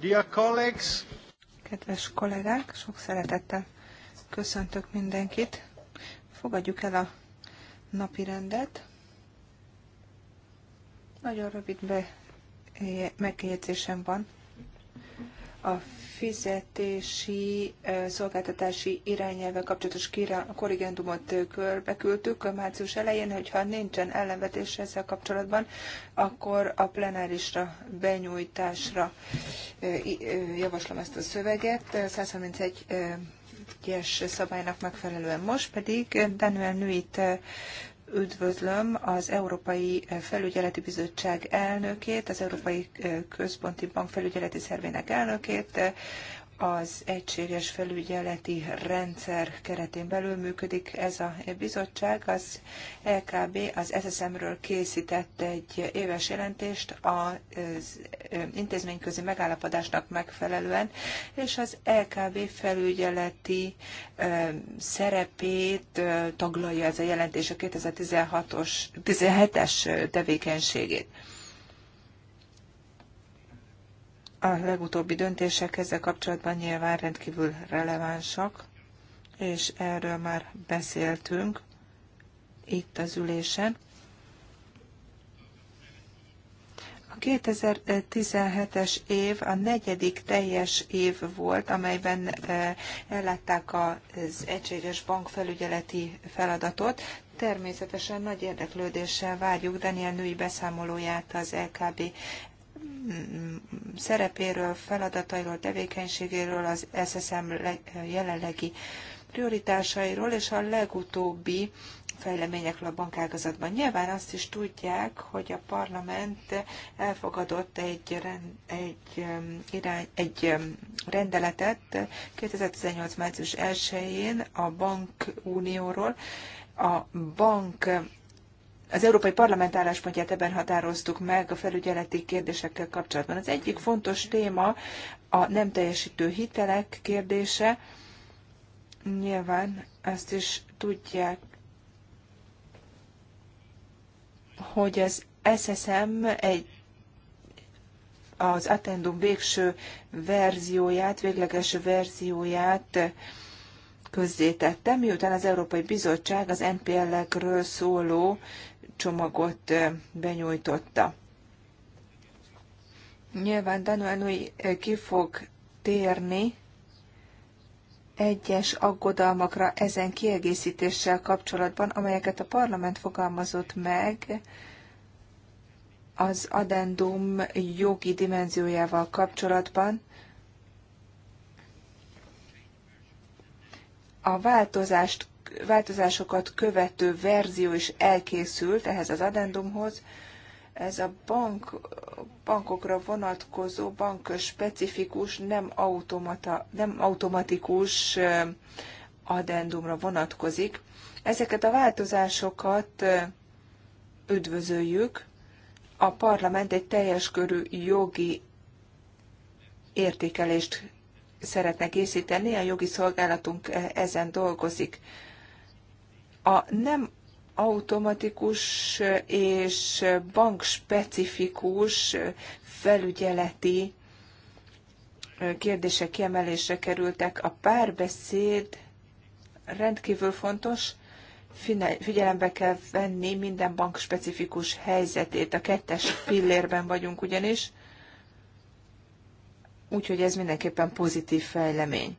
Dear colleagues. Kedves kollégák, sok szeretettel köszöntök mindenkit. Fogadjuk el a napi rendet. Nagyon rövid be megjegyzésem van a fizetési szolgáltatási irányelve kapcsolatos korrigendumot körbeküldtük március elején, hogyha nincsen ellenvetés ezzel kapcsolatban, akkor a plenárisra, benyújtásra javaslom ezt a szöveget. 131 szabálynak megfelelően. Most pedig Daniel Nuit Üdvözlöm az Európai Felügyeleti Bizottság elnökét, az Európai Központi Bank Felügyeleti Szervének elnökét, az egységes felügyeleti rendszer keretén belül működik ez a bizottság. Az LKB az SSM-ről készített egy éves jelentést az intézményközi megállapodásnak megfelelően, és az LKB felügyeleti szerepét taglalja ez a jelentés a 2016-os, 17-es tevékenységét. A legutóbbi döntések ezzel kapcsolatban nyilván rendkívül relevánsak, és erről már beszéltünk itt az ülésen. A 2017-es év a negyedik teljes év volt, amelyben eh, ellátták az egységes bankfelügyeleti feladatot. Természetesen nagy érdeklődéssel várjuk Daniel női beszámolóját az LKB szerepéről, feladatairól, tevékenységéről, az SSM jelenlegi prioritásairól és a legutóbbi fejleményekről a bankágazatban. Nyilván azt is tudják, hogy a parlament elfogadott egy, egy, um, irány, egy um, rendeletet 2018. március 1-én a bankunióról, a bank az Európai Parlament álláspontját ebben határoztuk meg a felügyeleti kérdésekkel kapcsolatban. Az egyik fontos téma a nem teljesítő hitelek kérdése. Nyilván azt is tudják, hogy az SSM egy az Attendum végső verzióját, végleges verzióját közzétette, miután az Európai Bizottság az NPL-ekről szóló csomagot benyújtotta. Nyilván Danuelui ki fog térni egyes aggodalmakra ezen kiegészítéssel kapcsolatban, amelyeket a parlament fogalmazott meg az addendum jogi dimenziójával kapcsolatban. A változást változásokat követő verzió is elkészült ehhez az addendumhoz. Ez a bank, bankokra vonatkozó, bank specifikus, nem, automata, nem automatikus addendumra vonatkozik. Ezeket a változásokat üdvözöljük. A parlament egy teljes körű jogi értékelést szeretne készíteni, a jogi szolgálatunk ezen dolgozik a nem automatikus és bankspecifikus felügyeleti kérdések kiemelésre kerültek. A párbeszéd rendkívül fontos, figyelembe kell venni minden bank specifikus helyzetét. A kettes pillérben vagyunk ugyanis, úgyhogy ez mindenképpen pozitív fejlemény.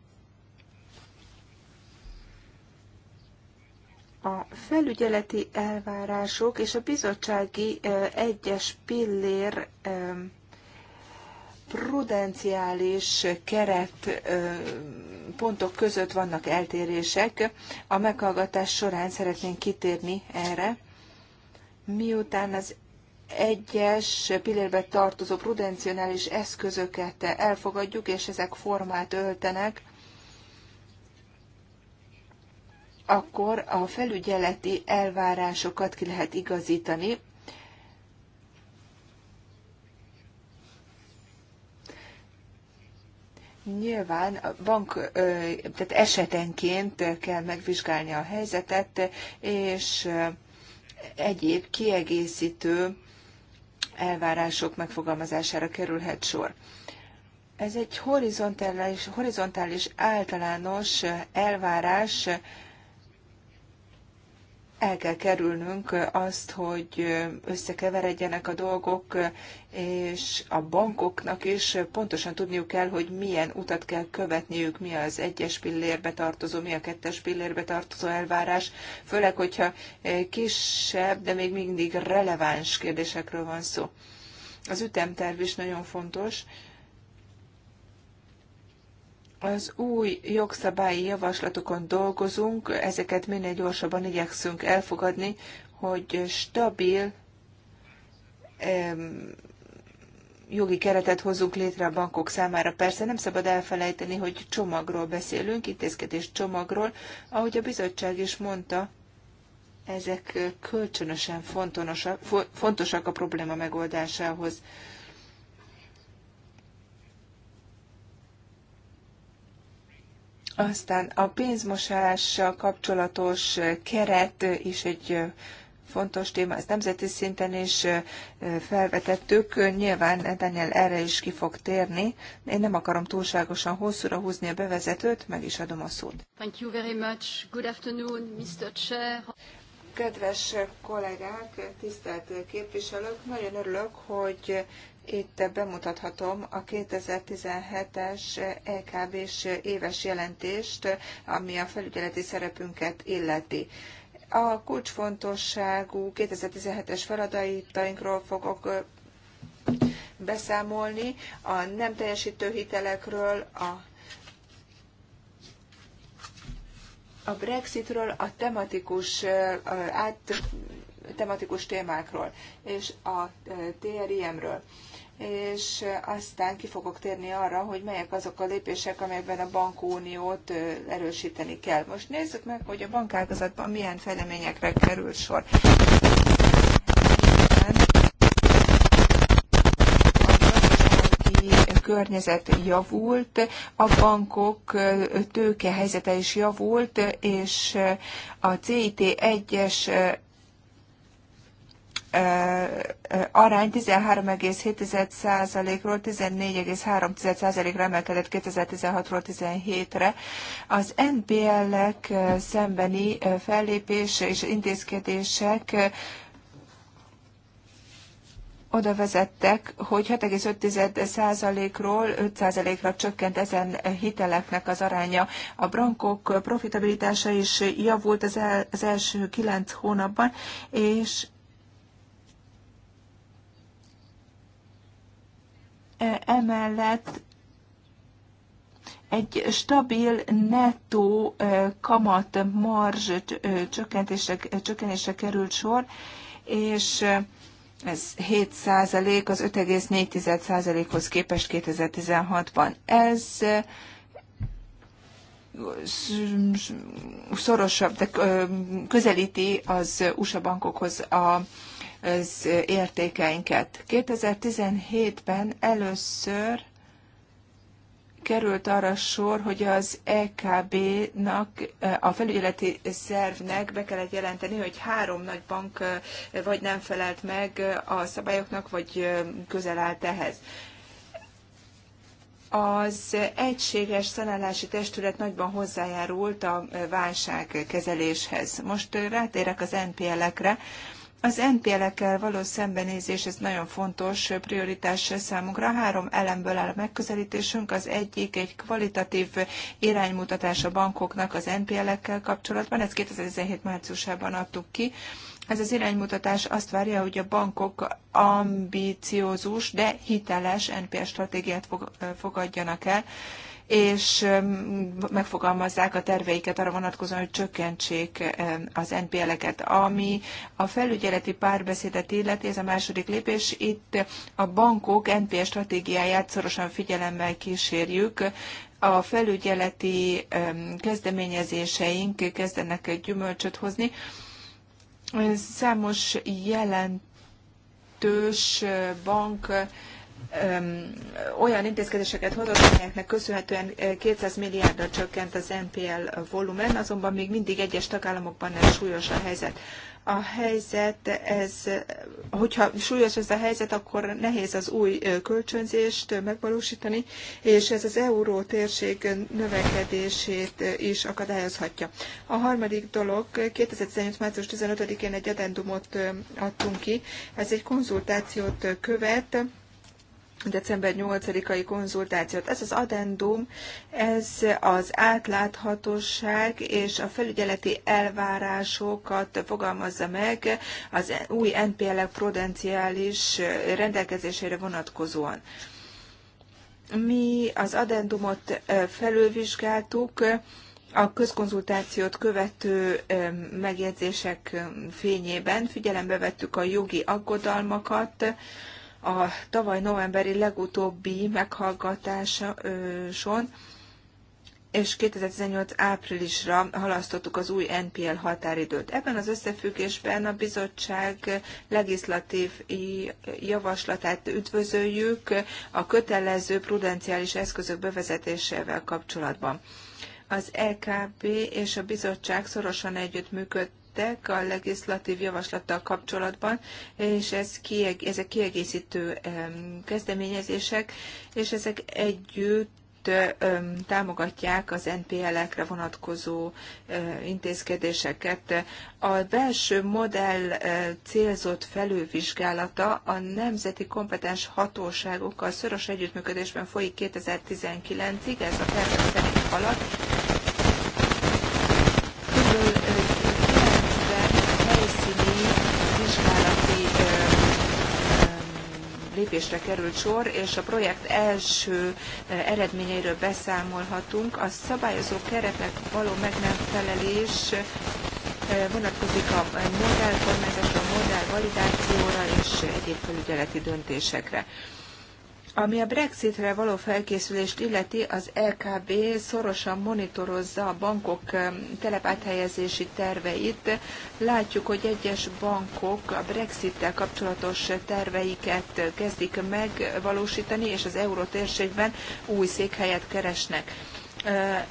a felügyeleti elvárások és a bizottsági egyes pillér prudenciális keret pontok között vannak eltérések. A meghallgatás során szeretnénk kitérni erre. Miután az egyes pillérbe tartozó prudencionális eszközöket elfogadjuk, és ezek formát öltenek, akkor a felügyeleti elvárásokat ki lehet igazítani. Nyilván a bank tehát esetenként kell megvizsgálni a helyzetet, és egyéb kiegészítő elvárások megfogalmazására kerülhet sor. Ez egy horizontális, horizontális általános elvárás, el kell kerülnünk azt, hogy összekeveredjenek a dolgok, és a bankoknak is pontosan tudniuk kell, hogy milyen utat kell követniük, mi az egyes pillérbe tartozó, mi a kettes pillérbe tartozó elvárás, főleg, hogyha kisebb, de még mindig releváns kérdésekről van szó. Az ütemterv is nagyon fontos, az új jogszabályi javaslatokon dolgozunk, ezeket minél gyorsabban igyekszünk elfogadni, hogy stabil jogi keretet hozzunk létre a bankok számára. Persze nem szabad elfelejteni, hogy csomagról beszélünk, intézkedés csomagról. Ahogy a bizottság is mondta, ezek kölcsönösen fontosak a probléma megoldásához. Aztán a pénzmosással kapcsolatos keret is egy fontos téma, ezt nemzeti szinten is felvetettük. Nyilván Daniel erre is ki fog térni. Én nem akarom túlságosan hosszúra húzni a bevezetőt, meg is adom a szót. Thank you very much. Good afternoon, Mr. Chair. Kedves kollégák, tisztelt képviselők, nagyon örülök, hogy itt bemutathatom a 2017-es lkb e s éves jelentést, ami a felügyeleti szerepünket illeti. A kulcsfontosságú 2017-es feladatainkról fogok beszámolni, a nem teljesítő hitelekről, a a Brexitről, a tematikus, át, tematikus témákról és a TRIM-ről és aztán ki fogok térni arra, hogy melyek azok a lépések, amelyekben a bankuniót erősíteni kell. Most nézzük meg, hogy a bankágazatban milyen fejleményekre kerül sor. környezet javult, a bankok tőke helyzete is javult, és a CIT 1-es arány 13,7%-ról 14,3%-ra emelkedett 2016-ról 17-re. Az NPL-ek szembeni fellépés és intézkedések oda vezettek, hogy 6,5%-ról 5%-ra csökkent ezen hiteleknek az aránya. A bankok profitabilitása is javult az, el, az első 9 hónapban, és E, emellett egy stabil nettó e, kamat marzs e, csökkenése került sor, és ez 7 százalék az 5,4 százalékhoz képest 2016-ban. Ez szorosabb, de közelíti az USA bankokhoz a az értékeinket. 2017-ben először került arra sor, hogy az EKB-nak, a felügyeleti szervnek be kellett jelenteni, hogy három nagy bank vagy nem felelt meg a szabályoknak, vagy közel állt ehhez. Az egységes szanálási testület nagyban hozzájárult a válságkezeléshez. Most rátérek az NPL-ekre. Az NPL-ekkel való szembenézés, ez nagyon fontos prioritás számunkra. Három elemből áll a megközelítésünk. Az egyik egy kvalitatív iránymutatás a bankoknak az NPL-ekkel kapcsolatban. Ezt 2017 márciusában adtuk ki. Ez az iránymutatás azt várja, hogy a bankok ambiciózus, de hiteles NPL stratégiát fogadjanak el és megfogalmazzák a terveiket arra vonatkozóan, hogy csökkentsék az NPL-eket. Ami a felügyeleti párbeszédet illeti, ez a második lépés, itt a bankok NPL stratégiáját szorosan figyelemmel kísérjük, a felügyeleti kezdeményezéseink kezdenek gyümölcsöt hozni. Számos jelentős bank olyan intézkedéseket hozott, amelyeknek köszönhetően 200 milliárdra csökkent az NPL volumen, azonban még mindig egyes tagállamokban nem súlyos a helyzet. A helyzet, ez, hogyha súlyos ez a helyzet, akkor nehéz az új kölcsönzést megvalósítani, és ez az euró térség növekedését is akadályozhatja. A harmadik dolog, 2018. március 15-én egy adendumot adtunk ki, ez egy konzultációt követ, december 8-ai konzultációt. Ez az addendum, ez az átláthatóság és a felügyeleti elvárásokat fogalmazza meg az új NPL-ek prudenciális rendelkezésére vonatkozóan. Mi az addendumot felülvizsgáltuk, a közkonzultációt követő megjegyzések fényében figyelembe vettük a jogi aggodalmakat, a tavaly novemberi legutóbbi meghallgatáson, és 2018 áprilisra halasztottuk az új NPL határidőt. Ebben az összefüggésben a bizottság legislatív javaslatát üdvözöljük a kötelező prudenciális eszközök bevezetésével kapcsolatban. Az EKB és a bizottság szorosan együttműködött készítettek a legislatív javaslattal kapcsolatban, és ez kieg- ezek kiegészítő kezdeményezések, és ezek együtt támogatják az NPL-ekre vonatkozó intézkedéseket. A belső modell célzott felülvizsgálata a nemzeti kompetens hatóságokkal szoros együttműködésben folyik 2019-ig, ez a tervek szerint halad, lépésre került sor, és a projekt első e, eredményeiről beszámolhatunk. A szabályozó keretnek való meg nem felelés e, vonatkozik a modellkormányzásra, modellvalidációra és egyéb felügyeleti döntésekre. Ami a Brexitre való felkészülést illeti, az LKB szorosan monitorozza a bankok telepáthelyezési terveit. Látjuk, hogy egyes bankok a Brexittel kapcsolatos terveiket kezdik megvalósítani, és az eurótérségben új székhelyet keresnek.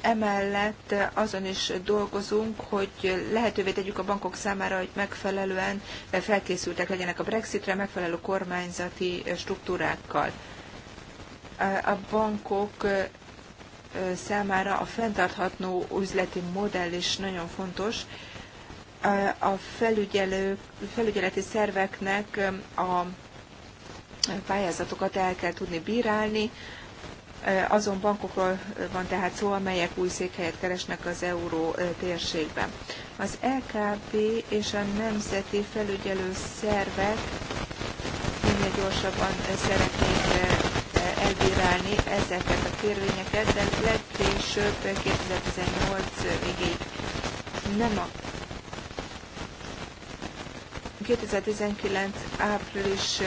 Emellett azon is dolgozunk, hogy lehetővé tegyük a bankok számára, hogy megfelelően felkészültek legyenek a Brexitre, megfelelő kormányzati struktúrákkal a bankok számára a fenntartható üzleti modell is nagyon fontos. A felügyelő, felügyeleti szerveknek a pályázatokat el kell tudni bírálni, azon bankokról van tehát szó, amelyek új székhelyet keresnek az euró térségben. Az LKB e és a nemzeti felügyelő szervek minél gyorsabban szeretnék E, elbírálni ezeket a kérvényeket, de legkésőbb 2018 végéig nem a 2019 áprilisig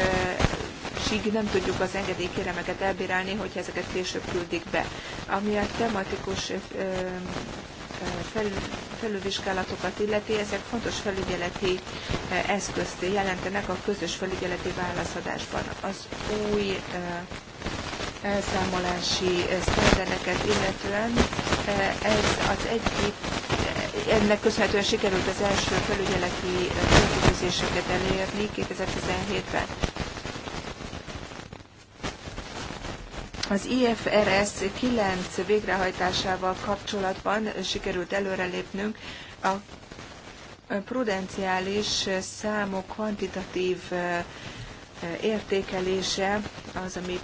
e, nem tudjuk az engedélykéremeket elbírálni, hogyha ezeket később küldik be. Ami a tematikus e, felülvizsgálatokat illeti, ezek fontos felügyeleti eszközt jelentenek a közös felügyeleti válaszadásban. Az új elszámolási eh, sztenderdeket illetően eh, ez az egyik eh, ennek köszönhetően sikerült az első felügyeleti célkitűzéseket elérni 2017-ben. Az IFRS 9 végrehajtásával kapcsolatban sikerült előrelépnünk a prudenciális számok kvantitatív értékelése az, ami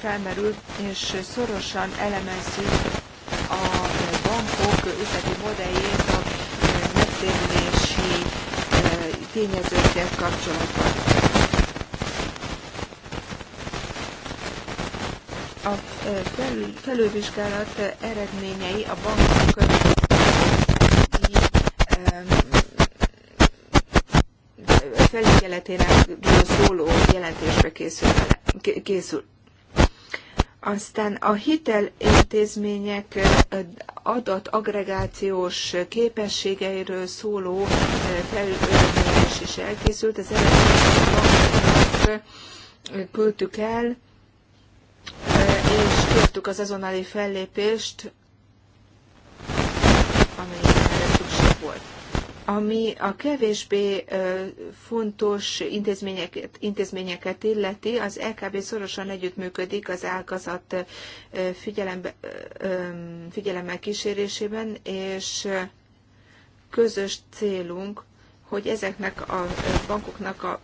felmerül, és szorosan elemezzük a bankok üzleti modelljét a megtérülési tényezőkkel kapcsolatban. A felül, felülvizsgálat eredményei a bankok felügyeletének szóló jelentésbe készül. készül. Aztán a hitelintézmények adataggregációs képességeiről szóló felmérés is elkészült. Az eredményeket küldtük el, és kértük az azonnali fellépést, amelyre szükség volt. Ami a kevésbé fontos intézményeket, intézményeket illeti, az LKB szorosan együttműködik az ágazat figyelemmel kísérésében, és közös célunk hogy ezeknek a bankoknak a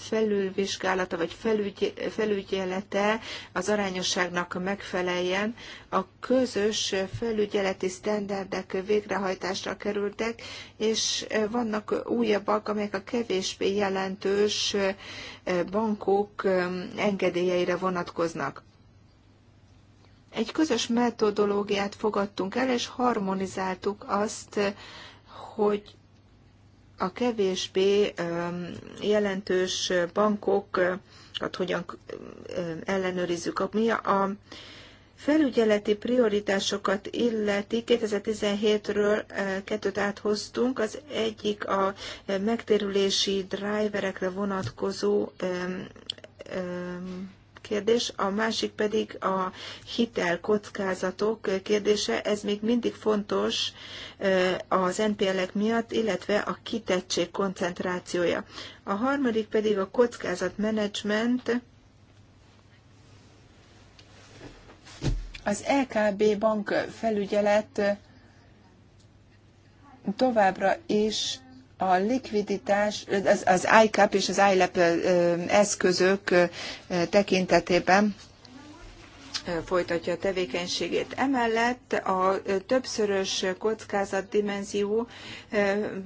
felülvizsgálata vagy felügy, felügyelete az arányosságnak megfeleljen. A közös felügyeleti sztenderdek végrehajtásra kerültek, és vannak újabbak, amelyek a kevésbé jelentős bankok engedélyeire vonatkoznak. Egy közös metodológiát fogadtunk el, és harmonizáltuk azt, hogy a kevésbé jelentős bankokat hogyan ellenőrizzük. Mi a felügyeleti prioritásokat illeti, 2017-ről kettőt áthoztunk, az egyik a megtérülési driverekre vonatkozó kérdés, a másik pedig a hitelkockázatok kérdése. Ez még mindig fontos az NPL-ek miatt, illetve a kitettség koncentrációja. A harmadik pedig a kockázatmenedzsment, az LKB bank felügyelet továbbra is a likviditás, az, az ICAP és az ILAP e eszközök tekintetében folytatja a tevékenységét. Emellett a többszörös dimenzió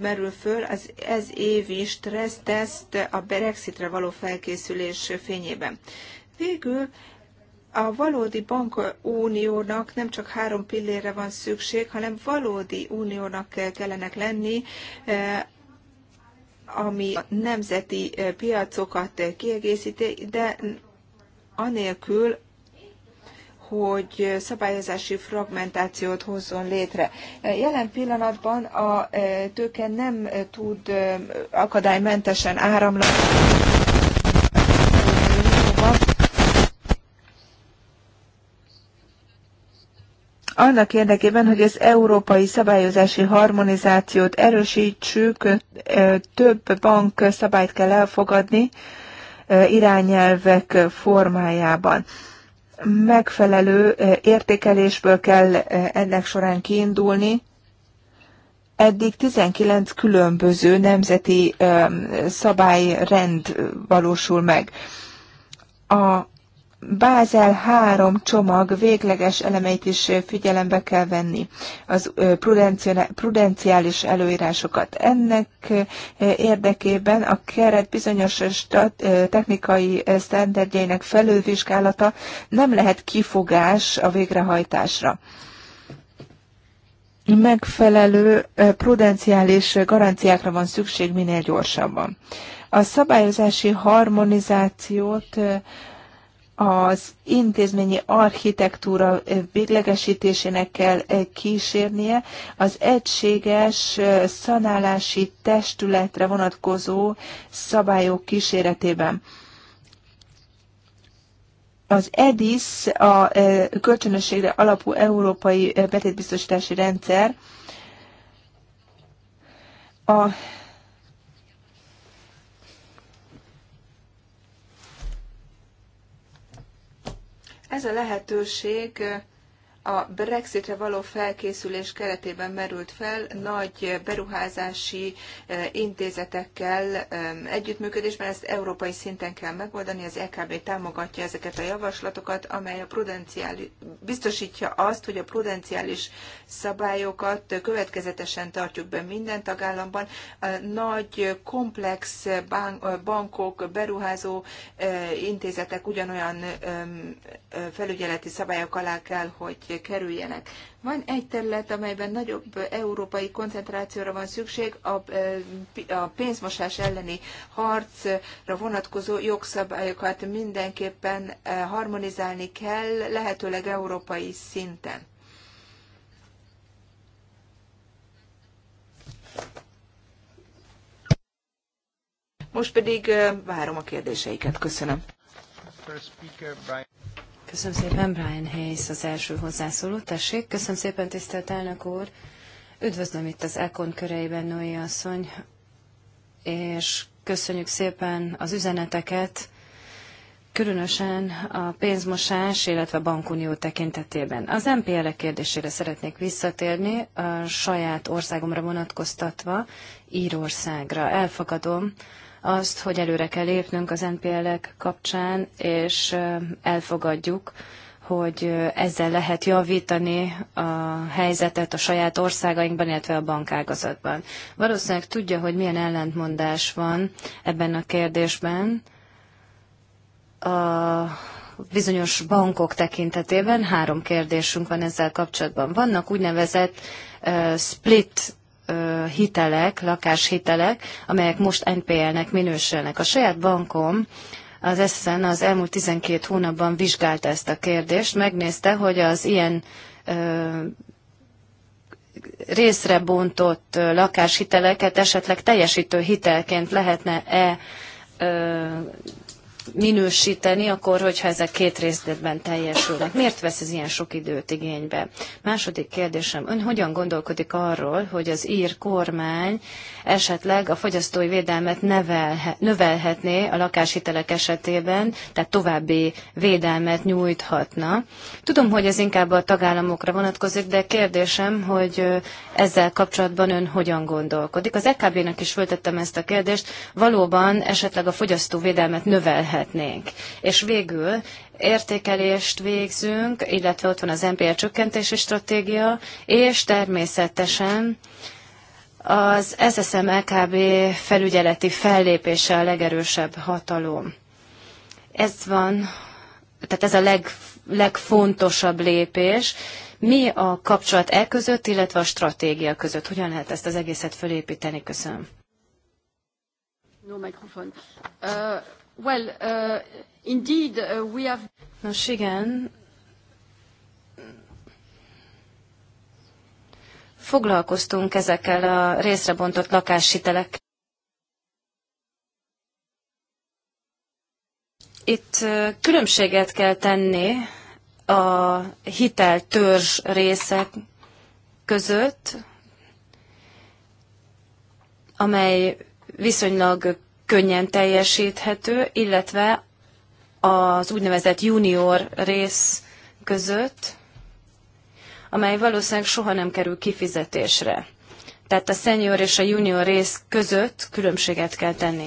merül föl az ez évi stresszteszt a Brexitre való felkészülés fényében. Végül a valódi bankuniónak nem csak három pillére van szükség, hanem valódi uniónak kellenek lenni ami a nemzeti piacokat kiegészíti, de anélkül, hogy szabályozási fragmentációt hozzon létre. Jelen pillanatban a tőke nem tud akadálymentesen áramlani annak érdekében, hogy az európai szabályozási harmonizációt erősítsük, több bank szabályt kell elfogadni irányelvek formájában. Megfelelő értékelésből kell ennek során kiindulni, Eddig 19 különböző nemzeti szabályrend valósul meg. A Bázel három csomag végleges elemeit is figyelembe kell venni, az prudenciális előírásokat. Ennek érdekében a keret bizonyos technikai sztenderdjeinek felülvizsgálata nem lehet kifogás a végrehajtásra megfelelő prudenciális garanciákra van szükség minél gyorsabban. A szabályozási harmonizációt az intézményi architektúra eh, véglegesítésének kell eh, kísérnie, az egységes eh, szanálási testületre vonatkozó szabályok kíséretében. Az EDIS, a kölcsönösségre alapú európai betétbiztosítási rendszer, a Ez a lehetőség a Brexitre való felkészülés keretében merült fel nagy beruházási eh, intézetekkel eh, együttműködésben, ezt európai szinten kell megoldani, az EKB támogatja ezeket a javaslatokat, amely a prudenciális, biztosítja azt, hogy a prudenciális szabályokat következetesen tartjuk be minden tagállamban. A nagy, komplex bankok, beruházó eh, intézetek ugyanolyan felügyeleti szabályok alá kell, hogy kerüljenek. Van egy terület, amelyben nagyobb európai koncentrációra van szükség, a pénzmosás elleni harcra vonatkozó jogszabályokat mindenképpen harmonizálni kell, lehetőleg európai szinten. Most pedig várom a kérdéseiket. Köszönöm. Köszönöm szépen, Brian Hayes az első hozzászóló. Tessék, köszönöm szépen, tisztelt elnök úr. Üdvözlöm itt az Ekon köreiben, Noé asszony, és köszönjük szépen az üzeneteket, különösen a pénzmosás, illetve a bankunió tekintetében. Az MPL -e kérdésére szeretnék visszatérni, a saját országomra vonatkoztatva, Írországra. Elfogadom, azt, hogy előre kell lépnünk az NPL-ek kapcsán, és elfogadjuk, hogy ezzel lehet javítani a helyzetet a saját országainkban, illetve a bankágazatban. Valószínűleg tudja, hogy milyen ellentmondás van ebben a kérdésben. A bizonyos bankok tekintetében három kérdésünk van ezzel kapcsolatban. Vannak úgynevezett uh, split hitelek, lakáshitelek, amelyek most NPL-nek minősülnek. A saját bankom az Essen az elmúlt 12 hónapban vizsgálta ezt a kérdést, megnézte, hogy az ilyen részre bontott lakáshiteleket esetleg teljesítő hitelként lehetne-e minősíteni, akkor hogyha ezek két részletben teljesülnek. Miért vesz ez ilyen sok időt igénybe? Második kérdésem, ön hogyan gondolkodik arról, hogy az ír kormány esetleg a fogyasztói védelmet nevelhe, növelhetné a lakáshitelek esetében, tehát további védelmet nyújthatna? Tudom, hogy ez inkább a tagállamokra vonatkozik, de kérdésem, hogy ezzel kapcsolatban ön hogyan gondolkodik? Az EKB-nek is föltettem ezt a kérdést, valóban esetleg a fogyasztóvédelmet növelhetné lehetnénk. És végül értékelést végzünk, illetve ott van az MPL csökkentési stratégia, és természetesen az SSM LKB felügyeleti fellépése a legerősebb hatalom. Ez van, tehát ez a leg, legfontosabb lépés. Mi a kapcsolat e között, illetve a stratégia között? Hogyan lehet ezt az egészet fölépíteni? Köszönöm. No mikrofon. Uh... Well, uh, indeed, uh, we have... Nos igen, foglalkoztunk ezekkel a részrebontott bontott Itt uh, különbséget kell tenni a hiteltörzs részek között, amely viszonylag könnyen teljesíthető, illetve az úgynevezett junior rész között, amely valószínűleg soha nem kerül kifizetésre. Tehát a senior és a junior rész között különbséget kell tenni.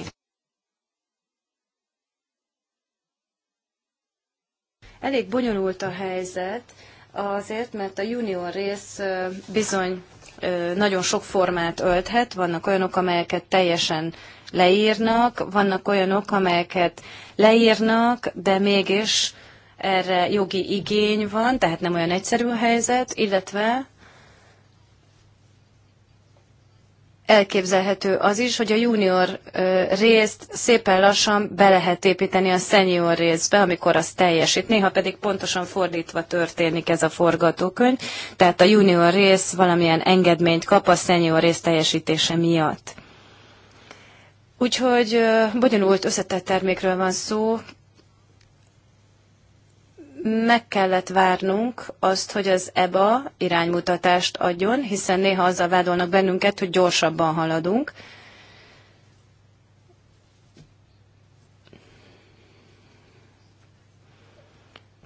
Elég bonyolult a helyzet, azért, mert a junior rész bizony nagyon sok formát ölthet, vannak olyanok, amelyeket teljesen leírnak, vannak olyanok, amelyeket leírnak, de mégis erre jogi igény van, tehát nem olyan egyszerű a helyzet, illetve elképzelhető az is, hogy a junior részt szépen lassan be lehet építeni a senior részbe, amikor az teljesít. Néha pedig pontosan fordítva történik ez a forgatókönyv, tehát a junior rész valamilyen engedményt kap a senior rész teljesítése miatt. Úgyhogy bonyolult összetett termékről van szó. Meg kellett várnunk azt, hogy az EBA iránymutatást adjon, hiszen néha azzal vádolnak bennünket, hogy gyorsabban haladunk.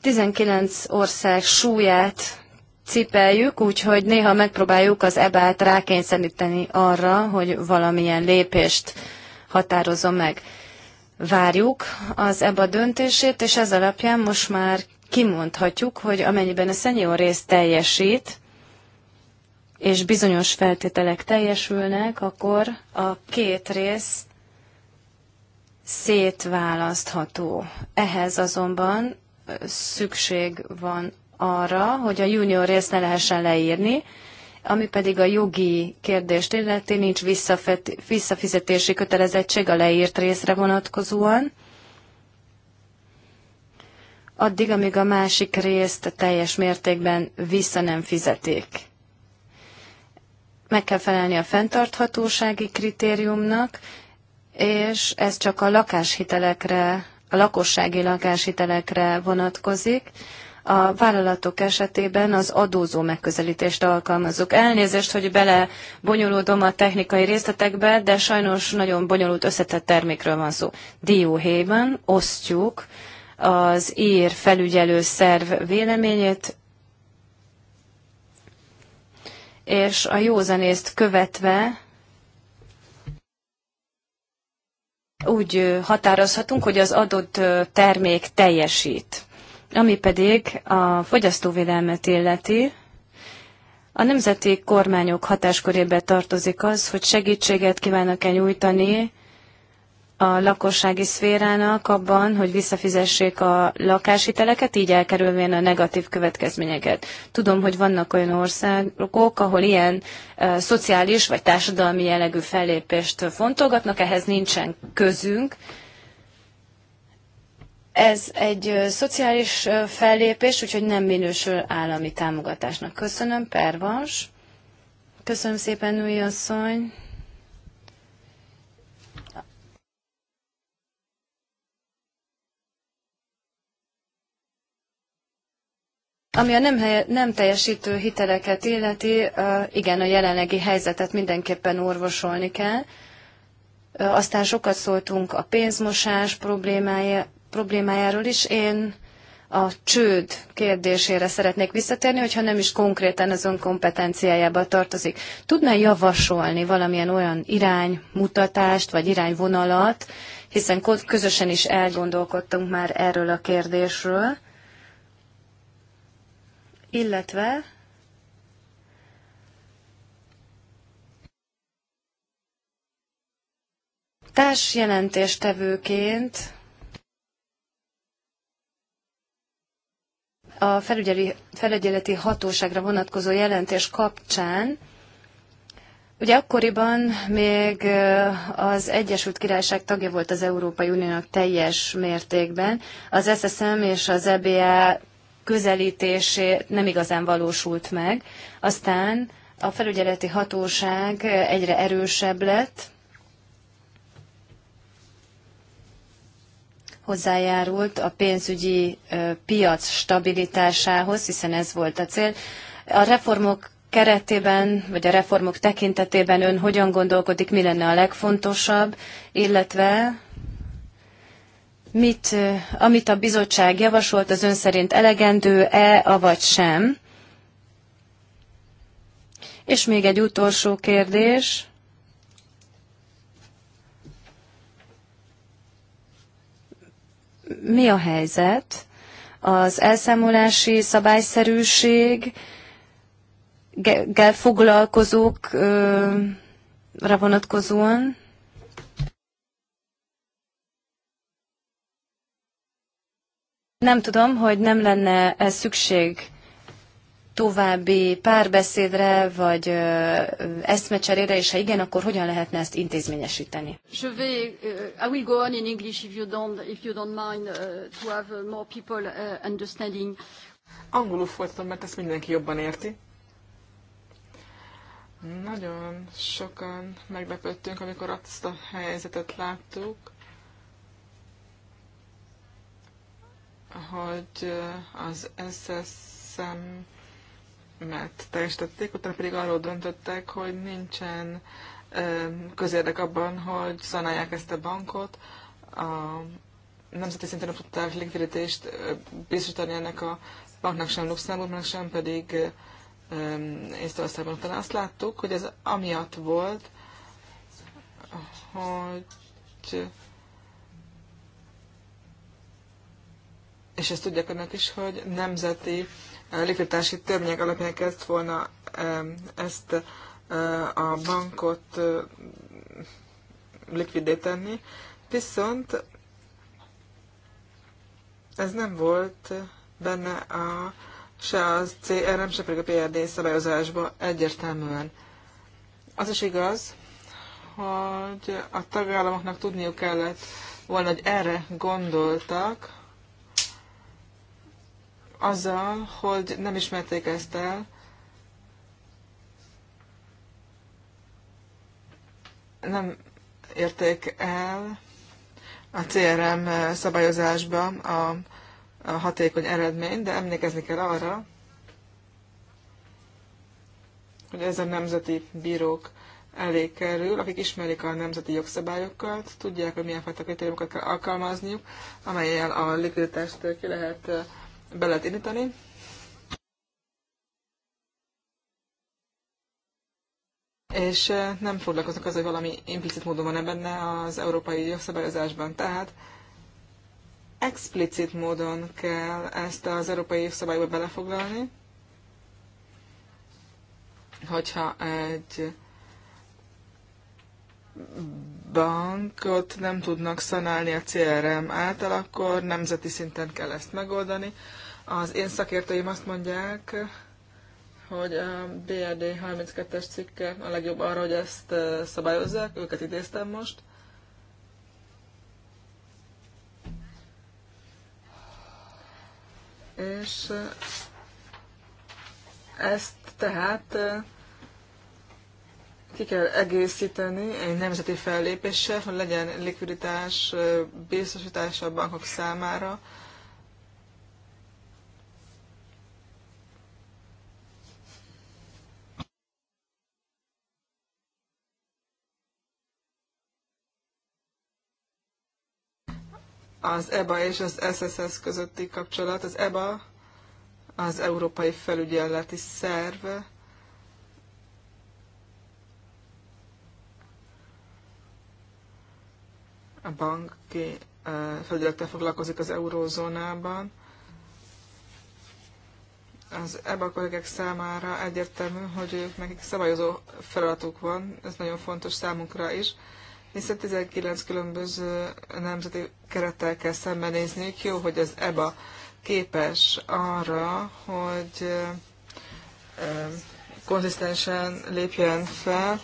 Tizenkilenc ország súlyát cipeljük, úgyhogy néha megpróbáljuk az EBA-t rákényszeríteni arra, hogy valamilyen lépést határozza meg. Várjuk az EBA döntését, és ez alapján most már kimondhatjuk, hogy amennyiben a senior rész teljesít, és bizonyos feltételek teljesülnek, akkor a két rész szétválasztható. Ehhez azonban szükség van arra, hogy a junior részt ne lehessen leírni, ami pedig a jogi kérdést illeti, nincs visszafizetési kötelezettség a leírt részre vonatkozóan. Addig, amíg a másik részt teljes mértékben vissza nem fizetik. Meg kell felelni a fenntarthatósági kritériumnak, és ez csak a lakáshitelekre, a lakossági lakáshitelekre vonatkozik a vállalatok esetében az adózó megközelítést alkalmazzuk. Elnézést, hogy bele bonyolódom a technikai részletekbe, de sajnos nagyon bonyolult összetett termékről van szó. Dióhéjban osztjuk az ír felügyelő szerv véleményét, és a józanészt követve úgy határozhatunk, hogy az adott termék teljesít. Ami pedig a fogyasztóvédelmet illeti, a nemzeti kormányok hatáskörébe tartozik az, hogy segítséget kívánnak-e nyújtani a lakossági szférának abban, hogy visszafizessék a lakáshiteleket, így elkerülvén a negatív következményeket. Tudom, hogy vannak olyan országok, ahol ilyen e, szociális vagy társadalmi jellegű fellépést fontolgatnak, ehhez nincsen közünk, ez egy szociális fellépés, úgyhogy nem minősül állami támogatásnak. Köszönöm, Pervas. Köszönöm szépen, új asszony. Ami a nem, helye, nem teljesítő hiteleket illeti, igen, a jelenlegi helyzetet mindenképpen orvosolni kell. Aztán sokat szóltunk a pénzmosás problémája, problémájáról is. Én a csőd kérdésére szeretnék visszatérni, hogyha nem is konkrétan az kompetenciájába tartozik. Tudná javasolni valamilyen olyan iránymutatást vagy irányvonalat, hiszen közösen is elgondolkodtunk már erről a kérdésről, illetve társjelentéstevőként a felügyeleti hatóságra vonatkozó jelentés kapcsán Ugye akkoriban még az Egyesült Királyság tagja volt az Európai Uniónak teljes mértékben. Az SSM és az EBA közelítésé nem igazán valósult meg. Aztán a felügyeleti hatóság egyre erősebb lett, hozzájárult a pénzügyi piac stabilitásához, hiszen ez volt a cél. A reformok keretében, vagy a reformok tekintetében ön hogyan gondolkodik, mi lenne a legfontosabb, illetve mit, amit a bizottság javasolt, az ön szerint elegendő-e, avagy sem? És még egy utolsó kérdés. mi a helyzet? Az elszámolási szabályszerűség, foglalkozókra vonatkozóan? Nem tudom, hogy nem lenne ez szükség további párbeszédre, vagy eszmecserére, és ha igen, akkor hogyan lehetne ezt intézményesíteni? Je vais, uh, I will go on in English if you don't, if you don't mind uh, to have uh, more people uh, understanding. Angolul folytatom, mert ezt mindenki jobban érti. Nagyon sokan meglepődtünk, amikor azt a helyzetet láttuk, hogy az SSM mert teljesítették, utána pedig arról döntöttek, hogy nincsen közérdek abban, hogy szanálják ezt a bankot. A nemzeti szinten nem tudták likviditést biztosítani ennek a banknak sem Luxemburgnak, sem pedig Észtországban. Utána azt láttuk, hogy ez amiatt volt, hogy és ezt tudják önök is, hogy nemzeti likviditási törvények alapján kezd volna ezt e, a bankot e, likvidé viszont ez nem volt benne a, se az CRM, se pedig a PRD szabályozásban egyértelműen. Az is igaz, hogy a tagállamoknak tudniuk kellett volna, hogy erre gondoltak, azzal, hogy nem ismerték ezt el. Nem érték el a CRM szabályozásba a, a hatékony eredmény, de emlékezni kell arra, hogy ez a nemzeti bírók elé kerül, akik ismerik a nemzeti jogszabályokat, tudják, hogy milyen fajta kritériumokat kell alkalmazniuk, amelyel a likviditást ki lehet be lehet indítani. És eh, nem foglalkoznak az, hogy valami implicit módon van-e benne az európai jogszabályozásban. Tehát explicit módon kell ezt az európai jogszabályba belefoglalni, hogyha egy bankot nem tudnak szanálni a CRM által, akkor nemzeti szinten kell ezt megoldani. Az én szakértőim azt mondják, hogy a BRD 32-es cikke a legjobb arra, hogy ezt szabályozzák, őket idéztem most. És ezt tehát ki kell egészíteni egy nemzeti fellépéssel, hogy legyen likviditás biztosítása a bankok számára, az EBA és az SSS közötti kapcsolat. Az EBA az Európai Felügyeleti Szerv, a banki felügyelettel foglalkozik az eurózónában. Az EBA kollégek számára egyértelmű, hogy nekik szabályozó feladatuk van, ez nagyon fontos számunkra is, hiszen 19 különböző nemzeti kerettel kell szembenézni. Jó, hogy az EBA képes arra, hogy konzisztensen lépjen fel,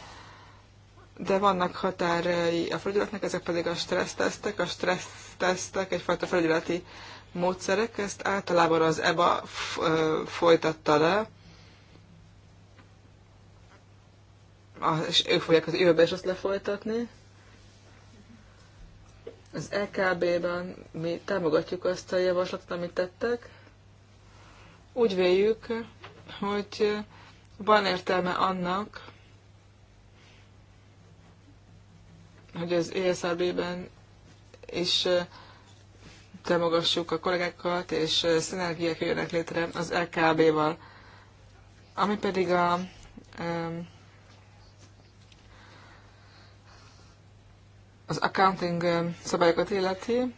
de vannak határai a felügyeletnek, ezek pedig a stressztesztek. A stressztesztek egyfajta felügyeleti módszerek, ezt általában az EBA folytatta le, és ők fogják az jövőbe is azt lefolytatni. Az EKB-ben mi támogatjuk azt a javaslatot, amit tettek. Úgy véljük, hogy van értelme annak, hogy az ESRB-ben is támogassuk a kollégákat, és szinergiák jönnek létre az LKB-val. E Ami pedig a az accounting szabályokat illeti,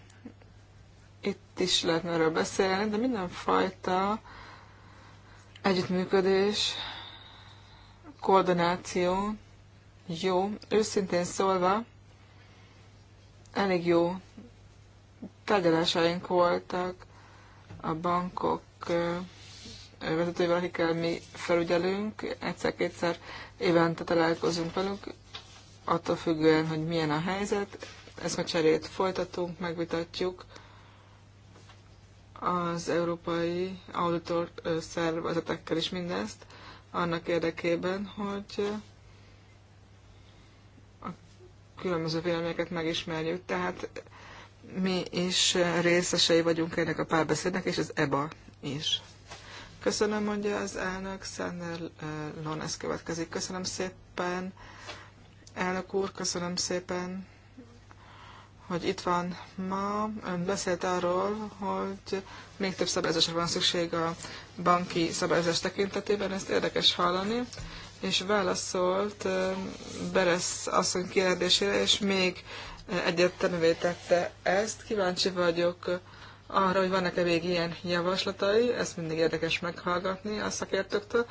itt is lehetne erről beszélni, de mindenfajta együttműködés, koordináció, jó, őszintén szólva, elég jó tárgyalásaink voltak a bankok vezetőivel, akikkel mi felügyelünk, egyszer-kétszer évente találkozunk velük, attól függően, hogy milyen a helyzet. Ezt a cserét folytatunk, megvitatjuk az európai auditor szervezetekkel is mindezt, annak érdekében, hogy a különböző véleményeket megismerjük. Tehát mi is részesei vagyunk ennek a párbeszédnek, és az EBA is. Köszönöm, mondja az elnök, Szenner Lones következik. Köszönöm szépen. Elnök úr, köszönöm szépen, hogy itt van ma. Ön beszélt arról, hogy még több szabályozásra van szükség a banki szabályozás tekintetében, ezt érdekes hallani, és válaszolt Beresz asszony kérdésére, és még egyértelművé tette ezt. Kíváncsi vagyok arra, hogy vannak-e még ilyen javaslatai, ezt mindig érdekes meghallgatni a szakértőktől,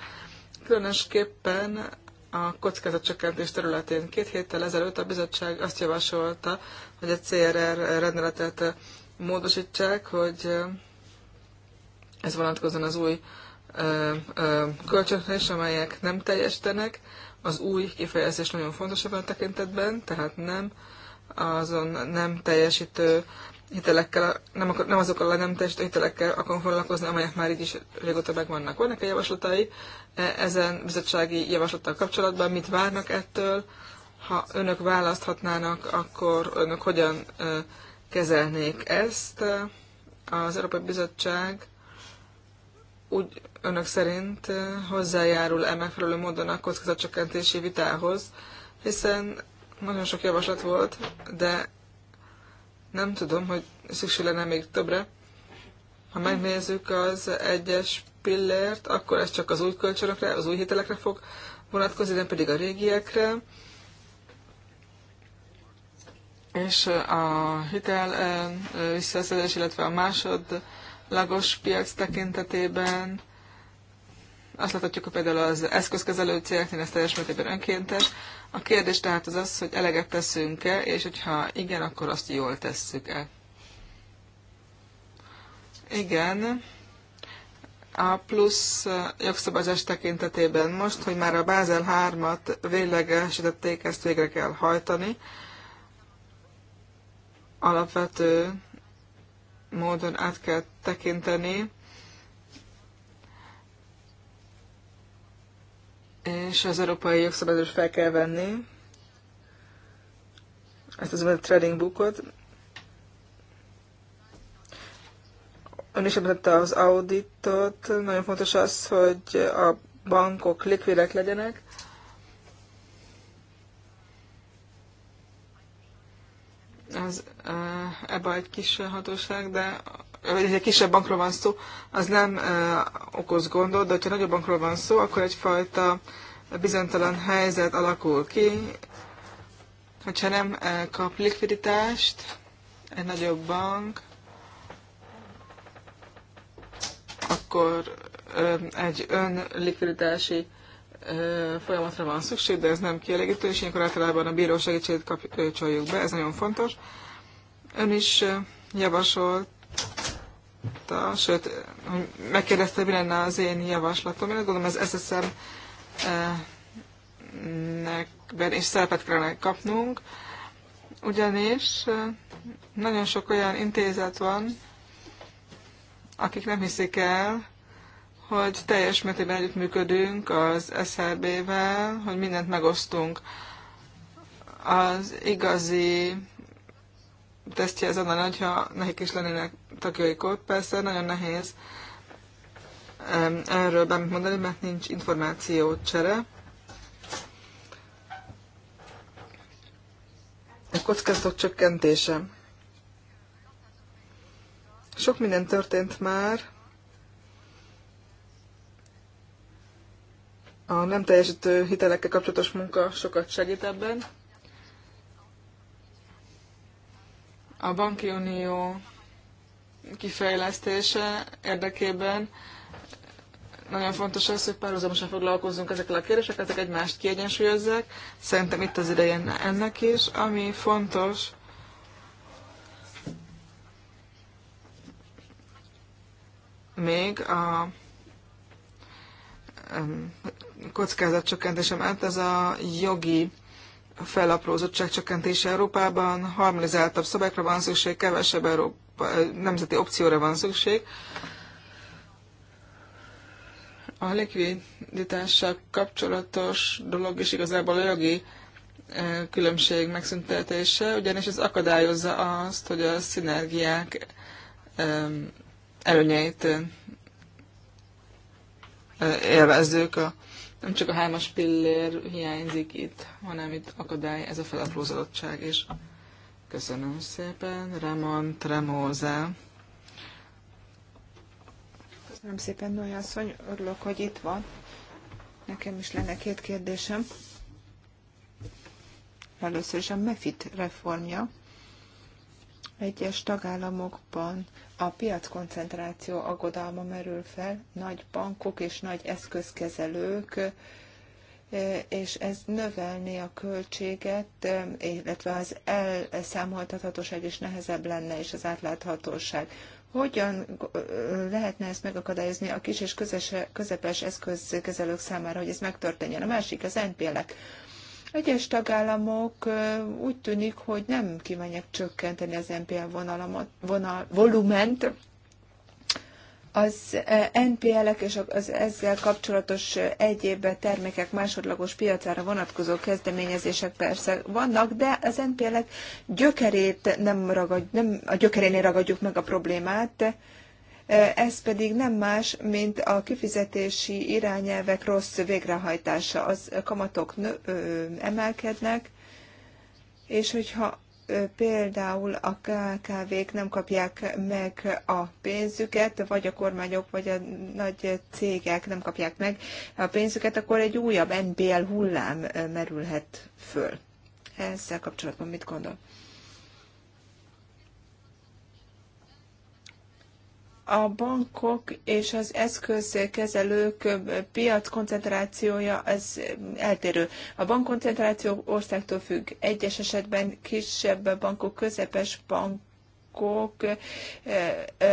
különösképpen a kockázatcsökkentés területén. Két héttel ezelőtt a bizottság azt javasolta, hogy a CRR rendeletet módosítsák, hogy ez vonatkozóan az új kölcsönre is, amelyek nem teljesítenek. Az új kifejezés nagyon fontos ebben a tekintetben, tehát nem azon nem teljesítő hitelekkel, nem, akar, nem azokkal a nem test hitelekkel akarunk foglalkozni, amelyek már így is régóta megvannak. Vannak-e javaslatai e, ezen bizottsági javaslattal kapcsolatban? Mit várnak ettől? Ha önök választhatnának, akkor önök hogyan e, kezelnék ezt? Az Európai Bizottság úgy önök szerint e, hozzájárul-e megfelelő módon a kockázatcsökkentési vitához, hiszen nagyon sok javaslat volt, de nem tudom, hogy szükség lenne még többre. Ha megnézzük az egyes pillért, akkor ez csak az új kölcsönökre, az új hitelekre fog vonatkozni, nem pedig a régiekre. És a hitel visszaszedés, illetve a másodlagos piac tekintetében azt láthatjuk, hogy például az eszközkezelő cégeknél ez teljes mértékben önkéntes. A kérdés tehát az az, hogy eleget teszünk-e, és hogyha igen, akkor azt jól tesszük-e. Igen. A plusz jogszabályzás tekintetében most, hogy már a Bázel 3-at véglegesítették, ezt végre kell hajtani. Alapvető módon át kell tekinteni és az európai jogszabályozót fel kell venni, ezt az a trading bookot. Ön is említette az auditot, nagyon fontos az, hogy a bankok likvidek legyenek, az eh, ebbe egy kis hatóság, de hogy egy kisebb bankról van szó, az nem ö, okoz gondot, de hogyha nagyobb bankról van szó, akkor egyfajta bizonytalan helyzet alakul ki. Hogyha nem ö, kap likviditást egy nagyobb bank, akkor ö, egy önlikviditási uh, folyamatra van szükség, de ez nem kielégítő, és ilyenkor általában a bíró segítségét kapcsoljuk be, ez nagyon fontos. Ön is javasolt javaslata, sőt, megkérdezte, mi lenne az én javaslatom. Én azt gondolom, az SSM nekben is szerepet kellene kapnunk, ugyanis nagyon sok olyan intézet van, akik nem hiszik el, hogy teljes mértékben együttműködünk az srb vel hogy mindent megosztunk. Az igazi tesztje ez annál, hogyha nekik is lennének tagjaik ott. Persze nagyon nehéz erről bármit mondani, mert nincs információ csere. A kockázatok csökkentése. Sok minden történt már. A nem teljesítő hitelekkel kapcsolatos munka sokat segít ebben. a banki unió kifejlesztése érdekében nagyon fontos az, hogy párhuzamosan foglalkozzunk ezekkel a kérdésekkel, ezek egymást kiegyensúlyozzák. Szerintem itt az ideje ennek is. Ami fontos, még a kockázatcsökkentésem át, ez a jogi felaprózottság csökkentése Európában, harmonizáltabb szabályokra van szükség, kevesebb Európa, nemzeti opcióra van szükség. A likviditással kapcsolatos dolog is igazából a jogi különbség megszüntetése, ugyanis ez akadályozza azt, hogy a szinergiák előnyeit élvezzük a nem csak a hármas pillér hiányzik itt, hanem itt akadály ez a felaprózódottság is. Köszönöm szépen, Ramon Tremóza. Köszönöm szépen, Noé asszony, örülök, hogy itt van. Nekem is lenne két kérdésem. Először is a MEFIT reformja egyes tagállamokban a piackoncentráció aggodalma merül fel, nagy bankok és nagy eszközkezelők, e, és ez növelné a költséget, e, illetve az elszámoltathatóság is nehezebb lenne, és az átláthatóság. Hogyan e, lehetne ezt megakadályozni a kis és közepes eszközkezelők számára, hogy ez megtörténjen? A másik az NPL-ek egyes tagállamok úgy tűnik, hogy nem kívánják csökkenteni az NPL vonalamat, vonal, volument, az NPL-ek és az ezzel kapcsolatos egyéb termékek másodlagos piacára vonatkozó kezdeményezések persze vannak, de az NPL-ek gyökerét nem, ragad, nem a gyökerénél ragadjuk meg a problémát, ez pedig nem más, mint a kifizetési irányelvek rossz végrehajtása. Az kamatok nő, ö, emelkednek, és hogyha például a KKV-k nem kapják meg a pénzüket, vagy a kormányok, vagy a nagy cégek nem kapják meg a pénzüket, akkor egy újabb NBL hullám merülhet föl. Ezzel kapcsolatban mit gondol? a bankok és az eszközkezelők piac koncentrációja az eltérő. A bankkoncentráció országtól függ. Egyes esetben kisebb bankok, közepes bank, bankok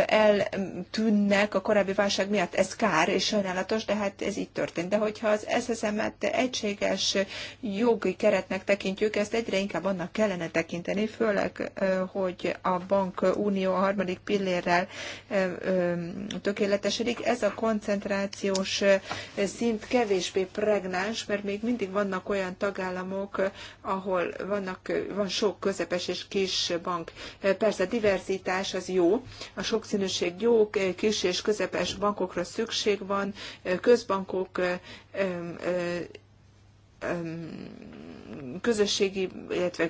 eltűnnek a korábbi válság miatt. Ez kár és sajnálatos, de hát ez így történt. De hogyha az SSM-et egységes jogi keretnek tekintjük, ezt egyre inkább annak kellene tekinteni, főleg, hogy a bankunió a harmadik pillérrel tökéletesedik. Ez a koncentrációs szint kevésbé pregnáns, mert még mindig vannak olyan tagállamok, ahol vannak, van sok közepes és kis bank. Persze diver diverzitás az jó, a sokszínűség jó, kis és közepes bankokra szükség van, közbankok közösségi, illetve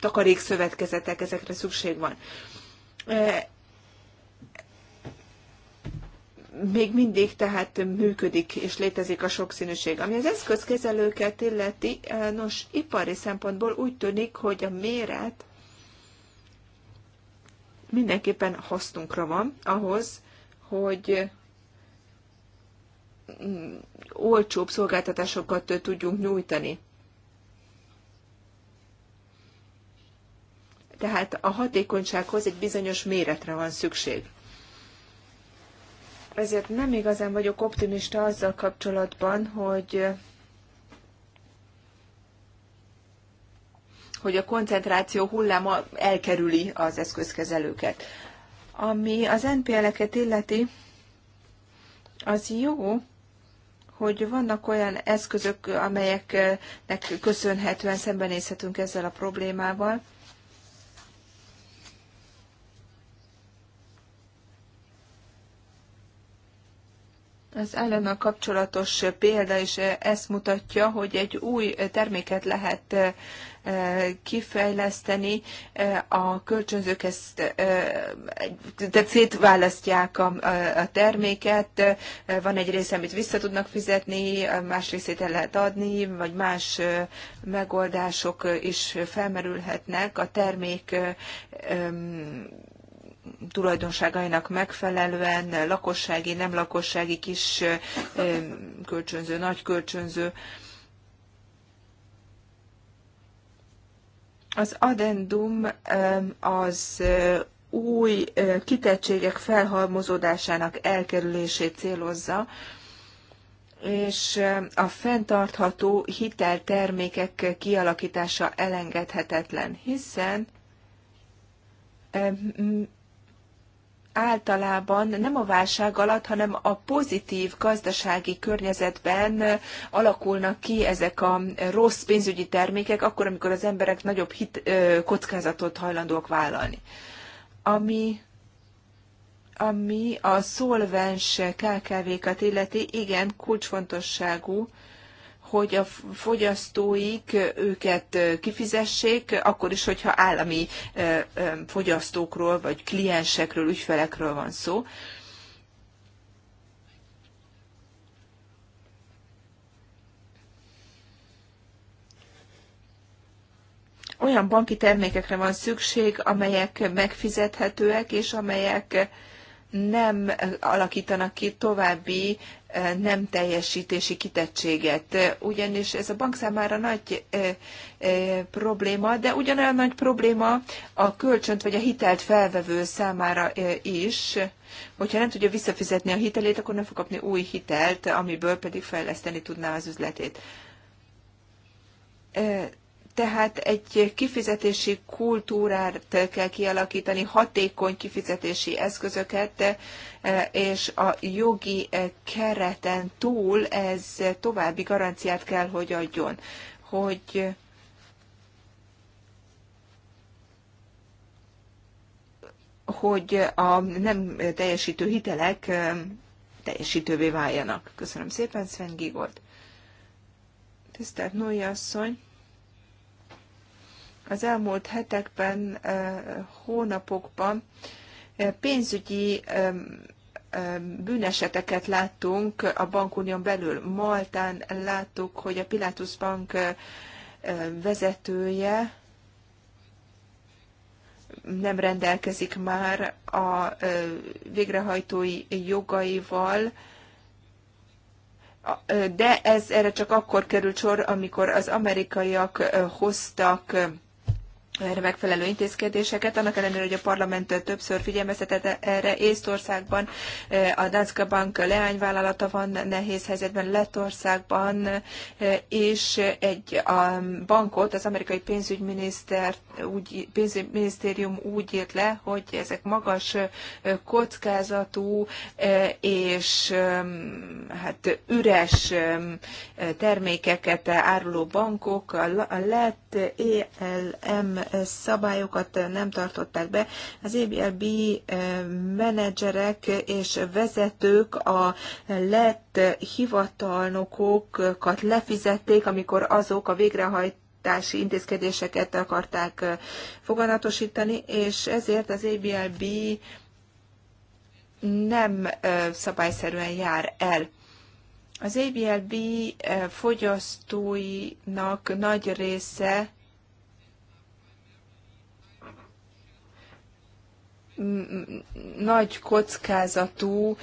takarékszövetkezetek, ezekre szükség van. Még mindig tehát működik és létezik a sokszínűség. Ami az eszközkezelőket illeti, eh, nos, ipari szempontból úgy tűnik, hogy a méret mindenképpen hasznunkra van ahhoz, hogy mm, olcsóbb szolgáltatásokat tudjunk nyújtani. Tehát a hatékonysághoz egy bizonyos méretre van szükség. Ezért nem igazán vagyok optimista azzal kapcsolatban, hogy hogy a koncentráció hulláma elkerüli az eszközkezelőket. Ami az NPL-eket illeti, az jó, hogy vannak olyan eszközök, amelyeknek köszönhetően szembenézhetünk ezzel a problémával. Az a kapcsolatos példa is eh, ezt mutatja, hogy egy új terméket lehet eh, kifejleszteni, eh, a kölcsönzők ezt tehát szétválasztják a, a terméket, van egy része, amit vissza tudnak fizetni, más részét el lehet adni, vagy más megoldások is felmerülhetnek a termék tulajdonságainak megfelelően lakossági, nem lakossági, kis kölcsönző, nagy kölcsönző. Az addendum az új kitettségek felhalmozódásának elkerülését célozza, és a fenntartható hiteltermékek kialakítása elengedhetetlen, hiszen általában nem a válság alatt, hanem a pozitív gazdasági környezetben alakulnak ki ezek a rossz pénzügyi termékek, akkor, amikor az emberek nagyobb hit, kockázatot hajlandóak vállalni. Ami ami a szolvens KKV-kat illeti, igen, kulcsfontosságú, hogy a fogyasztóik őket kifizessék, akkor is, hogyha állami fogyasztókról, vagy kliensekről, ügyfelekről van szó. Olyan banki termékekre van szükség, amelyek megfizethetőek, és amelyek nem alakítanak ki további eh, nem teljesítési kitettséget, ugyanis ez a bank számára nagy eh, eh, probléma, de ugyanolyan nagy probléma a kölcsönt vagy a hitelt felvevő számára is, hogyha nem tudja visszafizetni a hitelét, akkor nem fog kapni új hitelt, amiből pedig fejleszteni tudná az üzletét tehát egy kifizetési kultúrát kell kialakítani, hatékony kifizetési eszközöket, e, és a jogi e, kereten túl ez további garanciát kell, hogy adjon, hogy hogy a nem teljesítő hitelek e, teljesítővé váljanak. Köszönöm szépen, Sven Gigold. Tisztelt Nói asszony! az elmúlt hetekben, hónapokban pénzügyi bűneseteket láttunk a bankunión belül. Maltán láttuk, hogy a Pilatus Bank vezetője nem rendelkezik már a végrehajtói jogaival, de ez erre csak akkor került sor, amikor az amerikaiak hoztak erre megfelelő intézkedéseket, annak ellenére, hogy a parlament többször figyelmeztetett erre Észtországban, eh, a Danske Bank leányvállalata van nehéz helyzetben, Lettországban, eh, és egy a bankot, az amerikai pénzügyminiszter, úgy, pénzügyminisztérium úgy írt le, hogy ezek magas eh, kockázatú és hát üres termékeket áruló bankok, a lett ELM szabályokat nem tartották be. Az EBLB eh, menedzserek és vezetők a lett hivatalnokokat lefizették, amikor azok a végrehajt intézkedéseket akarták eh, foganatosítani, és ezért az ABLB nem eh, szabályszerűen jár el. Az ABLB fogyasztóinak nagy része nagy kockázatú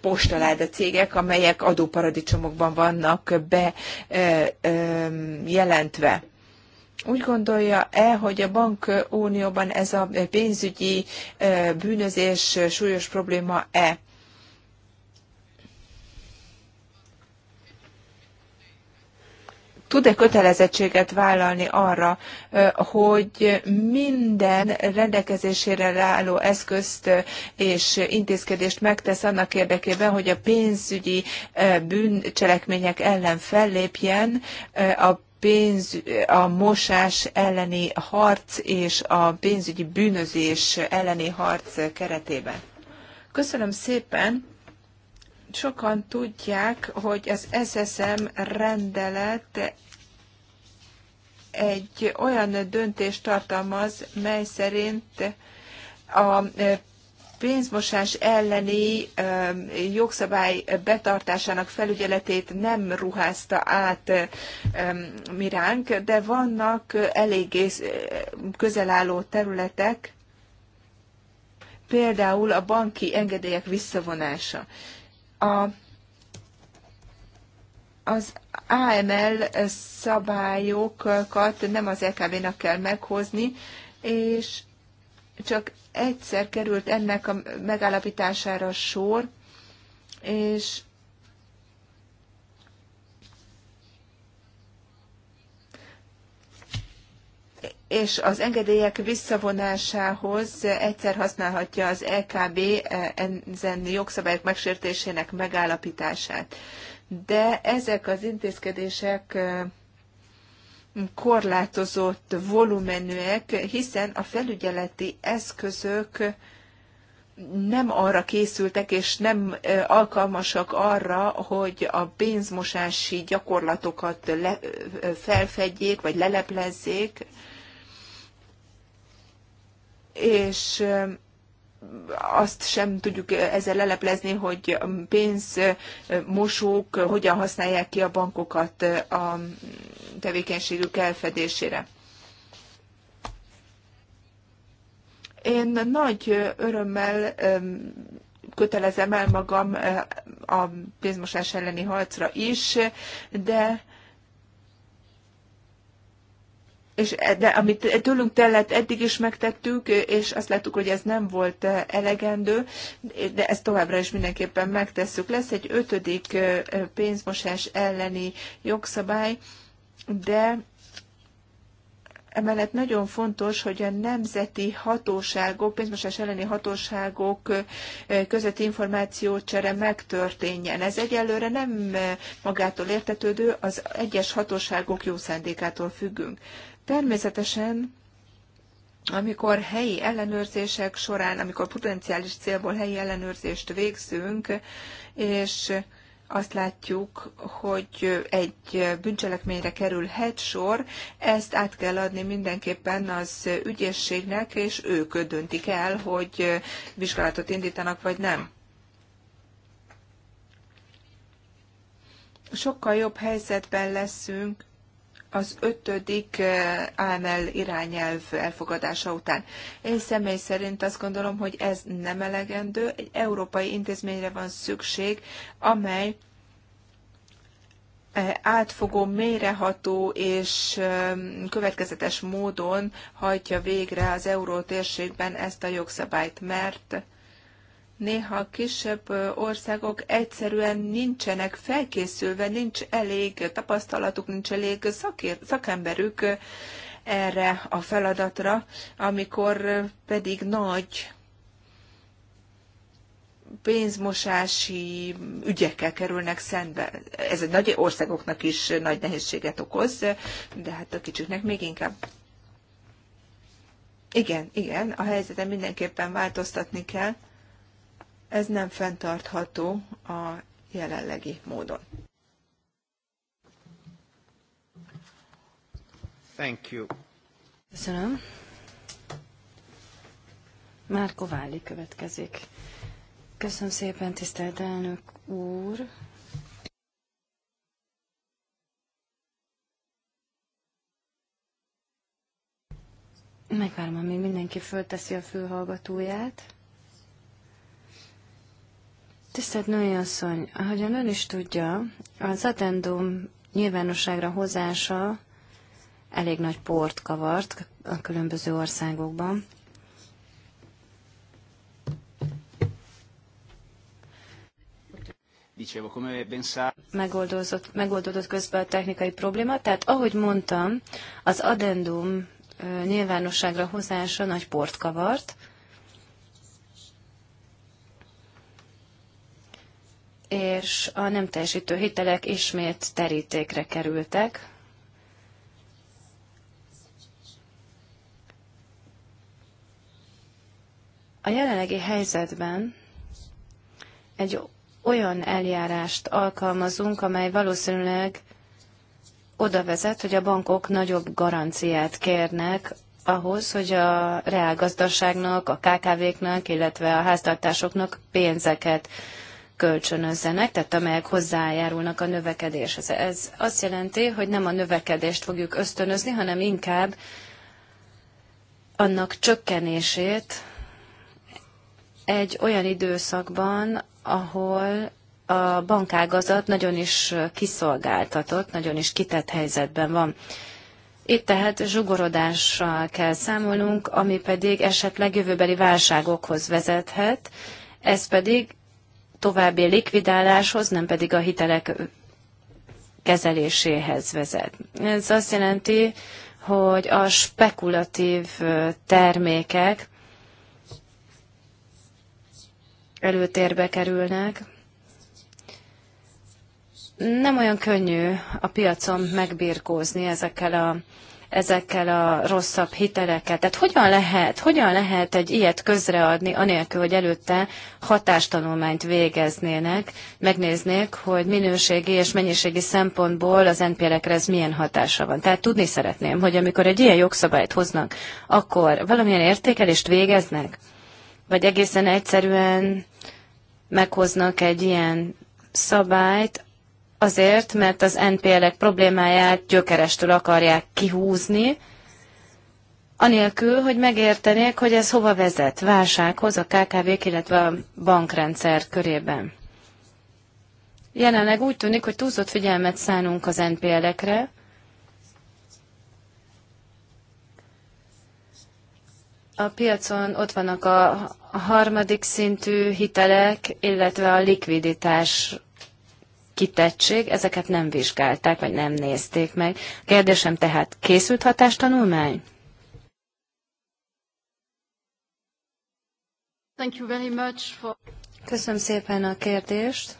postaláda cégek, amelyek adóparadicsomokban vannak bejelentve. Úgy gondolja-e, hogy a bankunióban ez a pénzügyi bűnözés súlyos probléma-e? tud-e kötelezettséget vállalni arra, hogy minden rendelkezésére álló eszközt és intézkedést megtesz annak érdekében, hogy a pénzügyi bűncselekmények ellen fellépjen, a pénz, a mosás elleni harc és a pénzügyi bűnözés elleni harc keretében. Köszönöm szépen! Sokan tudják, hogy az SSM rendelet egy olyan döntést tartalmaz, mely szerint a pénzmosás elleni jogszabály betartásának felügyeletét nem ruházta át miránk, de vannak eléggé közel álló területek, például a banki engedélyek visszavonása a, az AML szabályokat nem az LKB-nak e kell meghozni, és csak egyszer került ennek a megállapítására sor, és és az engedélyek visszavonásához egyszer használhatja az LKB e, ezen jogszabályok megsértésének megállapítását. De ezek az intézkedések e, korlátozott volumenűek, hiszen a felügyeleti eszközök nem arra készültek, és nem e, alkalmasak arra, hogy a pénzmosási gyakorlatokat le, felfedjék, vagy leleplezzék, és azt sem tudjuk ezzel leleplezni, hogy pénzmosók hogyan használják ki a bankokat a tevékenységük elfedésére. Én nagy örömmel kötelezem el magam a pénzmosás elleni harcra is, de és de amit tőlünk tellett, eddig is megtettük, és azt láttuk, hogy ez nem volt elegendő, de ezt továbbra is mindenképpen megtesszük. Lesz egy ötödik pénzmosás elleni jogszabály, de Emellett nagyon fontos, hogy a nemzeti hatóságok, pénzmosás elleni hatóságok között információcsere megtörténjen. Ez egyelőre nem magától értetődő, az egyes hatóságok jó szándékától függünk. Természetesen amikor helyi ellenőrzések során, amikor potenciális célból helyi ellenőrzést végzünk, és azt látjuk, hogy egy bűncselekményre kerülhet sor, ezt át kell adni mindenképpen az ügyészségnek, és ők döntik el, hogy vizsgálatot indítanak vagy nem. Sokkal jobb helyzetben leszünk az ötödik AML eh, irányelv elfogadása után. Én személy szerint azt gondolom, hogy ez nem elegendő. Egy európai intézményre van szükség, amely eh, átfogó, méreható és eh, következetes módon hajtja végre az euró térségben ezt a jogszabályt, mert néha kisebb országok egyszerűen nincsenek felkészülve, nincs elég tapasztalatuk, nincs elég szakér, szakemberük erre a feladatra, amikor pedig nagy pénzmosási ügyekkel kerülnek szembe. Ez egy nagy országoknak is nagy nehézséget okoz, de hát a kicsiknek még inkább. Igen, igen, a helyzeten mindenképpen változtatni kell ez nem fenntartható a jelenlegi módon. Thank you. Köszönöm. Márko Váli következik. Köszönöm szépen, tisztelt elnök úr. Megvárom, amíg mindenki fölteszi a fülhallgatóját. Tisztelt női asszony, ahogyan ön is tudja, az addendum nyilvánosságra hozása elég nagy port kavart a különböző országokban. Megoldódott, megoldódott közben a technikai probléma, tehát ahogy mondtam, az addendum nyilvánosságra hozása nagy port kavart, és a nem teljesítő hitelek ismét terítékre kerültek. A jelenlegi helyzetben egy olyan eljárást alkalmazunk, amely valószínűleg oda vezet, hogy a bankok nagyobb garanciát kérnek ahhoz, hogy a reálgazdaságnak, a KKV-knak, illetve a háztartásoknak pénzeket kölcsönözzenek, tehát amelyek hozzájárulnak a növekedéshez. Ez azt jelenti, hogy nem a növekedést fogjuk ösztönözni, hanem inkább annak csökkenését egy olyan időszakban, ahol a bankágazat nagyon is kiszolgáltatott, nagyon is kitett helyzetben van. Itt tehát zsugorodással kell számolnunk, ami pedig esetleg jövőbeli válságokhoz vezethet, ez pedig további likvidáláshoz, nem pedig a hitelek kezeléséhez vezet. Ez azt jelenti, hogy a spekulatív termékek előtérbe kerülnek. Nem olyan könnyű a piacon megbirkózni ezekkel a ezekkel a rosszabb hitelekkel. Tehát hogyan lehet, hogyan lehet egy ilyet közreadni, anélkül, hogy előtte hatástanulmányt végeznének, megnéznék, hogy minőségi és mennyiségi szempontból az NPL-ekre ez milyen hatása van. Tehát tudni szeretném, hogy amikor egy ilyen jogszabályt hoznak, akkor valamilyen értékelést végeznek? Vagy egészen egyszerűen meghoznak egy ilyen szabályt, Azért, mert az NPL-ek problémáját gyökerestől akarják kihúzni, anélkül, hogy megértenék, hogy ez hova vezet, válsághoz a kkv illetve a bankrendszer körében. Jelenleg úgy tűnik, hogy túlzott figyelmet szánunk az NPL-ekre, A piacon ott vannak a harmadik szintű hitelek, illetve a likviditás kitettség, ezeket nem vizsgálták, vagy nem nézték meg. Kérdésem tehát, készült hatástanulmány? Thank you very much for... Köszönöm szépen a kérdést.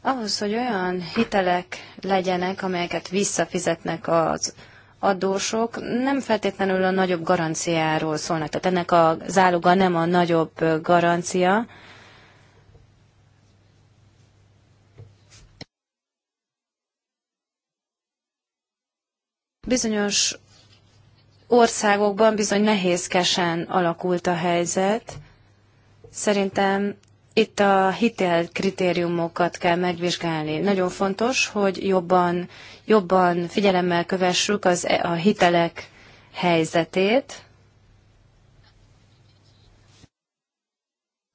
Ahhoz, hogy olyan hitelek legyenek, amelyeket visszafizetnek az adósok nem feltétlenül a nagyobb garanciáról szólnak. Tehát ennek a záloga nem a nagyobb garancia, Bizonyos országokban bizony nehézkesen alakult a helyzet. Szerintem itt a hitel kritériumokat kell megvizsgálni. Nagyon fontos, hogy jobban, jobban figyelemmel kövessük az, e- a hitelek helyzetét,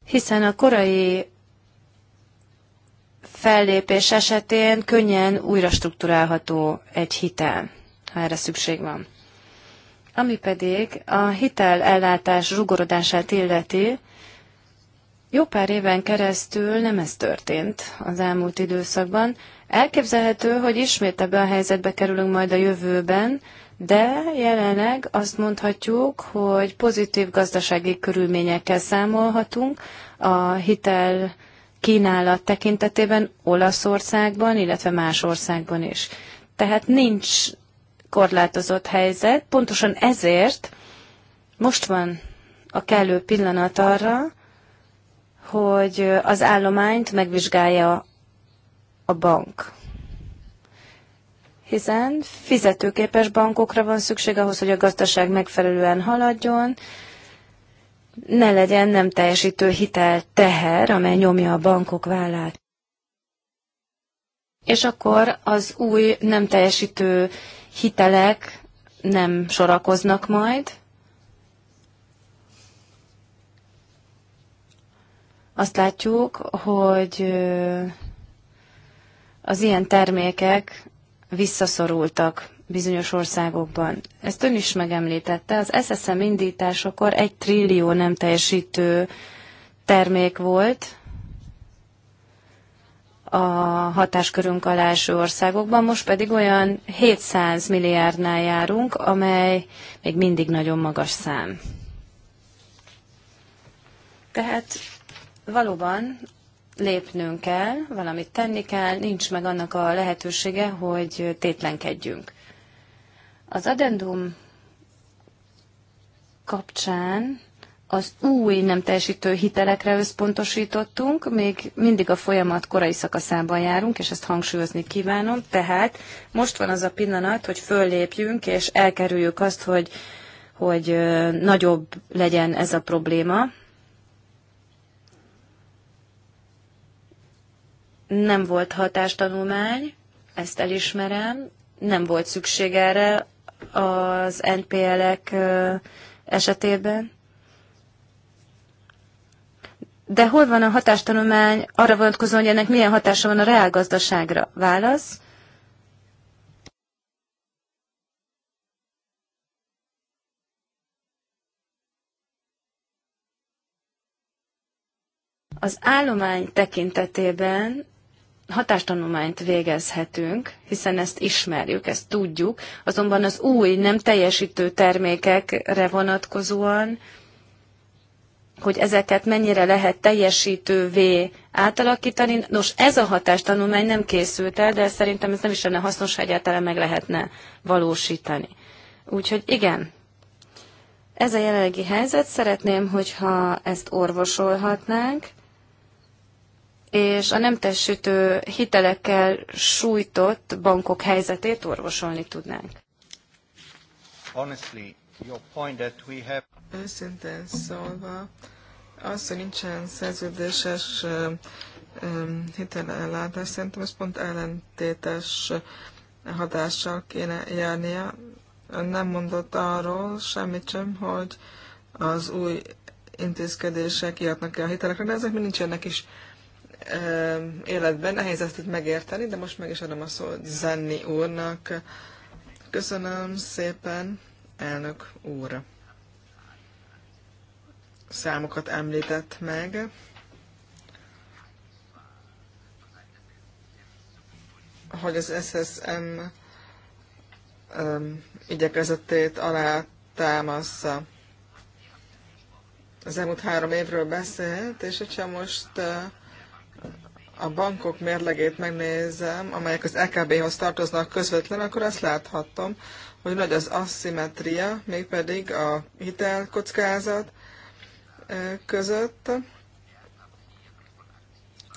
hiszen a korai fellépés esetén könnyen újra struktúrálható egy hitel, ha erre szükség van. Ami pedig a hitel ellátás rugorodását illeti, jó pár éven keresztül nem ez történt az elmúlt időszakban. Elképzelhető, hogy ismét ebbe a helyzetbe kerülünk majd a jövőben, de jelenleg azt mondhatjuk, hogy pozitív gazdasági körülményekkel számolhatunk a hitel kínálat tekintetében Olaszországban, illetve más országban is. Tehát nincs korlátozott helyzet, pontosan ezért most van a kellő pillanat arra, hogy az állományt megvizsgálja a bank. Hiszen fizetőképes bankokra van szükség ahhoz, hogy a gazdaság megfelelően haladjon, ne legyen nem teljesítő hitel teher, amely nyomja a bankok vállát. És akkor az új nem teljesítő hitelek nem sorakoznak majd, azt látjuk, hogy az ilyen termékek visszaszorultak bizonyos országokban. Ezt ön is megemlítette, az SSM indításakor egy trillió nem teljesítő termék volt a hatáskörünk alá eső országokban, most pedig olyan 700 milliárdnál járunk, amely még mindig nagyon magas szám. Tehát Valóban lépnünk kell, valamit tenni kell, nincs meg annak a lehetősége, hogy tétlenkedjünk. Az addendum kapcsán az új nem teljesítő hitelekre összpontosítottunk, még mindig a folyamat korai szakaszában járunk, és ezt hangsúlyozni kívánom, tehát most van az a pillanat, hogy föllépjünk, és elkerüljük azt, hogy, hogy nagyobb legyen ez a probléma, nem volt hatástanulmány, ezt elismerem, nem volt szükség erre az NPL-ek esetében. De hol van a hatástanulmány arra vonatkozó, hogy ennek milyen hatása van a reálgazdaságra? Válasz. Az állomány tekintetében hatástanulmányt végezhetünk, hiszen ezt ismerjük, ezt tudjuk, azonban az új, nem teljesítő termékekre vonatkozóan, hogy ezeket mennyire lehet teljesítővé átalakítani. Nos, ez a hatástanulmány nem készült el, de szerintem ez nem is lenne hasznos, ha egyáltalán meg lehetne valósítani. Úgyhogy igen, ez a jelenlegi helyzet, szeretném, hogyha ezt orvosolhatnánk, és a nem tessütő hitelekkel sújtott bankok helyzetét orvosolni tudnánk. Honestly, your point that we have... Őszintén szólva, az, hogy nincsen szerződéses hitelellátás, szerintem ez pont ellentétes hatással kéne járnia. Nem mondott arról semmit sem, hogy az új intézkedések kiadnak-e a hitelekre, de ezek még nincsenek is életben. Nehéz ezt itt megérteni, de most meg is adom a szót Zenni úrnak. Köszönöm szépen, elnök úr. Számokat említett meg. Hogy az SSM igyekezetét alá támaszza. Az elmúlt három évről beszélt, és hogyha most uh, a bankok mérlegét megnézem, amelyek az EKB-hoz tartoznak közvetlenül, akkor azt láthatom, hogy nagy az asszimetria, mégpedig a hitelkockázat között,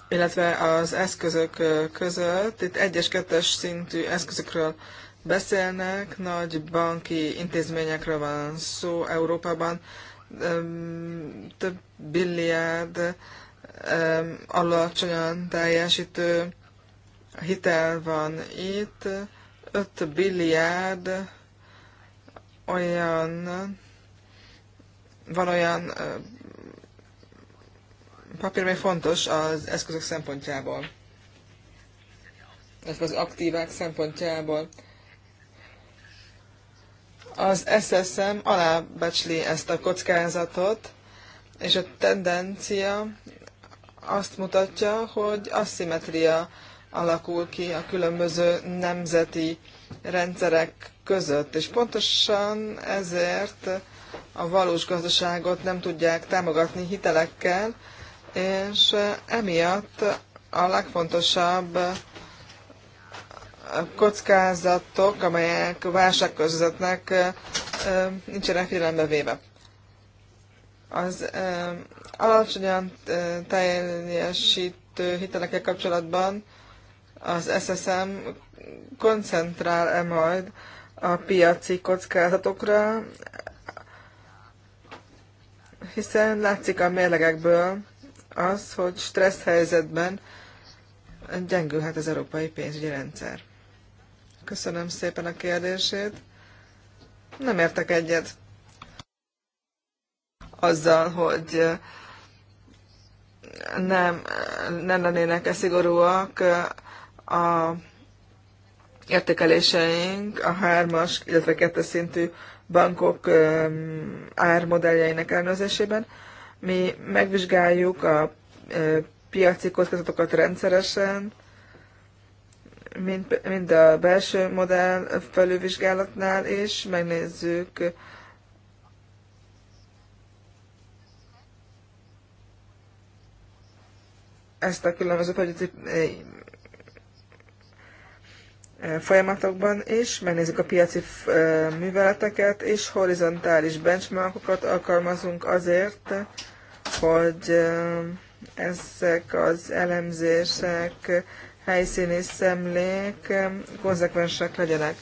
illetve az eszközök között. Itt egyes kettes szintű eszközökről beszélnek, nagy banki intézményekről van szó Európában, több billiárd alacsonyan teljesítő hitel van itt, 5 billiárd olyan van olyan papír, ami fontos az eszközök szempontjából, ez az aktívák szempontjából. Az SSM alábecsli ezt a kockázatot, és a tendencia azt mutatja, hogy asszimetria alakul ki a különböző nemzeti rendszerek között, és pontosan ezért a valós gazdaságot nem tudják támogatni hitelekkel, és emiatt a legfontosabb kockázatok, amelyek válságkörzetnek nincsenek figyelembe véve. Az alacsonyan teljesítő hitelekkel kapcsolatban az SSM koncentrál-e majd a piaci kockázatokra, hiszen látszik a mérlegekből az, hogy stressz helyzetben gyengülhet az európai pénzügyi rendszer. Köszönöm szépen a kérdését. Nem értek egyet azzal, hogy nem, nem lennének -e szigorúak a értékeléseink a hármas, illetve kettes szintű bankok ármodelljeinek ellenőrzésében. Mi megvizsgáljuk a piaci kockázatokat rendszeresen, mind, mind a belső modell felülvizsgálatnál is, megnézzük ezt a különböző politikai eh, eh, folyamatokban is, megnézzük a piaci eh, műveleteket, és horizontális benchmarkokat alkalmazunk azért, hogy ezek az elemzések, helyszíni szemlék konzekvensek legyenek.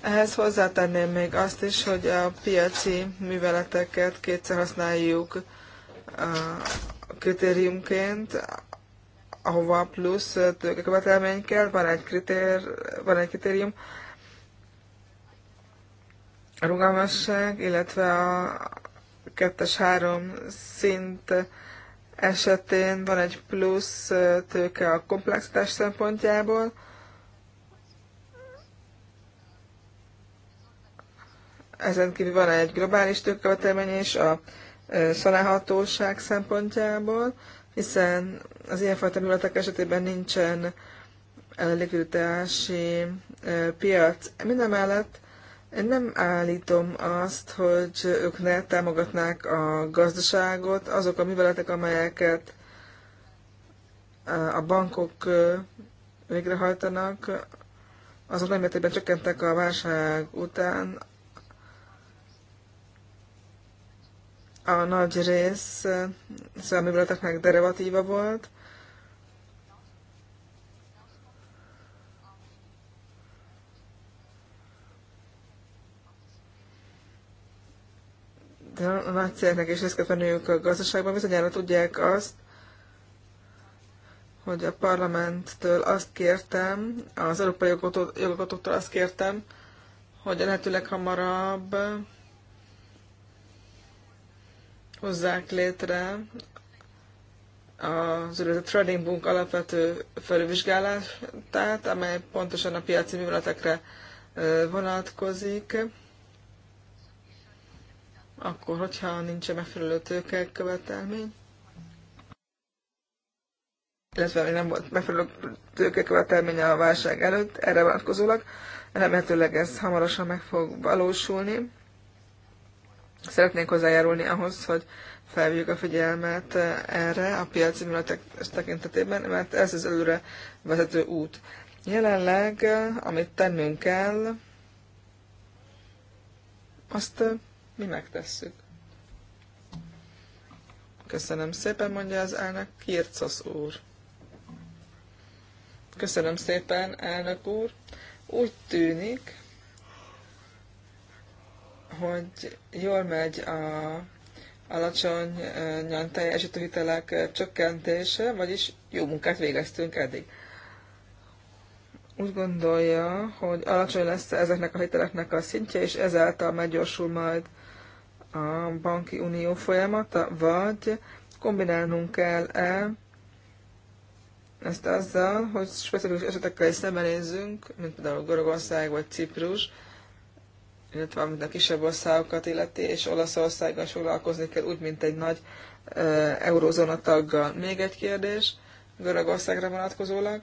Ehhez hozzátenném még azt is, hogy a piaci műveleteket kétszer használjuk kritériumként, ahova plusz tőkekövetelmény kell, van egy, kritér, van egy kritérium, a rugalmasság, illetve a kettes-három szint esetén van egy plusz tőke a komplexitás szempontjából, ezen kívül van egy globális tőkekövetelmény is a szanálhatóság szempontjából, hiszen az ilyenfajta műveletek esetében nincsen likviditási piac. Mindemellett én nem állítom azt, hogy ők ne támogatnák a gazdaságot, azok a műveletek, amelyeket a bankok végrehajtanak, azok nem mértékben csökkentek a válság után, a nagy rész száműveleteknek derivatíva volt. De a nagy cégeknek is részt kell a gazdaságban, bizonyára tudják azt, hogy a parlamenttől azt kértem, az európai jogalkotóktól azt kértem, hogy a lehetőleg hamarabb hozzák létre az úgynevezett trading bunk alapvető felülvizsgálatát, amely pontosan a piaci műveletekre vonatkozik. Akkor, hogyha nincs -e megfelelő követelmény, illetve még nem volt megfelelő követelménye a válság előtt, erre vonatkozólag, remélhetőleg ez hamarosan meg fog valósulni. Szeretnénk hozzájárulni ahhoz, hogy felvívjuk a figyelmet eh, erre a piaci műletek tekintetében, mert ez az előre vezető út. Jelenleg, eh, amit tennünk kell, azt eh, mi megtesszük. Köszönöm szépen, mondja az elnök Kircos úr. Köszönöm szépen, elnök úr. Úgy tűnik, hogy jól megy a alacsonyan teljesítő hitelek csökkentése, vagyis jó munkát végeztünk eddig. Úgy gondolja, hogy alacsony lesz ezeknek a hiteleknek a szintje, és ezáltal meggyorsul majd a banki unió folyamata, vagy kombinálnunk kell-e ezt azzal, hogy specifikus esetekkel is szembenézzünk, mint például Görögország vagy Ciprus, illetve amit a kisebb országokat illeti, és Olaszországgal foglalkozni kell, úgy, mint egy nagy e, eurózóna taggal. Még egy kérdés, Görögországra vonatkozólag.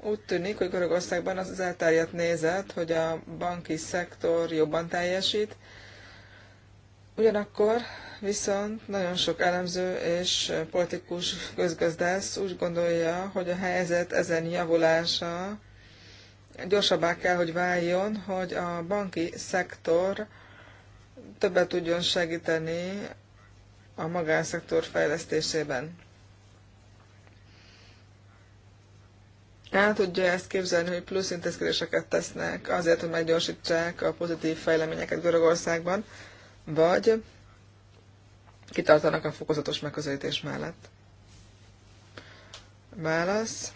Úgy tűnik, hogy Görögországban az, az elterjedt nézet, hogy a banki szektor jobban teljesít, ugyanakkor viszont nagyon sok elemző és politikus közgazdász úgy gondolja, hogy a helyzet ezen javulása gyorsabbá kell, hogy váljon, hogy a banki szektor többet tudjon segíteni a magánszektor fejlesztésében. El tudja ezt képzelni, hogy plusz intézkedéseket tesznek azért, hogy meggyorsítsák a pozitív fejleményeket Görögországban, vagy kitartanak a fokozatos megközelítés mellett? Válasz.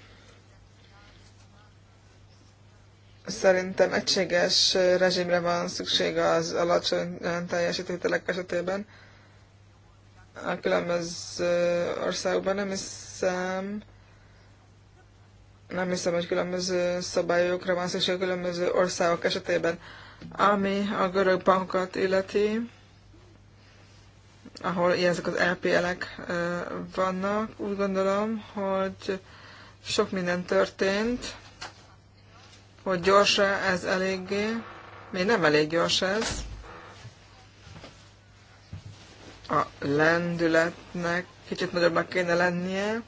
Szerintem egységes rezsimre van szükség az alacsony teljesítőtelek esetében. A különböző országokban nem hiszem, nem hiszem, hogy különböző szabályokra van szükség a különböző országok esetében. Ami a görög bankokat illeti, ahol ezek az LPL-ek vannak, úgy gondolom, hogy sok minden történt, hogy gyors -e ez eléggé. Még nem elég gyors ez. A lendületnek kicsit nagyobbnak kéne lennie.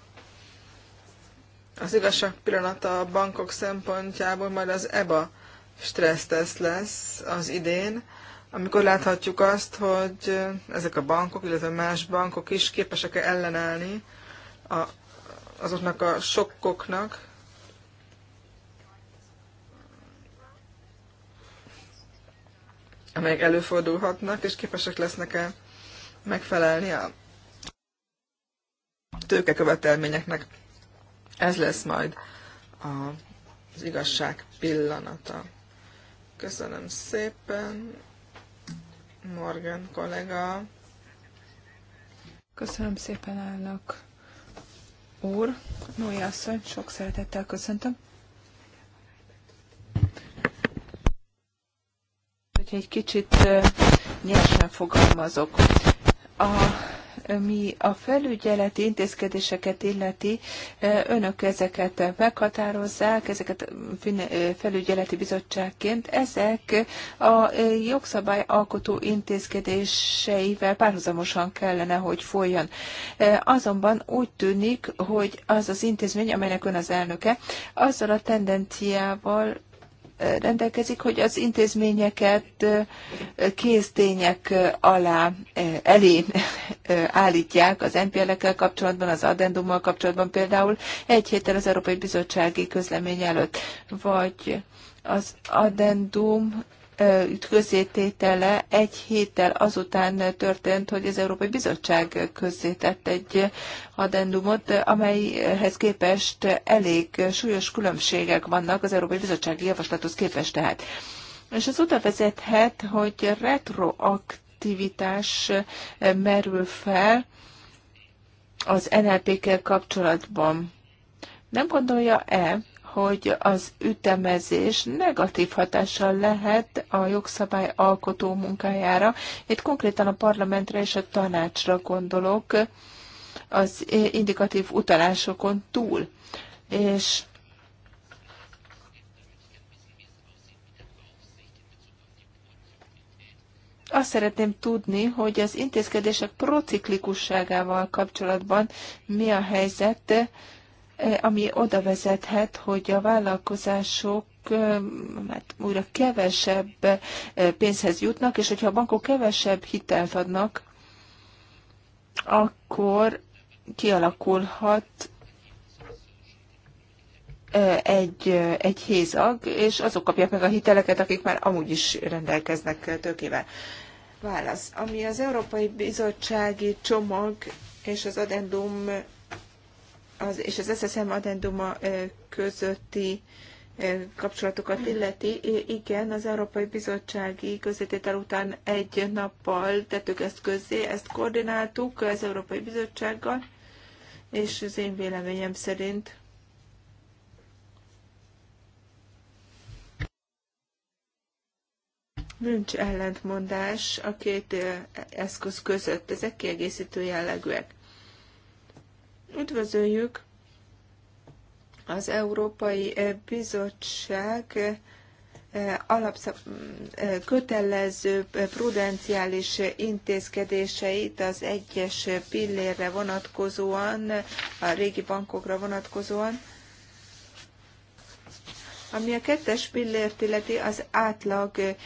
Az igazság pillanata a bankok szempontjából majd az EBA stressztesz lesz az idén, amikor láthatjuk azt, hogy ezek a bankok, illetve más bankok is képesek-e ellenállni a, azoknak a sokkoknak, amelyek előfordulhatnak, és képesek lesznek-e megfelelni a tőkekövetelményeknek. Ez lesz majd a, az igazság pillanata. Köszönöm szépen, Morgan kollega. Köszönöm szépen, elnök úr. Nói asszony, sok szeretettel köszöntöm. hogyha egy kicsit nyersen fogalmazok. A mi a felügyeleti intézkedéseket illeti, önök ezeket meghatározzák, ezeket felügyeleti bizottságként. Ezek a jogszabályalkotó intézkedéseivel párhuzamosan kellene, hogy folyjon. Azonban úgy tűnik, hogy az az intézmény, amelynek ön az elnöke, azzal a tendenciával rendelkezik, hogy az intézményeket kéztények alá, elé állítják az NPL-ekkel kapcsolatban, az addendummal kapcsolatban például egy héttel az Európai Bizottsági Közlemény előtt, vagy az addendum közzététele egy héttel azután történt, hogy az Európai Bizottság közzétett egy addendumot, amelyhez képest elég súlyos különbségek vannak az Európai Bizottsági Javaslathoz képest tehát. És az oda vezethet, hogy retroaktivitás merül fel az nlp kel kapcsolatban. Nem gondolja-e, hogy az ütemezés negatív hatással lehet a jogszabály alkotó munkájára. Itt konkrétan a parlamentre és a tanácsra gondolok az indikatív utalásokon túl. És Azt szeretném tudni, hogy az intézkedések prociklikusságával kapcsolatban mi a helyzet, ami oda vezethet, hogy a vállalkozások mert hát újra kevesebb pénzhez jutnak, és hogyha a bankok kevesebb hitelt adnak, akkor kialakulhat egy, egy hézag, és azok kapják meg a hiteleket, akik már amúgy is rendelkeznek tőkével. Válasz. Ami az Európai Bizottsági Csomag és az adendum az, és az SSM addenduma közötti kapcsolatokat illeti. Igen, az Európai Bizottsági közététel után egy nappal tettük ezt közzé, ezt koordináltuk az Európai Bizottsággal, és az én véleményem szerint nincs ellentmondás a két eszköz között, ezek kiegészítő jellegűek. Üdvözöljük az Európai eh, Bizottság eh, alapszab eh, kötelező prudenciális intézkedéseit az egyes pillérre vonatkozóan, a régi bankokra vonatkozóan. Ami a kettes pillért illeti, az átlag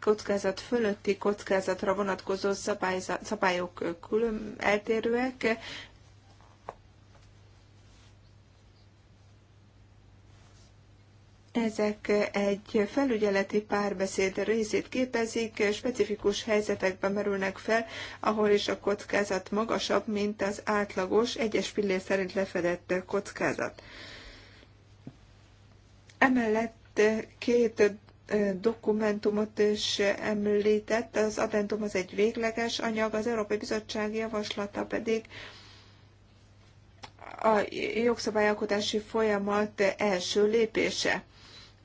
kockázat fölötti kockázatra vonatkozó szabályok külön eltérőek. Ezek egy felügyeleti párbeszéd részét képezik, specifikus helyzetekben merülnek fel, ahol is a kockázat magasabb, mint az átlagos, egyes pillér szerint lefedett kockázat. Emellett két eh, dokumentumot is említett, az addendum az egy végleges anyag, az Európai Bizottság javaslata pedig a jogszabályalkotási folyamat első lépése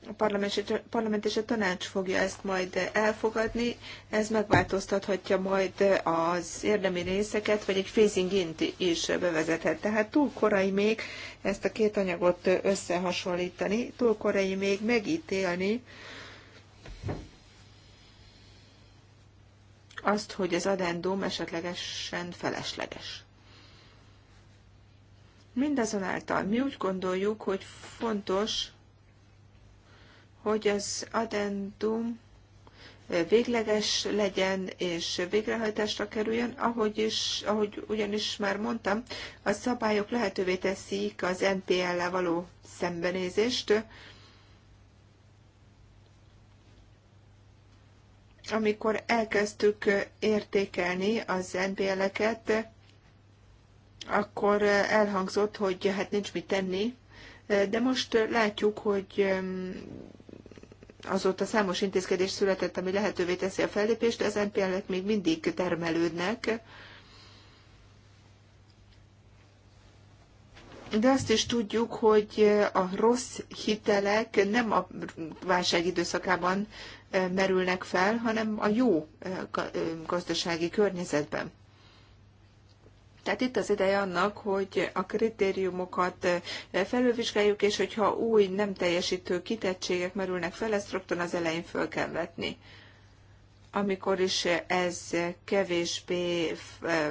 a parlament és a, parlament és a tanács fogja ezt majd elfogadni, ez megváltoztathatja majd az érdemi részeket, vagy egy phasing is bevezethet. Tehát túl korai még ezt a két anyagot összehasonlítani, túl korai még megítélni azt, hogy az adendum esetlegesen felesleges. Mindazonáltal mi úgy gondoljuk, hogy fontos, hogy az addendum végleges legyen és végrehajtásra kerüljön, ahogy, is, ahogy ugyanis már mondtam, a szabályok lehetővé teszik az NPL-lel való szembenézést, amikor elkezdtük értékelni az NPL-eket, akkor elhangzott, hogy hát nincs mit tenni, de most látjuk, hogy Azóta számos intézkedés született, ami lehetővé teszi a fellépést, az NPL-ek még mindig termelődnek. De azt is tudjuk, hogy a rossz hitelek nem a válság időszakában merülnek fel, hanem a jó eh, eh, gazdasági környezetben. Tehát itt az ideje annak, hogy a kritériumokat eh, felülvizsgáljuk, és hogyha új nem teljesítő kitettségek merülnek fel, ezt rögtön az elején föl kell vetni. Amikor is ez kevésbé eh,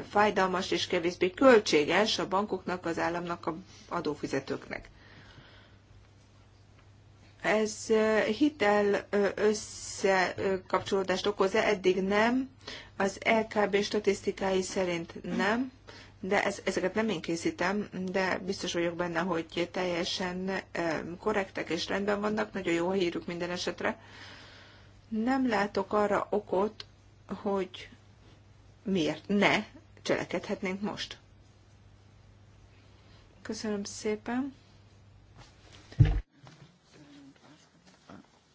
fájdalmas és kevésbé költséges a bankoknak, az államnak, a adófizetőknek. Ez eh, hitel összekapcsolódást okoz-e? Eddig nem. Az LKB statisztikái szerint nem de ez, ezeket nem én készítem, de biztos vagyok benne, hogy teljesen korrektek és rendben vannak, nagyon jó hírük minden esetre. Nem látok arra okot, hogy miért ne cselekedhetnénk most. Köszönöm szépen.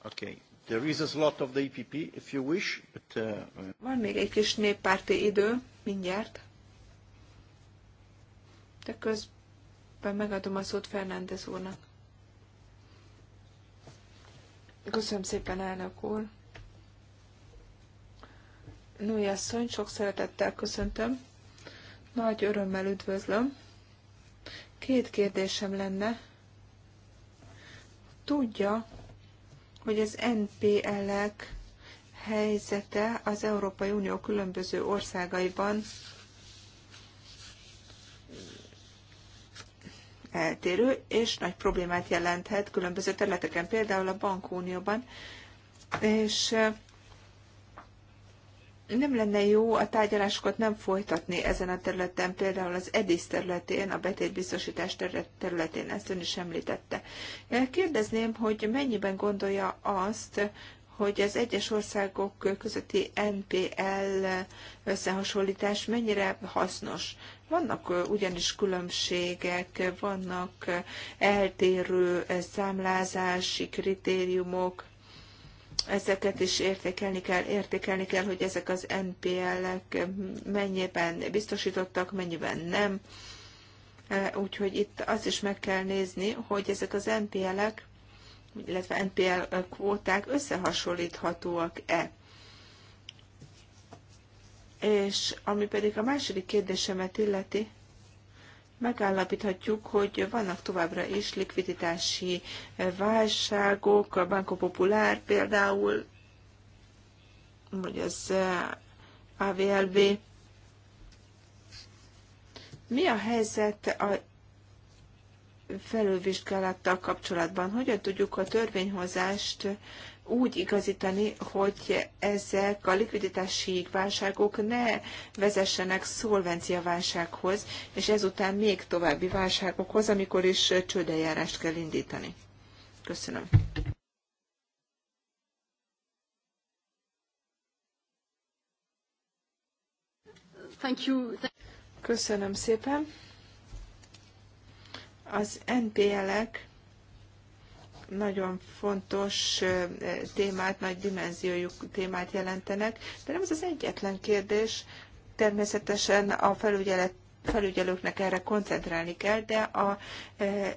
Okay. There is a slot of the EPP, if you wish, but, uh... Van még egy kis néppárti idő, mindjárt de közben megadom a szót Fernández úrnak. Köszönöm szépen, elnök úr. Női asszony, sok szeretettel köszöntöm. Nagy örömmel üdvözlöm. Két kérdésem lenne. Tudja, hogy az NPL-ek helyzete az Európai Unió különböző országaiban eltérő, és nagy problémát jelenthet különböző területeken, például a bankunióban. És eh, nem lenne jó a tárgyalásokat nem folytatni ezen a területen, például az EDIS területén, a betétbiztosítás területén, ezt ön is említette. Eh, kérdezném, hogy mennyiben gondolja azt, hogy az egyes országok közötti NPL összehasonlítás mennyire hasznos. Vannak ugyanis különbségek, vannak eltérő számlázási kritériumok, ezeket is értékelni kell, értékelni kell, hogy ezek az NPL-ek mennyiben biztosítottak, mennyiben nem. Úgyhogy itt azt is meg kell nézni, hogy ezek az NPL-ek illetve NPL kvóták összehasonlíthatóak-e? És ami pedig a második kérdésemet illeti, megállapíthatjuk, hogy vannak továbbra is likviditási válságok, a Banco Popular például, vagy az AVLB. Mi a helyzet a felülvizsgálattal kapcsolatban. Hogyan tudjuk a törvényhozást úgy igazítani, hogy ezek a likviditási válságok ne vezessenek szolvencia válsághoz, és ezután még további válságokhoz, amikor is csődeljárást kell indítani. Köszönöm. Thank you. Köszönöm szépen. Az NPL-ek nagyon fontos témát, nagy dimenziójú témát jelentenek, de nem ez az egyetlen kérdés. Természetesen a felügyelet felügyelőknek erre koncentrálni kell, de a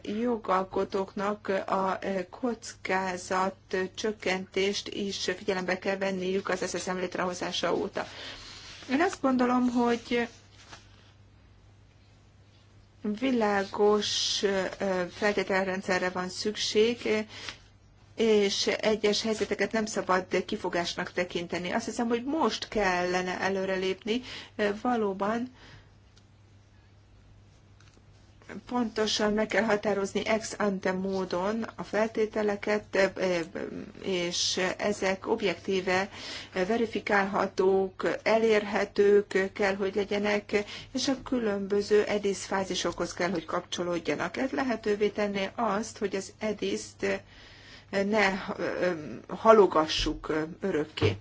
jogalkotóknak a kockázat csökkentést is figyelembe kell venniük az SSM létrehozása óta. Én azt gondolom, hogy Világos feltételrendszerre van szükség, és egyes helyzeteket nem szabad kifogásnak tekinteni. Azt hiszem, hogy most kellene előrelépni. Valóban pontosan meg kell határozni ex ante módon a feltételeket, e, e, és ezek objektíve verifikálhatók, elérhetők kell, hogy legyenek, és a különböző EDIS fázisokhoz kell, hogy kapcsolódjanak. Ez lehetővé tenné azt, hogy az EDIS-t ne e, halogassuk örökké.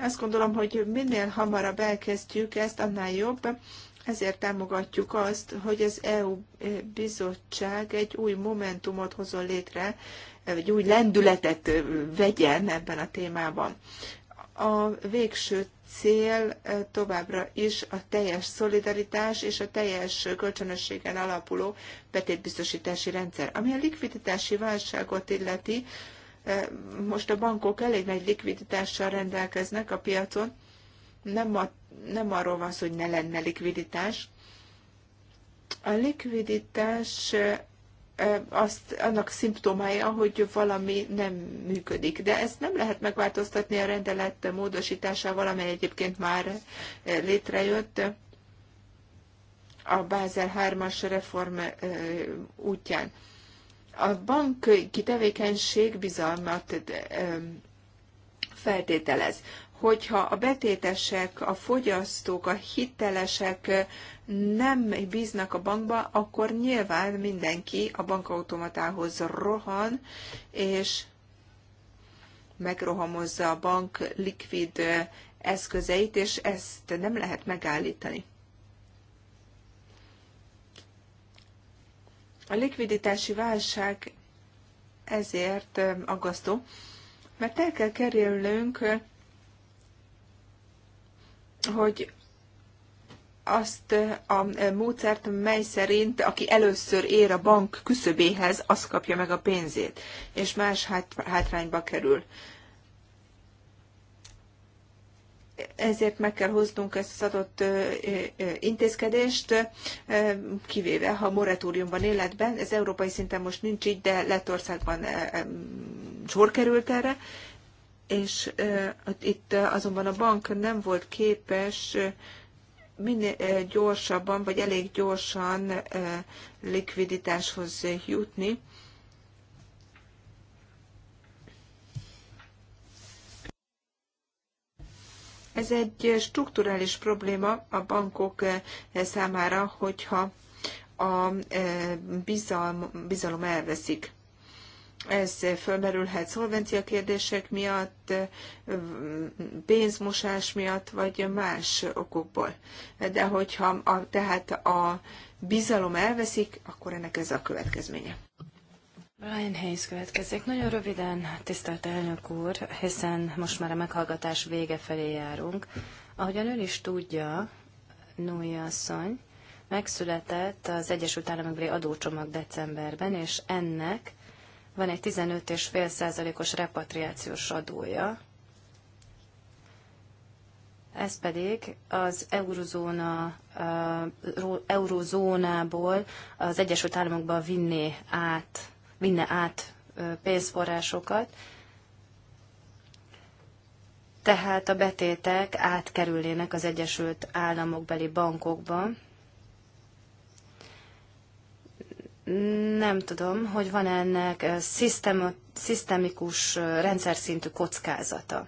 Azt gondolom, hogy minél hamarabb elkezdjük ezt, annál jobb ezért támogatjuk azt, hogy az EU bizottság egy új momentumot hozzon létre, egy új lendületet vegyen ebben a témában. A végső cél továbbra is a teljes szolidaritás és a teljes kölcsönösségen alapuló betétbiztosítási rendszer. Ami a likviditási válságot illeti, most a bankok elég nagy likviditással rendelkeznek a piacon, nem, a, nem arról van szó, hogy ne lenne likviditás. A likviditás azt, annak szimptomája, hogy valami nem működik. De ezt nem lehet megváltoztatni a rendelet módosításával, amely egyébként már létrejött a Bázel 3-as reform útján. A banki tevékenység bizalmat feltételez hogyha a betétesek, a fogyasztók, a hitelesek nem bíznak a bankba, akkor nyilván mindenki a bankautomatához rohan, és megrohamozza a bank likvid eszközeit, és ezt nem lehet megállítani. A likviditási válság ezért aggasztó, mert el kell kerülnünk hogy azt a módszert, mely szerint aki először ér a bank küszöbéhez, az kapja meg a pénzét, és más hát, hátrányba kerül. Ezért meg kell hoznunk ezt az adott intézkedést, kivéve ha moratóriumban életben, ez európai szinten most nincs így, de Lettországban sor került erre, és itt azonban a bank nem volt képes minél gyorsabban, vagy elég gyorsan likviditáshoz jutni. Ez egy strukturális probléma a bankok számára, hogyha a bizalom, bizalom elveszik ez fölmerülhet szolvencia kérdések miatt, pénzmosás miatt, vagy más okokból. De hogyha a, tehát a bizalom elveszik, akkor ennek ez a következménye. Brian Hayes következik. Nagyon röviden, tisztelt elnök úr, hiszen most már a meghallgatás vége felé járunk. Ahogyan ön is tudja, Nui asszony, megszületett az Egyesült Államokbeli adócsomag decemberben, és ennek van egy 15,5%-os repatriációs adója, ez pedig az eurozóna, eurozónából az Egyesült Államokba vinné át, vinne át pénzforrásokat, tehát a betétek átkerülnének az Egyesült Államokbeli bankokba, nem tudom, hogy van ennek eh, szisztemikus eh, rendszer szintű kockázata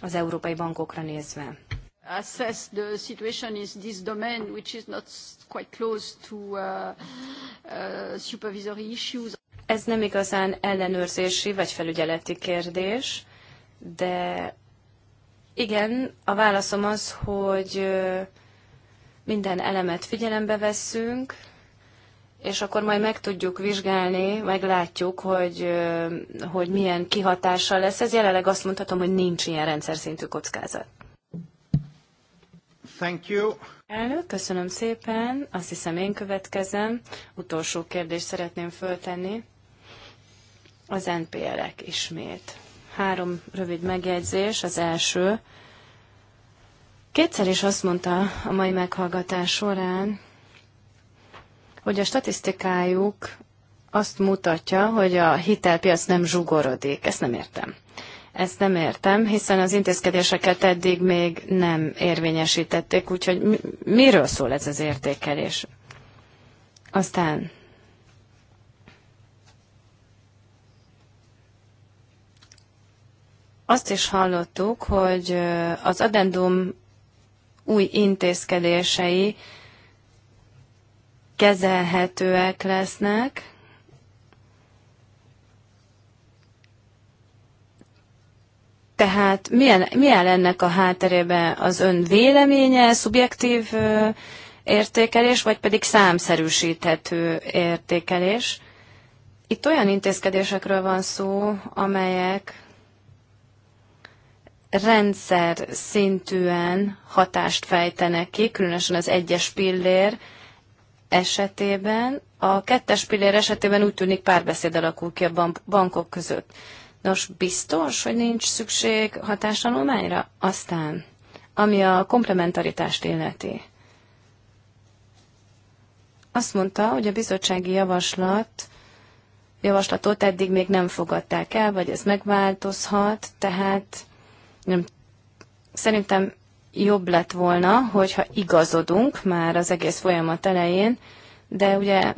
az európai bankokra nézve. Assess the situation in this domain, which is not quite close to uh, uh, supervisory issues. Ez nem igazán ellenőrzési vagy felügyeleti kérdés, de igen, a válaszom az, hogy eh, minden elemet figyelembe vesszünk, és akkor majd meg tudjuk vizsgálni, meglátjuk, hogy, hogy milyen kihatással lesz. Ez jelenleg azt mondhatom, hogy nincs ilyen rendszer szintű kockázat. Thank you. Elnök, köszönöm szépen. Azt hiszem én következem. Utolsó kérdést szeretném föltenni. Az NPL-ek ismét. Három rövid megjegyzés. Az első. Kétszer is azt mondta a mai meghallgatás során, hogy a statisztikájuk azt mutatja, hogy a hitelpiac nem zsugorodik. Ezt nem értem. Ezt nem értem, hiszen az intézkedéseket eddig még nem érvényesítették, úgyhogy mi, miről szól ez az értékelés? Aztán azt is hallottuk, hogy az adendum új intézkedései kezelhetőek lesznek. Tehát milyen, milyen ennek a hátterében az ön véleménye, szubjektív értékelés, vagy pedig számszerűsíthető értékelés? Itt olyan intézkedésekről van szó, amelyek rendszer szintűen hatást fejtenek ki, különösen az egyes pillér, esetében, a kettes pillér esetében úgy tűnik párbeszéd alakul ki a bankok között. Nos, biztos, hogy nincs szükség hatástanulmányra? Aztán, ami a komplementaritást illeti. Azt mondta, hogy a bizottsági javaslat javaslatot eddig még nem fogadták el, vagy ez megváltozhat, tehát nem, szerintem jobb lett volna, hogyha igazodunk már az egész folyamat elején, de ugye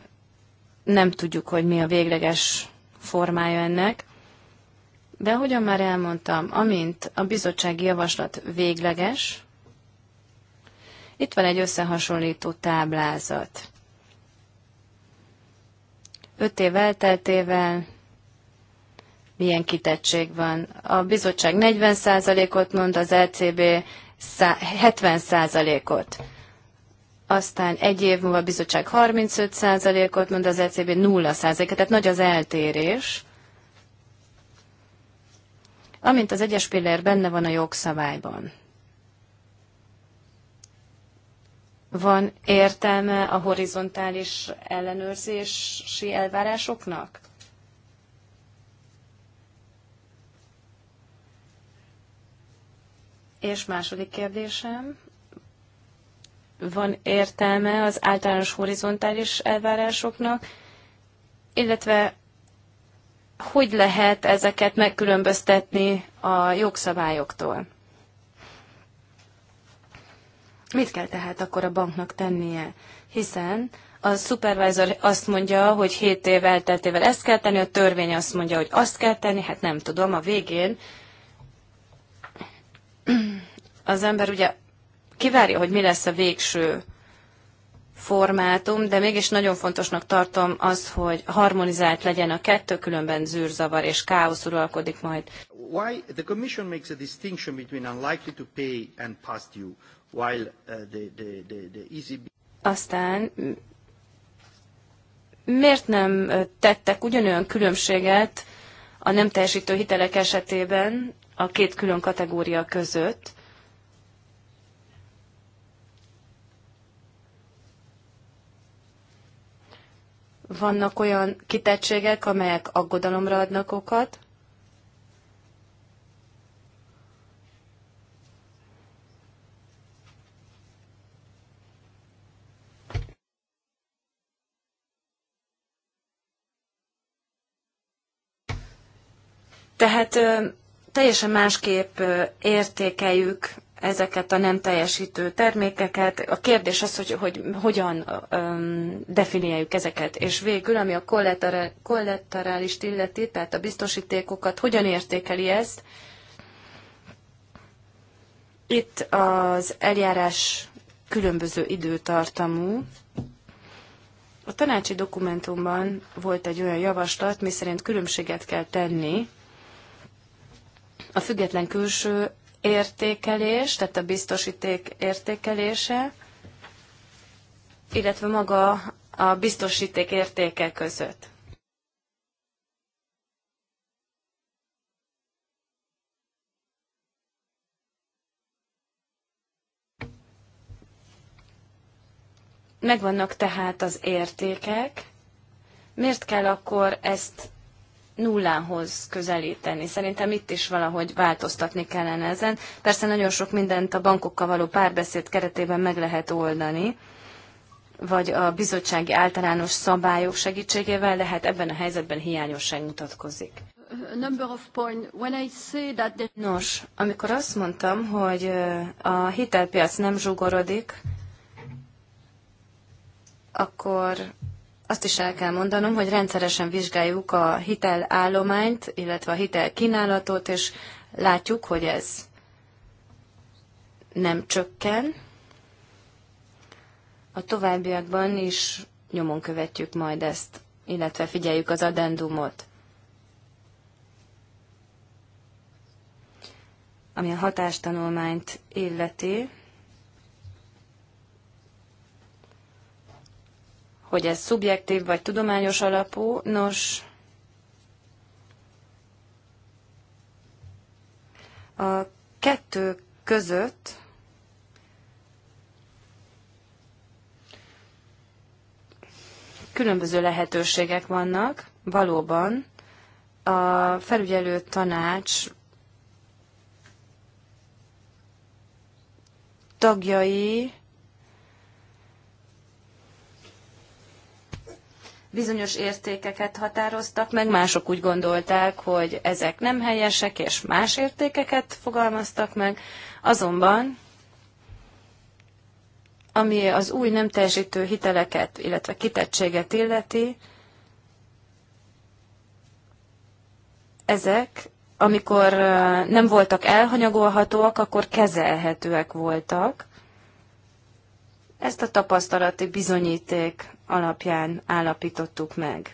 nem tudjuk, hogy mi a végleges formája ennek. De ahogyan már elmondtam, amint a bizottsági javaslat végleges, itt van egy összehasonlító táblázat. Öt év elteltével milyen kitettség van. A bizottság 40%-ot mond, az LCB e 70%-ot. Aztán egy év múlva a bizottság 35%-ot mond, az ECB 0%-et, tehát nagy az eltérés. Amint az egyes pillér benne van a jogszabályban. Van értelme a horizontális ellenőrzési elvárásoknak? És második kérdésem, van értelme az általános horizontális elvárásoknak, illetve hogy lehet ezeket megkülönböztetni a jogszabályoktól? Mit kell tehát akkor a banknak tennie? Hiszen a supervisor azt mondja, hogy 7 év elteltével ezt kell tenni, a törvény azt mondja, hogy azt kell tenni, hát nem tudom, a végén az ember ugye kivárja, hogy mi lesz a végső formátum, de mégis nagyon fontosnak tartom az, hogy harmonizált legyen a kettő, különben zűrzavar és káosz uralkodik majd. Why the Commission makes a distinction between unlikely to pay and past due, while uh, the, the, the, the ECB... Aztán miért nem tettek ugyanolyan különbséget a nem teljesítő hitelek esetében, a két külön kategória között. Vannak olyan kitettségek, amelyek aggodalomra adnak okat, Tehát teljesen másképp értékeljük ezeket a nem teljesítő termékeket. A kérdés az, hogy, hogy hogyan um, definiáljuk ezeket. És végül, ami a kollaterálist illeti, tehát a biztosítékokat, hogyan értékeli ezt? Itt az eljárás különböző időtartamú. A tanácsi dokumentumban volt egy olyan javaslat, miszerint különbséget kell tenni a független külső értékelés, tehát a biztosíték értékelése, illetve maga a biztosíték értéke között. Megvannak tehát az értékek. Miért kell akkor ezt nullához közelíteni. Szerintem itt is valahogy változtatni kellene ezen. Persze nagyon sok mindent a bankokkal való párbeszéd keretében meg lehet oldani, vagy a bizottsági általános szabályok segítségével, lehet. ebben a helyzetben hiányosság mutatkozik. Nos, amikor azt mondtam, hogy a hitelpiac nem zsugorodik, akkor azt is el kell mondanom, hogy rendszeresen vizsgáljuk a hitelállományt, illetve a hitelkínálatot, és látjuk, hogy ez nem csökken. A továbbiakban is nyomon követjük majd ezt, illetve figyeljük az addendumot. Ami a hatástanulmányt illeti, hogy ez szubjektív vagy tudományos alapú. Nos, a kettő között különböző lehetőségek vannak, valóban. A felügyelő tanács tagjai bizonyos értékeket határoztak meg, mások úgy gondolták, hogy ezek nem helyesek, és más értékeket fogalmaztak meg. Azonban, ami az új nem teljesítő hiteleket, illetve kitettséget illeti, ezek, amikor nem voltak elhanyagolhatóak, akkor kezelhetőek voltak. Ezt a tapasztalati bizonyíték alapján állapítottuk meg.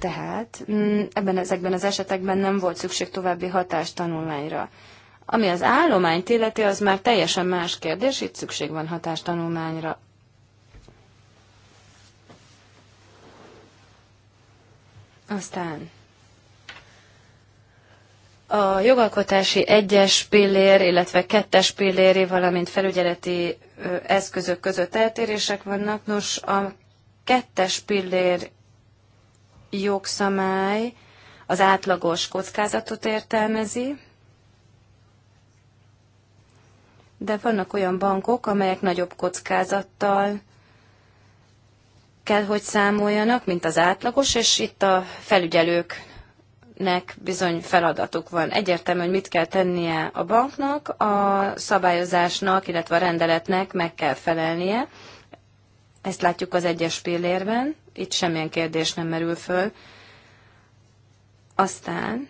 Tehát mm, ebben ezekben az esetekben nem volt szükség további hatástanulmányra. Ami az állományt illeti, az már teljesen más kérdés, itt szükség van hatástanulmányra. Aztán a jogalkotási egyes pillér, illetve kettes pilléré, valamint felügyeleti eszközök között eltérések vannak. Nos, a kettes pillér jogszamály az átlagos kockázatot értelmezi, de vannak olyan bankok, amelyek nagyobb kockázattal kell, hogy számoljanak, mint az átlagos, és itt a felügyelők nek bizony feladatuk van. Egyértelmű, hogy mit kell tennie a banknak, a szabályozásnak, illetve a rendeletnek meg kell felelnie. Ezt látjuk az egyes pillérben, itt semmilyen kérdés nem merül föl. Aztán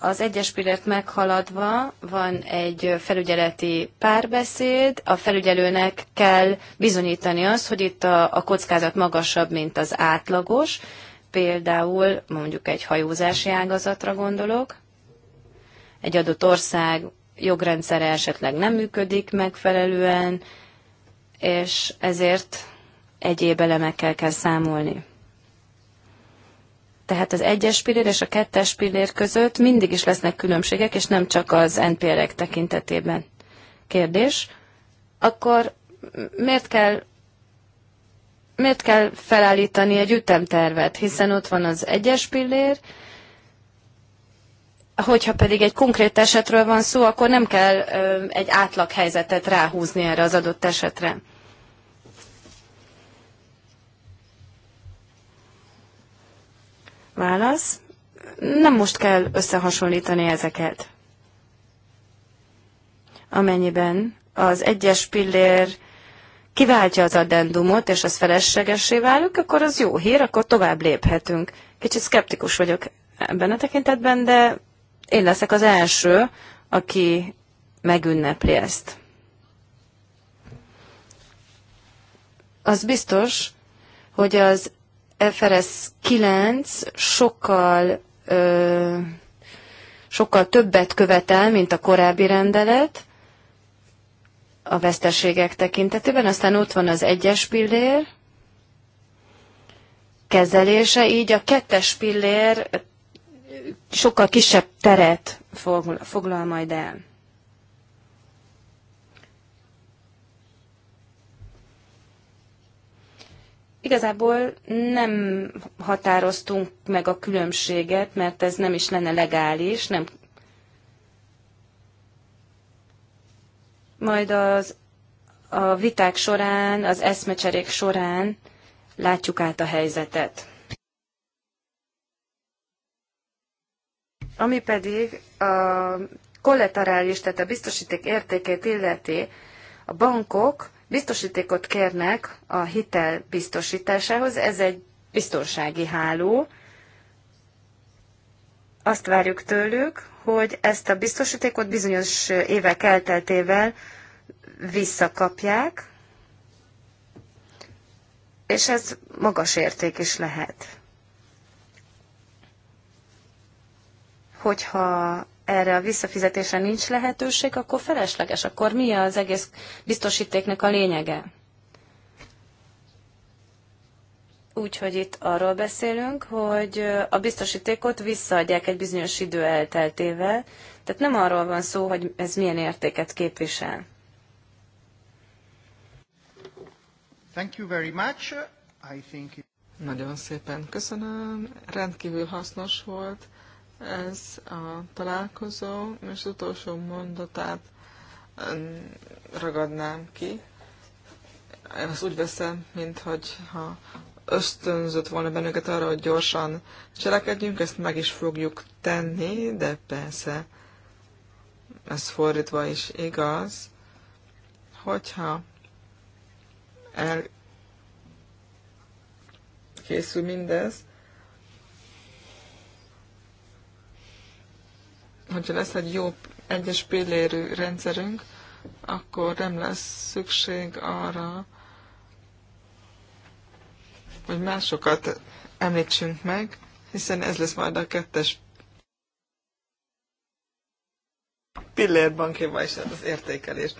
Az egyes pillanat meghaladva van egy felügyeleti párbeszéd, a felügyelőnek kell bizonyítani azt, hogy itt a, a kockázat magasabb, mint az átlagos, például mondjuk egy hajózási ágazatra gondolok, egy adott ország jogrendszere esetleg nem működik megfelelően, és ezért egyéb elemekkel kell számolni. Tehát az egyes pillér és a kettes pillér között mindig is lesznek különbségek, és nem csak az NPR-ek tekintetében. Kérdés. Akkor miért kell miért kell felállítani egy ütemtervet, hiszen ott van az egyes pillér, hogyha pedig egy konkrét esetről van szó, akkor nem kell egy átlaghelyzetet ráhúzni erre az adott esetre. Válasz. Nem most kell összehasonlítani ezeket. Amennyiben az egyes pillér kiváltja az addendumot, és az feleslegessé válik, akkor az jó hír, akkor tovább léphetünk. Kicsit szkeptikus vagyok ebben a tekintetben, de én leszek az első, aki megünnepli ezt. Az biztos, hogy az FRS 9 sokkal ö, sokkal többet követel, mint a korábbi rendelet a veszteségek tekintetében. Aztán ott van az egyes pillér kezelése, így a kettes pillér sokkal kisebb teret foglal majd el. Igazából nem határoztunk meg a különbséget, mert ez nem is lenne legális, nem. Majd az, a viták során, az eszmecserék során látjuk át a helyzetet. Ami pedig a kollaterális, tehát a biztosíték értékét illeti, a bankok biztosítékot kérnek a hitel biztosításához. Ez egy biztonsági háló. Azt várjuk tőlük, hogy ezt a biztosítékot bizonyos évek elteltével visszakapják, és ez magas érték is lehet. Hogyha erre a visszafizetésre nincs lehetőség, akkor felesleges. Akkor mi az egész biztosítéknek a lényege? Úgyhogy itt arról beszélünk, hogy a biztosítékot visszaadják egy bizonyos idő elteltével, tehát nem arról van szó, hogy ez milyen értéket képvisel. Thank you very much. I think it... Nagyon szépen köszönöm, rendkívül hasznos volt ez a találkozó, és az utolsó mondatát ragadnám ki. Én azt úgy veszem, mintha ösztönzött volna bennünket arra, hogy gyorsan cselekedjünk, ezt meg is fogjuk tenni, de persze ez fordítva is igaz, hogyha el készül mindez, hogyha lesz egy jó egyes pillérű rendszerünk, akkor nem lesz szükség arra, hogy másokat említsünk meg, hiszen ez lesz majd a kettes pillérbankéval is hát az értékelés.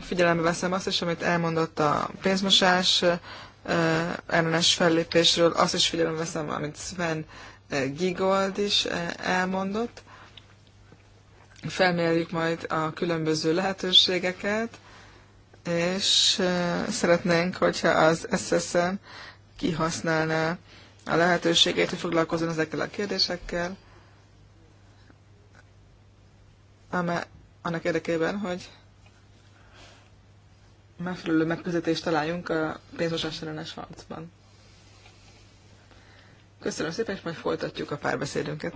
Figyelembe veszem azt is, amit elmondott a pénzmosás eh, ellenes fellépésről, azt is figyelembe veszem, amit Sven Gigold is eh, elmondott. Felmérjük majd a különböző lehetőségeket, és eh, szeretnénk, hogyha az SSM kihasználná a lehetőségét, hogy foglalkozzon ezekkel a kérdésekkel, annak érdekében, hogy megfelelő megközelítést találjunk a pénzmosás ellenes harcban. Köszönöm szépen, és majd folytatjuk a párbeszédünket.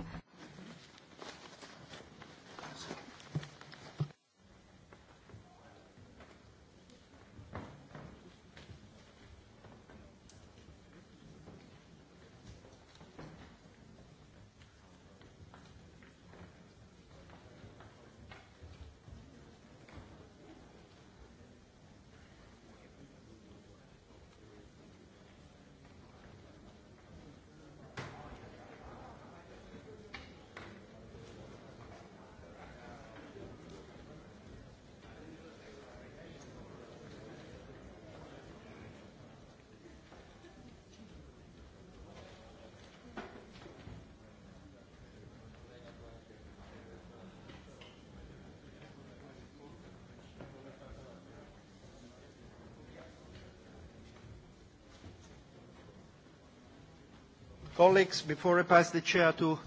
Colleagues, before I pass the chair to...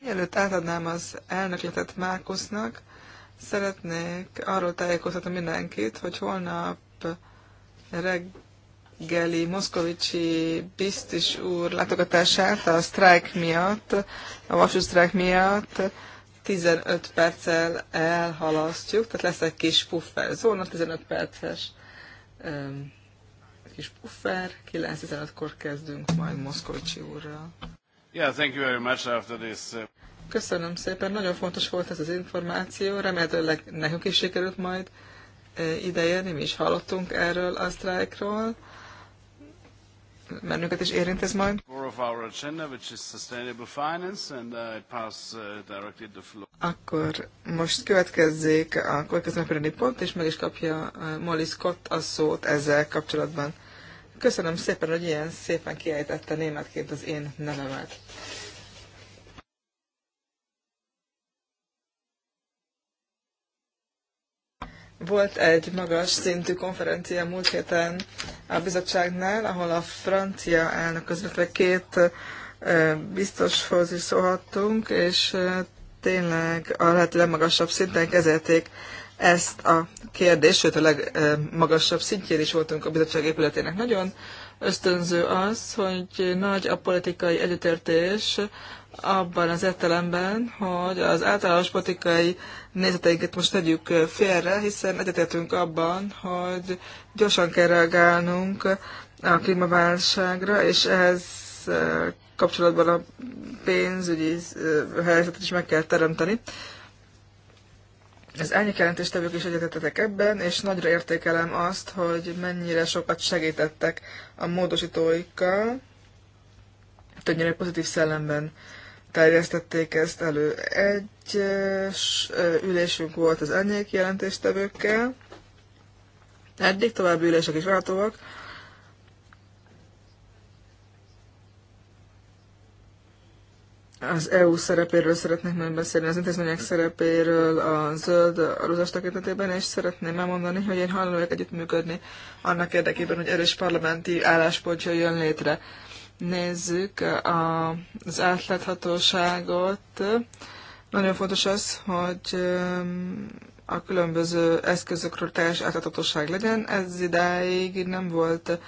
Mielőtt átadnám az elnökletet Márkusznak, szeretnék arról tájékoztatni mindenkit, hogy holnap reggeli Moszkovicsi biztos úr látogatását a sztrájk miatt, a sztrájk miatt 15 perccel elhalasztjuk, tehát lesz egy kis puffer zóna, 15 perces um, kis puffer, 9.15-kor kezdünk majd Moszkolcsi úrral. Yeah, thank you very much after this. Uh, Köszönöm szépen, nagyon fontos volt ez az információ, remélhetőleg nekünk is sikerült majd eh, idejönni, mi is hallottunk erről a sztrájkról bennünket is érint ez majd. Uh, Akkor most következzék a következő pont, és meg is kapja eh, Molly Scott a szót ezzel kapcsolatban. Köszönöm szépen, hogy ilyen szépen kiejtette németként az én nevemet. Volt egy magas szintű konferencia múlt héten a bizottságnál, ahol a francia elnök közvetve két biztoshoz is szólhattunk, és tényleg a lehető legmagasabb szinten kezelték ezt a kérdést, sőt a legmagasabb szintjén is voltunk a bizottság épületének. Nagyon ösztönző az, hogy nagy a politikai egyetértés abban az értelemben, hogy az általános politikai nézeteinket most tegyük félre, hiszen egyetértünk abban, hogy gyorsan kell reagálnunk a klímaválságra, és ehhez eh, kapcsolatban a pénzügyi eh, helyzetet is meg kell teremteni az jelentéstevők is egyetetetek ebben, és nagyra értékelem azt, hogy mennyire sokat segítettek a módosítóikkal, többnyire pozitív szellemben terjesztették ezt elő. Egy ülésünk volt az elnyék jelentéstevőkkel, eddig további ülések is várhatóak, az EU szerepéről szeretnék majd beszélni, az intézmények szerepéről a zöld aluzás tekintetében, és szeretném elmondani, hogy én hajlandó együttműködni annak érdekében, hogy erős parlamenti álláspontja jön létre. Nézzük a, az átláthatóságot. Nagyon fontos az, hogy a különböző eszközökről teljes átláthatóság legyen. Ez idáig nem volt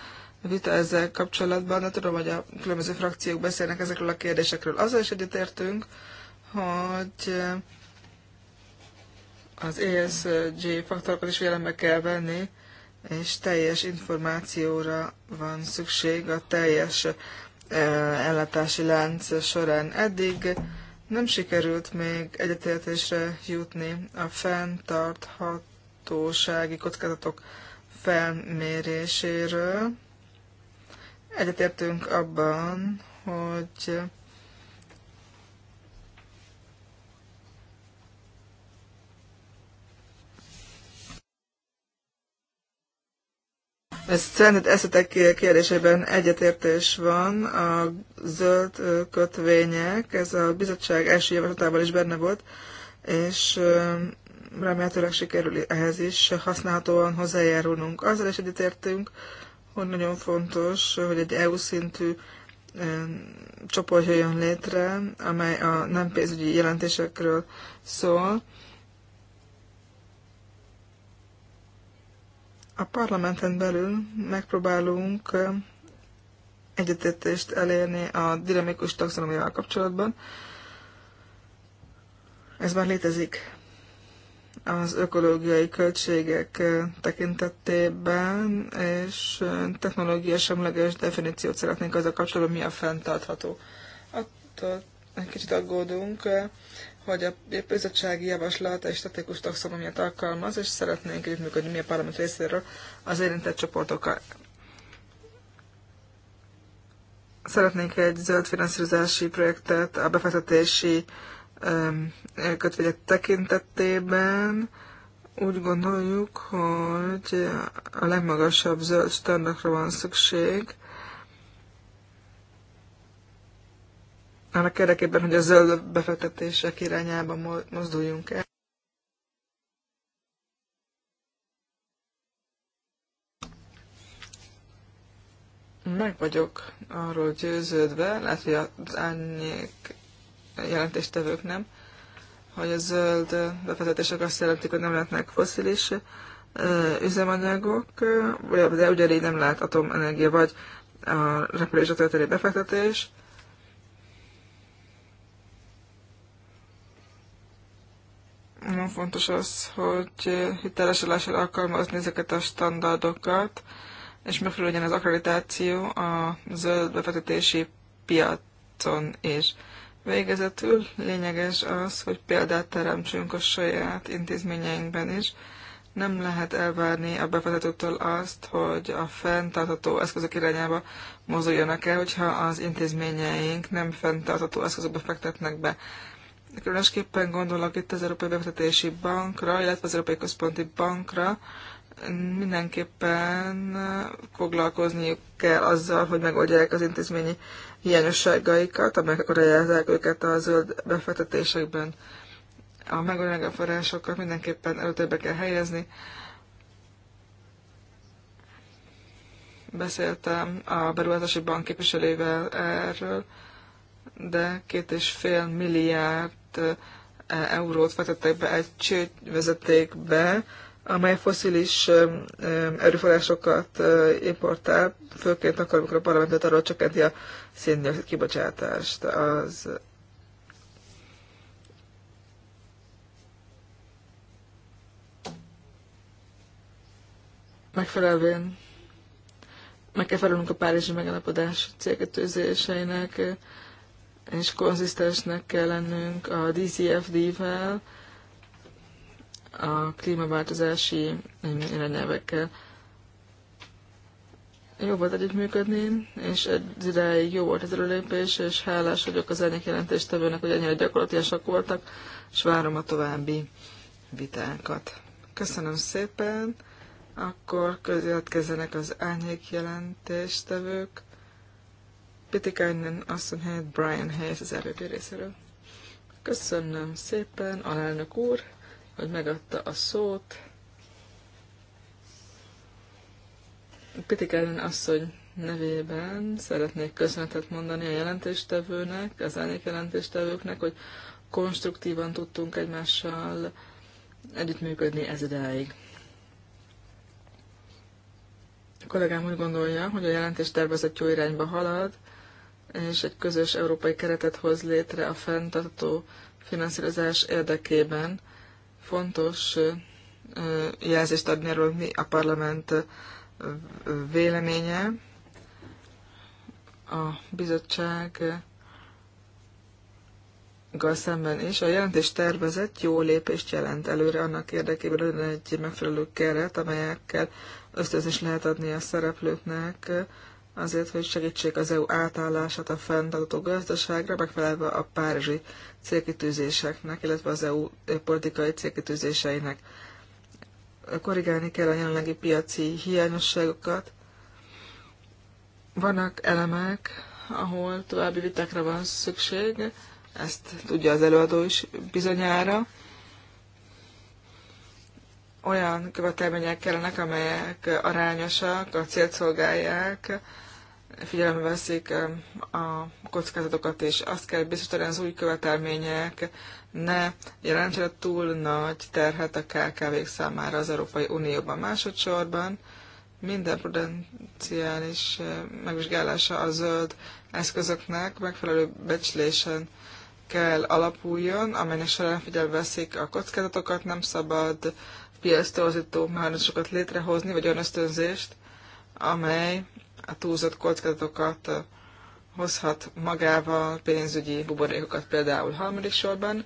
vita ezzel kapcsolatban, de tudom, hogy a különböző frakciók beszélnek ezekről a kérdésekről. Azzal is egyetértünk, hogy eh, az ESG faktorokat is figyelembe kell venni, és teljes információra van szükség a teljes eh, ellátási lánc során. Eddig nem sikerült még egyetértésre jutni a fenntarthatósági kockázatok felméréséről. Egyetértünk abban, hogy Ez Stranded Assetek kérdésében egyetértés van, a zöld kötvények, ez a bizottság első javaslatában is benne volt, és remélhetőleg sikerül ehhez is használhatóan hozzájárulnunk. Azzal is egyetértünk, hogy nagyon fontos, hogy egy EU szintű csoport jöjjön létre, amely a nem pénzügyi jelentésekről szól. A parlamenten belül megpróbálunk egyetértést elérni a dinamikus taxonomiával kapcsolatban. Ez már létezik az ökológiai költségek tekintetében, és technológia semleges definíciót szeretnénk a kapcsolatban, mi a fenntartható. Attól egy kicsit aggódunk, hogy a bizottsági javaslat egy statikus taxonomiát alkalmaz, és szeretnénk együttműködni mi a parlament részéről az érintett csoportokkal. Szeretnénk egy zöld finanszírozási projektet a befektetési uh, kötvények tekintetében úgy gondoljuk, hogy a legmagasabb zöld standardokra van szükség, annak érdekében, hogy a zöld befektetések irányába mozduljunk el. Meg vagyok arról győződve, lehet, hogy az árnyék jelentéstevők nem, hogy a zöld befektetések azt jelentik, hogy nem lehetnek foszilis üzemanyagok, de ugyanígy nem lehet atomenergia vagy a repülésre történő befektetés. Nagyon fontos az, hogy hitelesen alkalmazni ezeket a standardokat, és megfelelő legyen az akkreditáció a zöld befektetési piacon is. Végezetül lényeges az, hogy példát teremtsünk a saját intézményeinkben is. Nem lehet elvárni a befektetőtől azt, hogy a fenntartható eszközök irányába mozduljanak el, hogyha az intézményeink nem fenntartható eszközökbe fektetnek be. Különösképpen gondolok itt az Európai Befektetési Bankra, illetve az Európai Központi Bankra, mindenképpen foglalkozniuk kell azzal, hogy megoldják az intézményi hiányosságaikat, amelyek jelzák őket a zöld befektetésekben. A megújuló forrásokat mindenképpen előtérbe kell helyezni. Beszéltem a beruházási bank képviselővel erről, de két és fél milliárd eh, eurót vetettek be egy csővezetékbe, amely foszilis erőforrásokat importál, főként akkor, amikor a parlamentet arról csökkenti a széndiokszid kibocsátást. Az megfelelően meg kell felelnünk a Párizsi megállapodás célkötőzéseinek, és konzisztensnek kell lennünk a DCFD-vel, a klímaváltozási irányelvekkel. Jó volt együttműködni, és egy ideig jó volt az előlépés, és hálás vagyok az ennyi jelentéstevőnek, hogy ennyire gyakorlatilag voltak, és várom a további vitákat. Köszönöm szépen, akkor közjelentkezzenek az árnyék jelentéstevők. Pitikainen asszony helyett Brian Hayes az előbbi részéről. Köszönöm szépen, alelnök úr! hogy megadta a szót. Pitikeren asszony nevében szeretnék köszönetet mondani a jelentéstevőnek, az elnék jelentéstevőknek, hogy konstruktívan tudtunk egymással együttműködni ez idáig. A kollégám úgy gondolja, hogy a jelentés tervezett jó irányba halad, és egy közös európai keretet hoz létre a fenntartó finanszírozás érdekében, fontos jelzést adni arról, mi a parlament véleménye. A bizottság szemben is. A jelentés tervezett jó lépést jelent előre annak érdekében, hogy egy megfelelő keret, amelyekkel ösztönzést lehet adni a szereplőknek, azért, hogy segítsék az EU átállását a fenntartó gazdaságra, megfelelve a párizsi célkitűzéseknek, illetve az EU politikai célkitűzéseinek. Korrigálni kell a jelenlegi piaci hiányosságokat. Vannak elemek, ahol további vitákra van szükség, ezt tudja az előadó is bizonyára. Olyan követelmények kellenek, amelyek arányosak, a célt szolgálják, figyelembe veszik a kockázatokat, és azt kell biztosítani, hogy az új követelmények ne a túl nagy terhet a kkv számára az Európai Unióban. Másodszorban minden prudenciális eh, megvizsgálása a zöld eszközöknek megfelelő becslésen kell alapuljon, amelynek során figyelve veszik a kockázatokat, nem szabad piasztorzító mechanizmusokat létrehozni, vagy olyan ösztönzést, amely a túlzott kockázatokat hozhat magával, pénzügyi buborékokat például harmadiksorban.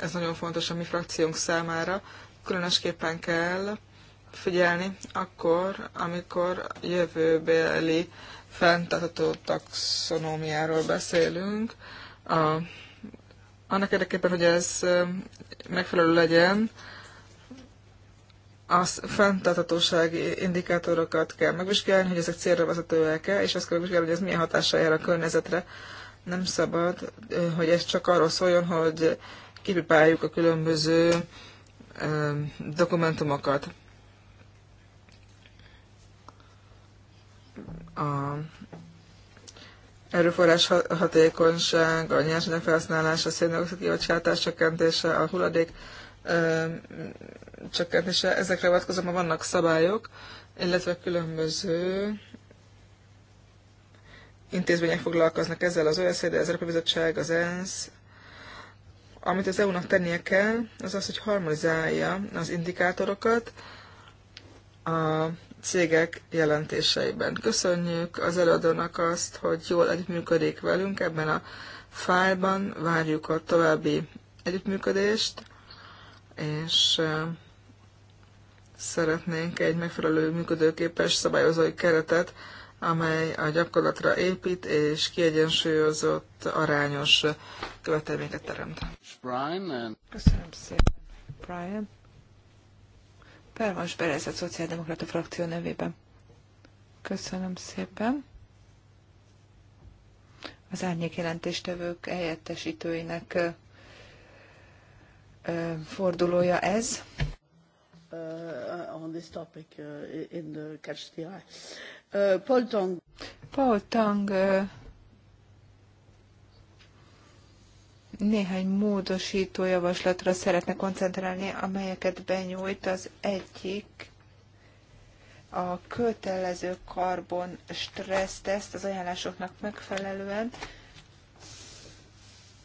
Ez nagyon fontos a mi frakciónk számára. Különösképpen kell figyelni akkor, amikor jövőbeli fenntartható taxonómiáról beszélünk. A, annak érdekében, hogy ez megfelelő legyen, a fenntartatósági indikátorokat kell megvizsgálni, hogy ezek célra vezetőek-e, és azt kell vizsgálni, hogy ez milyen hatással jár a környezetre. Nem szabad, hogy ez csak arról szóljon, hogy kipipáljuk a különböző dokumentumokat. A erőforrás hatékonyság, a nyersanyag felhasználás, a szénoxid kibocsátás csökkentése, a hulladék csökkentése, ezekre ha vannak szabályok, illetve különböző intézmények foglalkoznak ezzel, az OECD, az Európai Bizottság, az ENSZ. Amit az EU-nak tennie kell, az az, hogy harmonizálja az indikátorokat a cégek jelentéseiben. Köszönjük az előadónak azt, hogy jól együttműködik velünk ebben a fájlban, várjuk a további együttműködést, és szeretnénk egy megfelelő működőképes szabályozói keretet, amely a gyakorlatra épít és kiegyensúlyozott, arányos követelményeket teremt. Brian Köszönöm szépen, Brian. Pervans Berez a Szociáldemokrata frakció nevében. Köszönöm szépen. Az árnyék jelentéstevők helyettesítőinek fordulója ez uh, on this topic uh, in the Catch the Eye. Uh, Paul Tong Paul Tong. uh, néhány módosító javaslatra szeretne koncentrálni, amelyeket benyújt az egyik a kötelező karbon stresszteszt az ajánlásoknak megfelelően.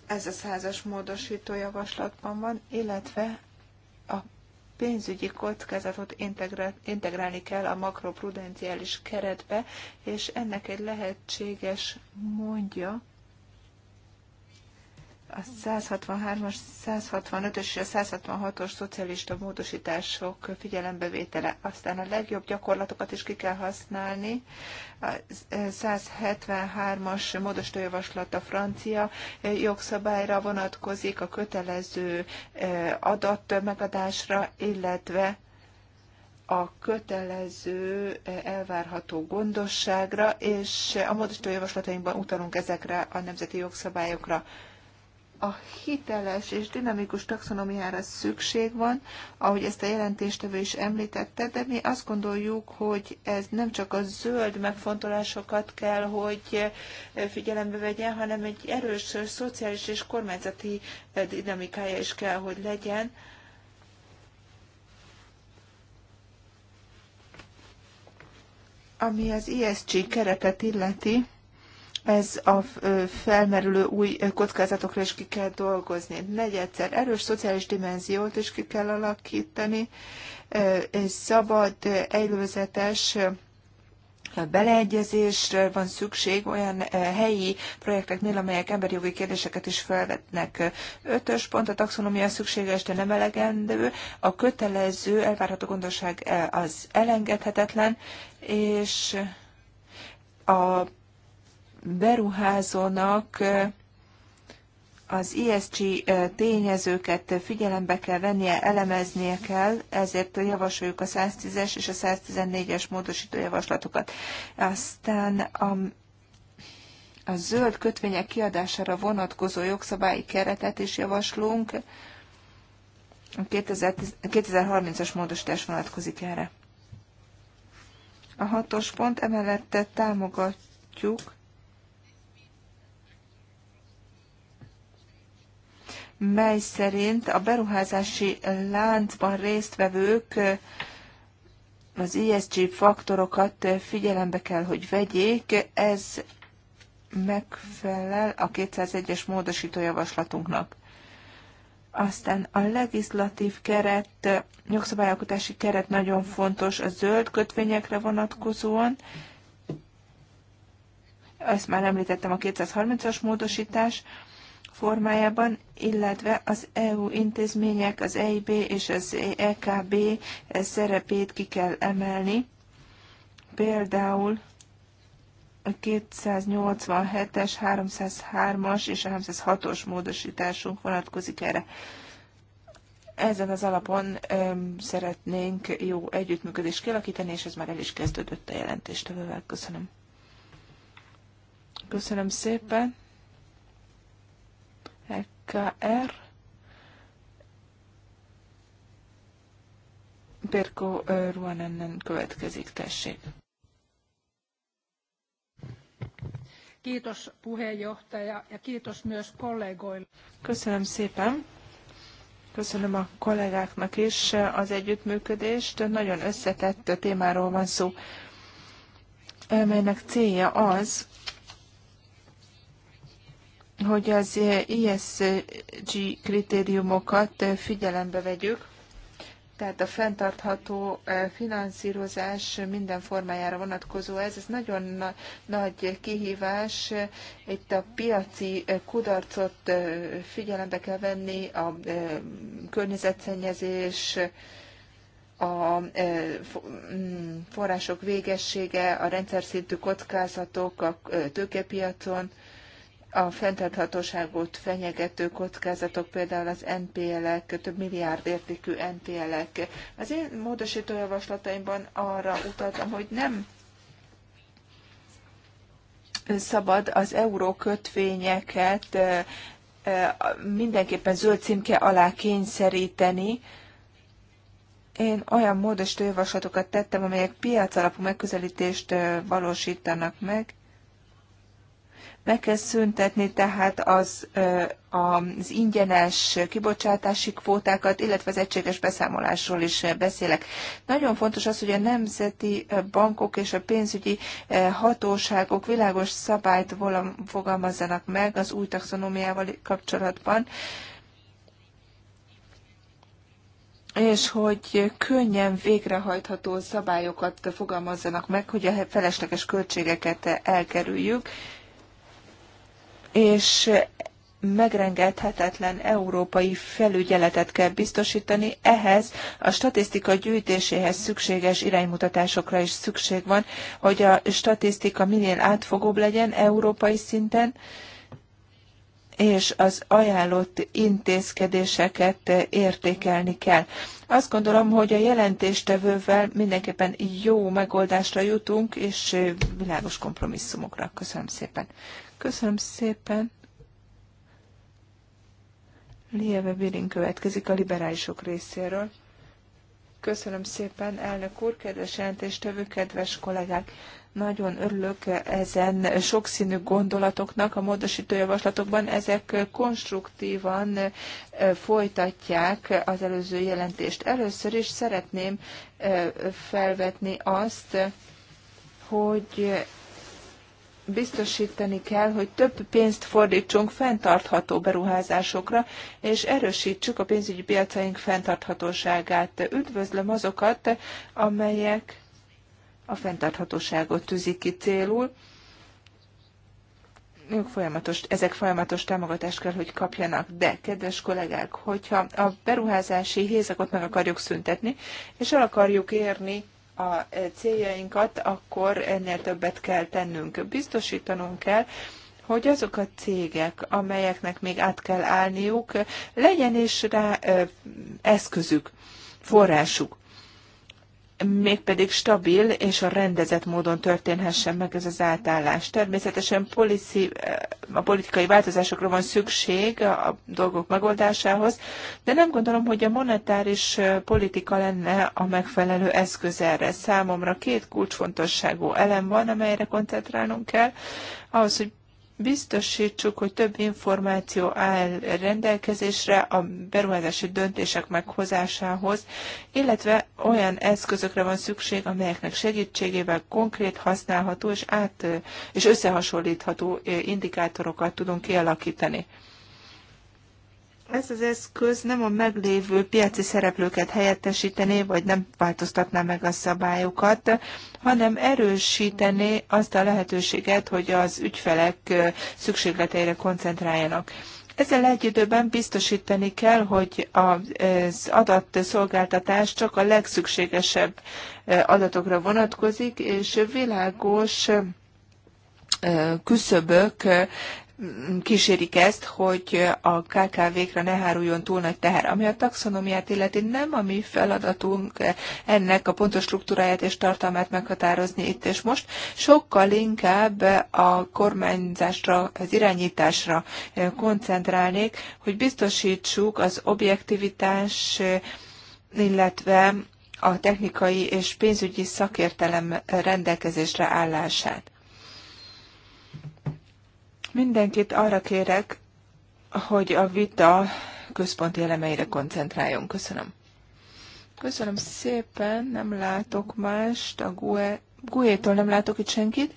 Ez a százas módosító javaslatban van, illetve pénzügyi kockázatot integrálni kell a makroprudenciális keretbe, és ennek egy lehetséges módja a 163-as, 165-ös és a 166-os szocialista módosítások figyelembevétele. Aztán a legjobb gyakorlatokat is ki kell használni. A 173-as módosítójavaslat a francia jogszabályra vonatkozik, a kötelező e, adat megadásra, illetve a kötelező e, elvárható gondosságra, és a módosítójavaslatainkban utalunk ezekre a nemzeti jogszabályokra a hiteles és dinamikus taxonomiára szükség van, ahogy ezt a jelentéstevő is említette, de mi azt gondoljuk, hogy ez nem csak a zöld megfontolásokat kell, hogy e, figyelembe vegye, hanem egy erős szociális és kormányzati e, dinamikája is kell, hogy legyen. Ami az ESG keretet illeti, ez a felmerülő új kockázatokra is ki kell dolgozni. Negyedszer erős szociális dimenziót is ki kell alakítani, és szabad, előzetes beleegyezésre van szükség olyan helyi projekteknél, amelyek emberi kérdéseket is felvetnek. Ötös pont a taxonomia szükséges, de nem elegendő. A kötelező elvárható gondosság az elengedhetetlen, és a beruházónak eh, az ESG eh, tényezőket figyelembe kell vennie, elemeznie kell, ezért javasoljuk a 110-es és a 114-es módosító javaslatokat. Aztán a, a zöld kötvények kiadására vonatkozó jogszabályi keretet is javaslunk. A 2030-as módosítás vonatkozik erre. A hatos pont emellett támogatjuk mely szerint a beruházási láncban résztvevők az ESG faktorokat figyelembe kell, hogy vegyék. Ez megfelel a 201-es módosító javaslatunknak. Aztán a legislatív keret, jogszabályalkotási keret nagyon fontos a zöld kötvényekre vonatkozóan. Ezt már említettem, a 230-as módosítás formájában, illetve az EU intézmények, az EIB és az EKB szerepét ki kell emelni. Például a 287-es, 303-as és a 306-os módosításunk vonatkozik erre. Ezen az alapon öm, szeretnénk jó együttműködést kialakítani, és ez már el is kezdődött a jelentéstevővel. Köszönöm. Köszönöm szépen. EKR, Birko Ruanennen következik, tessék. Kiitos puheenjohtaja ja kiitos myös kollégoille. Köszönöm szépen. Köszönöm a kollégáknak is az együttműködést. Nagyon összetett témáról van szó, melynek célja az, hogy az ESG e kritériumokat figyelembe vegyük, tehát a fenntartható e, finanszírozás minden formájára vonatkozó ez, ez nagyon na- nagy kihívás. Itt a piaci e, kudarcot figyelembe kell venni, a környezetszennyezés, a mm, források végessége, a rendszer szintű kockázatok a tőkepiacon, a fenntarthatóságot fenyegető kockázatok, például az NPL-ek, több milliárd értékű NPL-ek. Az én módosító javaslataimban arra utaltam, hogy nem szabad az eurókötvényeket mindenképpen zöld címke alá kényszeríteni, én olyan módosító javaslatokat tettem, amelyek piacalapú megközelítést valósítanak meg, meg kell szüntetni tehát az, az ingyenes kibocsátási kvótákat, illetve az egységes beszámolásról is beszélek. Nagyon fontos az, hogy a nemzeti bankok és a pénzügyi hatóságok világos szabályt fogalmazzanak meg az új taxonómiával kapcsolatban, és hogy könnyen végrehajtható szabályokat fogalmazzanak meg, hogy a felesleges költségeket elkerüljük, és megrengedhetetlen európai felügyeletet kell biztosítani, ehhez a statisztika gyűjtéséhez szükséges iránymutatásokra is szükség van, hogy a statisztika minél átfogóbb legyen európai szinten, és az ajánlott intézkedéseket értékelni kell. Azt gondolom, hogy a jelentéstevővel mindenképpen jó megoldásra jutunk, és világos kompromisszumokra. Köszönöm szépen. Köszönöm szépen. Lieve Birin következik a liberálisok részéről. Köszönöm szépen, elnök úr, kedves jelentéstevő, kedves kollégák! Nagyon örülök ezen sokszínű gondolatoknak a módosító javaslatokban. Ezek konstruktívan eh, folytatják az előző jelentést. Először is szeretném eh, felvetni azt, hogy biztosítani kell, hogy több pénzt fordítsunk fenntartható beruházásokra, és erősítsük a pénzügyi piacaink fenntarthatóságát. Üdvözlöm azokat, amelyek a fenntarthatóságot tűzik ki célul. Ők folyamatos, ezek folyamatos támogatást kell, hogy kapjanak. De, kedves kollégák, hogyha a beruházási hézakot meg akarjuk szüntetni, és el akarjuk érni a céljainkat, akkor ennél többet kell tennünk. Biztosítanunk kell, hogy azok a cégek, amelyeknek még át kell állniuk, legyen is rá eszközük, forrásuk mégpedig stabil és a rendezett módon történhessen meg ez az átállás. Természetesen policy, a politikai változásokra van szükség a dolgok megoldásához, de nem gondolom, hogy a monetáris politika lenne a megfelelő eszköz erre. Számomra két kulcsfontosságú elem van, amelyre koncentrálnunk kell, ahhoz, hogy biztosítsuk, hogy több információ áll rendelkezésre a beruházási döntések meghozásához, illetve olyan eszközökre van szükség, amelyeknek segítségével konkrét, használható és, át, és összehasonlítható eh, indikátorokat tudunk kialakítani ez az eszköz nem a meglévő piaci szereplőket helyettesítené, vagy nem változtatná meg a szabályokat, hanem erősítené azt a lehetőséget, hogy az ügyfelek szükségleteire koncentráljanak. Ezzel egy időben biztosítani kell, hogy az adatszolgáltatás csak a legszükségesebb adatokra vonatkozik, és világos küszöbök kísérik ezt, hogy a KKV-kra ne háruljon túl nagy teher. Ami a taxonomiát illeti, nem a mi feladatunk ennek a pontos struktúráját és tartalmát meghatározni itt és most, sokkal inkább a kormányzásra, az irányításra koncentrálnék, hogy biztosítsuk az objektivitás, illetve a technikai és pénzügyi szakértelem rendelkezésre állását. Mindenkit arra kérek, hogy a vita központi elemeire koncentráljon. Köszönöm. Köszönöm szépen, nem látok mást, a GUE, GUE-tól nem látok itt senkit.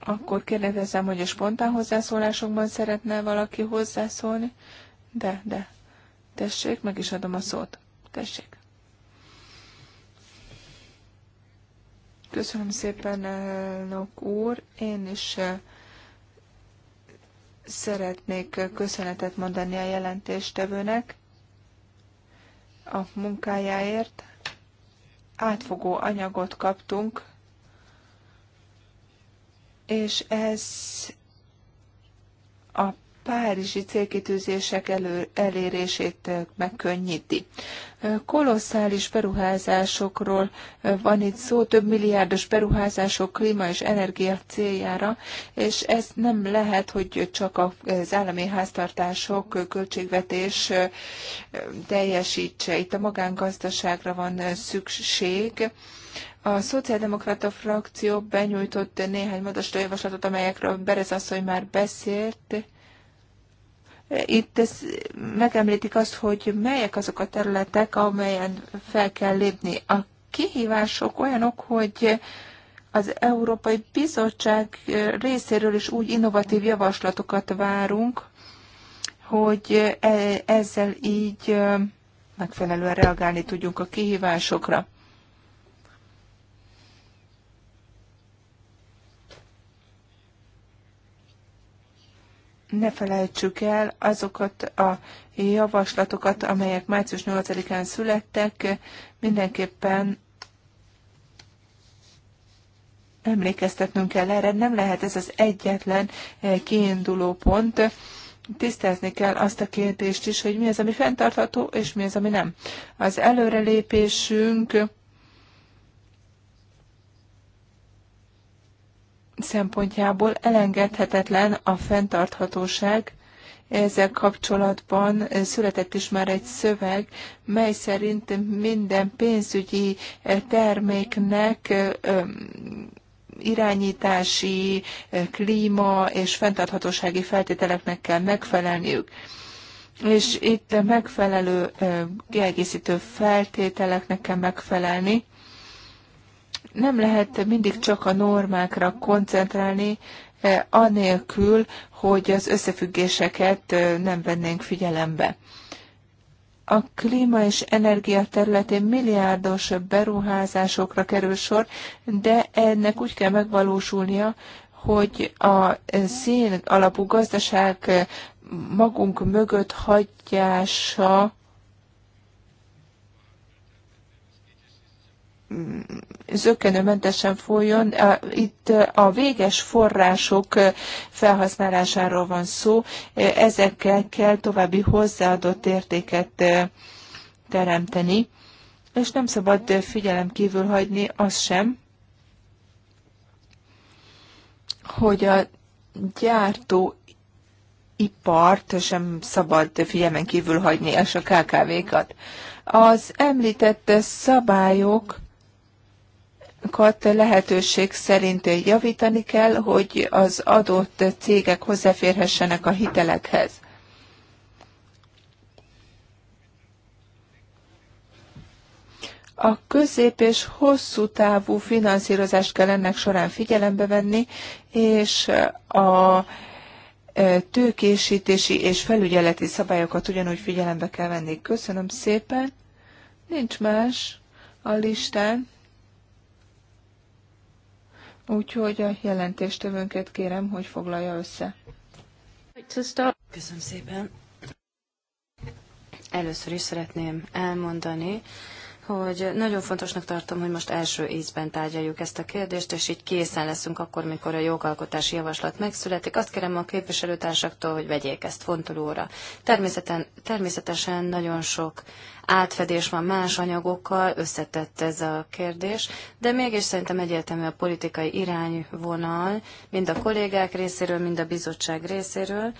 Akkor kérdezem, hogy a spontán hozzászólásokban szeretne valaki hozzászólni? De, de. Tessék, meg is adom a szót. Tessék. Köszönöm szépen, elnök úr. Én is eh, szeretnék köszönetet mondani a jelentéstevőnek a munkájáért. Átfogó anyagot kaptunk, és ez a párizsi célkitűzések elő, elérését megkönnyíti. Kolosszális beruházásokról van itt szó, több milliárdos beruházások klíma és energia céljára, és ez nem lehet, hogy csak az állami háztartások költségvetés teljesítse. Itt a magángazdaságra van szükség. A szociáldemokrata frakció benyújtott néhány módosító javaslatot, amelyekről Berez asszony már beszélt itt ez, megemlítik azt, hogy melyek azok a területek, amelyen fel kell lépni. A kihívások olyanok, hogy az Európai Bizottság részéről is úgy innovatív javaslatokat várunk, hogy e, ezzel így megfelelően reagálni tudjunk a kihívásokra. ne felejtsük el azokat a javaslatokat, amelyek március 8-án születtek, mindenképpen emlékeztetnünk kell erre, nem lehet ez az egyetlen eh, kiinduló pont. Tisztázni kell azt a kérdést is, hogy mi az, ami fenntartható, és mi az, ami nem. Az előrelépésünk szempontjából elengedhetetlen a fenntarthatóság. Ezzel kapcsolatban született is már egy szöveg, mely szerint minden pénzügyi terméknek irányítási, klíma és fenntarthatósági feltételeknek kell megfelelniük. És itt megfelelő kiegészítő feltételeknek kell megfelelni nem lehet mindig csak a normákra koncentrálni, eh, anélkül, hogy az összefüggéseket eh, nem vennénk figyelembe. A klíma és energia területén milliárdos beruházásokra kerül sor, de ennek úgy kell megvalósulnia, hogy a szén alapú gazdaság eh, magunk mögött hagyása zökkenőmentesen folyjon. Itt a véges források felhasználásáról van szó, ezekkel kell további hozzáadott értéket teremteni, és nem szabad figyelem kívül hagyni az sem, hogy a gyártó ipart sem szabad figyelmen kívül hagyni, és a KKV-kat. Az említett szabályok lehetőség szerint javítani kell, hogy az adott cégek hozzáférhessenek a hitelekhez. A közép és hosszú távú finanszírozást kell ennek során figyelembe venni, és a e, tőkésítési és felügyeleti szabályokat ugyanúgy figyelembe kell venni. Köszönöm szépen. Nincs más a listán. Úgyhogy a jelentéstövőnket kérem, hogy foglalja össze. Köszönöm szépen. Először is szeretném elmondani, hogy nagyon fontosnak tartom, hogy most első ízben tárgyaljuk ezt a kérdést, és így készen leszünk akkor, mikor a jogalkotási javaslat megszületik. Azt kérem a képviselőtársaktól, hogy vegyék ezt fontolóra. Természetesen, természetesen nagyon sok átfedés van más anyagokkal, összetett ez a kérdés, de mégis szerintem egyértelmű a politikai irányvonal, mind a kollégák részéről, mind a bizottság részéről,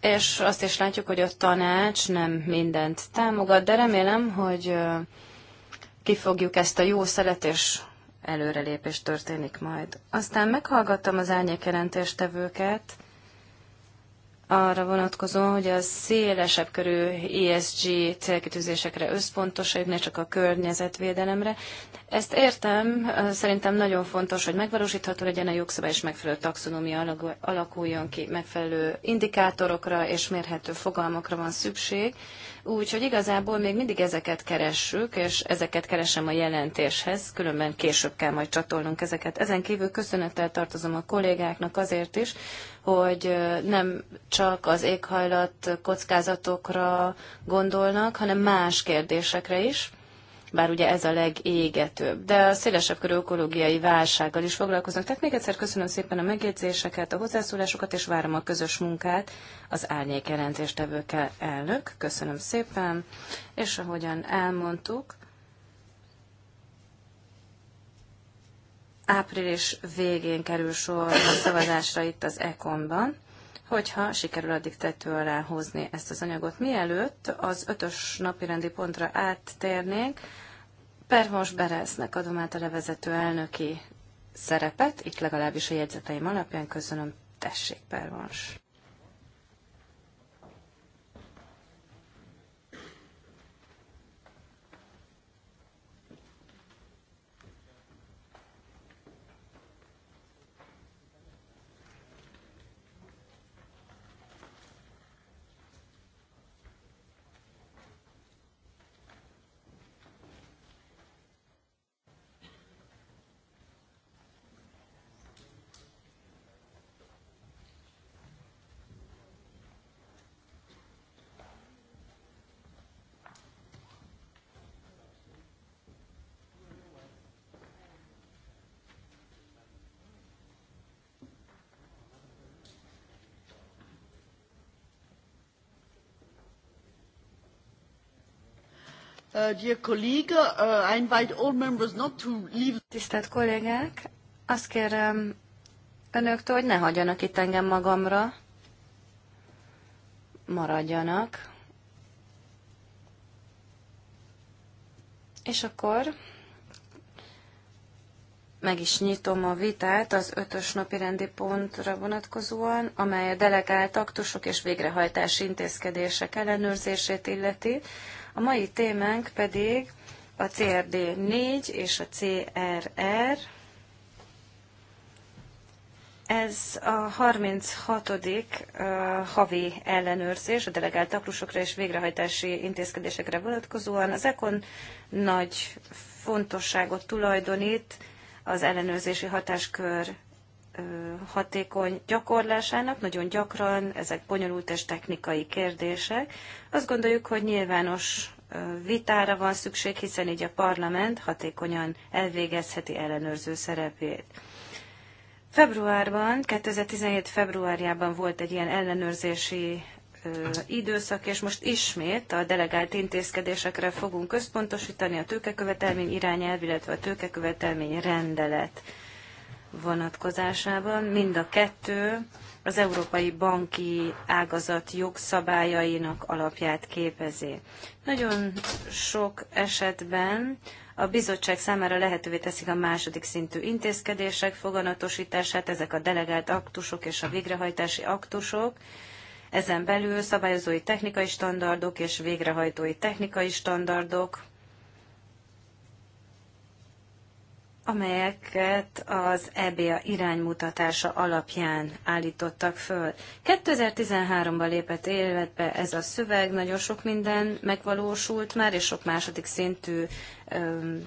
és azt is látjuk, hogy a tanács nem mindent támogat, de remélem, hogy kifogjuk ezt a jó szelet, és előrelépés történik majd. Aztán meghallgattam az árnyékjelentéstevőket, arra vonatkozóan, hogy a szélesebb körű ESG célkitűzésekre összpontosít, ne csak a környezetvédelemre. Ezt értem, szerintem nagyon fontos, hogy megvalósítható legyen a jogszabály, és megfelelő taxonómia alakuljon ki, megfelelő indikátorokra és mérhető fogalmakra van szükség. Úgyhogy igazából még mindig ezeket keressük, és ezeket keresem a jelentéshez, különben később kell majd csatolnunk ezeket. Ezen kívül köszönettel tartozom a kollégáknak azért is, hogy nem csak az éghajlat kockázatokra gondolnak, hanem más kérdésekre is bár ugye ez a legégetőbb. De a szélesebb körű ökológiai válsággal is foglalkoznak. Tehát még egyszer köszönöm szépen a megjegyzéseket, a hozzászólásokat, és várom a közös munkát az árnyék jelentéstevőkkel elnök. Köszönöm szépen, és ahogyan elmondtuk, április végén kerül sor a szavazásra itt az Econban, hogyha sikerül addig tető alá hozni ezt az anyagot. Mielőtt az ötös napirendi pontra áttérnénk, Pervos Bereznek adom át a levezető elnöki szerepet, itt legalábbis a jegyzeteim alapján köszönöm, tessék Pervos. Tisztelt kollégák, azt kérem önöktől, hogy ne hagyjanak itt engem magamra. Maradjanak. És akkor meg is nyitom a vitát az ötös napi rendi pontra vonatkozóan, amely a delegált aktusok és végrehajtási intézkedések ellenőrzését illeti. A mai témánk pedig a CRD 4 és a CRR. Ez a 36. havi ellenőrzés a delegált aprusokra és végrehajtási intézkedésekre vonatkozóan. Az ECON nagy fontosságot tulajdonít az ellenőrzési hatáskör hatékony gyakorlásának. Nagyon gyakran ezek bonyolult és technikai kérdések. Azt gondoljuk, hogy nyilvános vitára van szükség, hiszen így a parlament hatékonyan elvégezheti ellenőrző szerepét. Februárban, 2017. februárjában volt egy ilyen ellenőrzési időszak, és most ismét a delegált intézkedésekre fogunk központosítani a tőkekövetelmény irányelv, illetve a tőkekövetelmény rendelet vonatkozásában. Mind a kettő az európai banki ágazat jogszabályainak alapját képezi. Nagyon sok esetben a bizottság számára lehetővé teszik a második szintű intézkedések foganatosítását, ezek a delegált aktusok és a végrehajtási aktusok, ezen belül szabályozói technikai standardok és végrehajtói technikai standardok, amelyeket az EBA iránymutatása alapján állítottak föl. 2013-ban lépett életbe ez a szöveg, nagyon sok minden megvalósult már, és sok második szintű öm,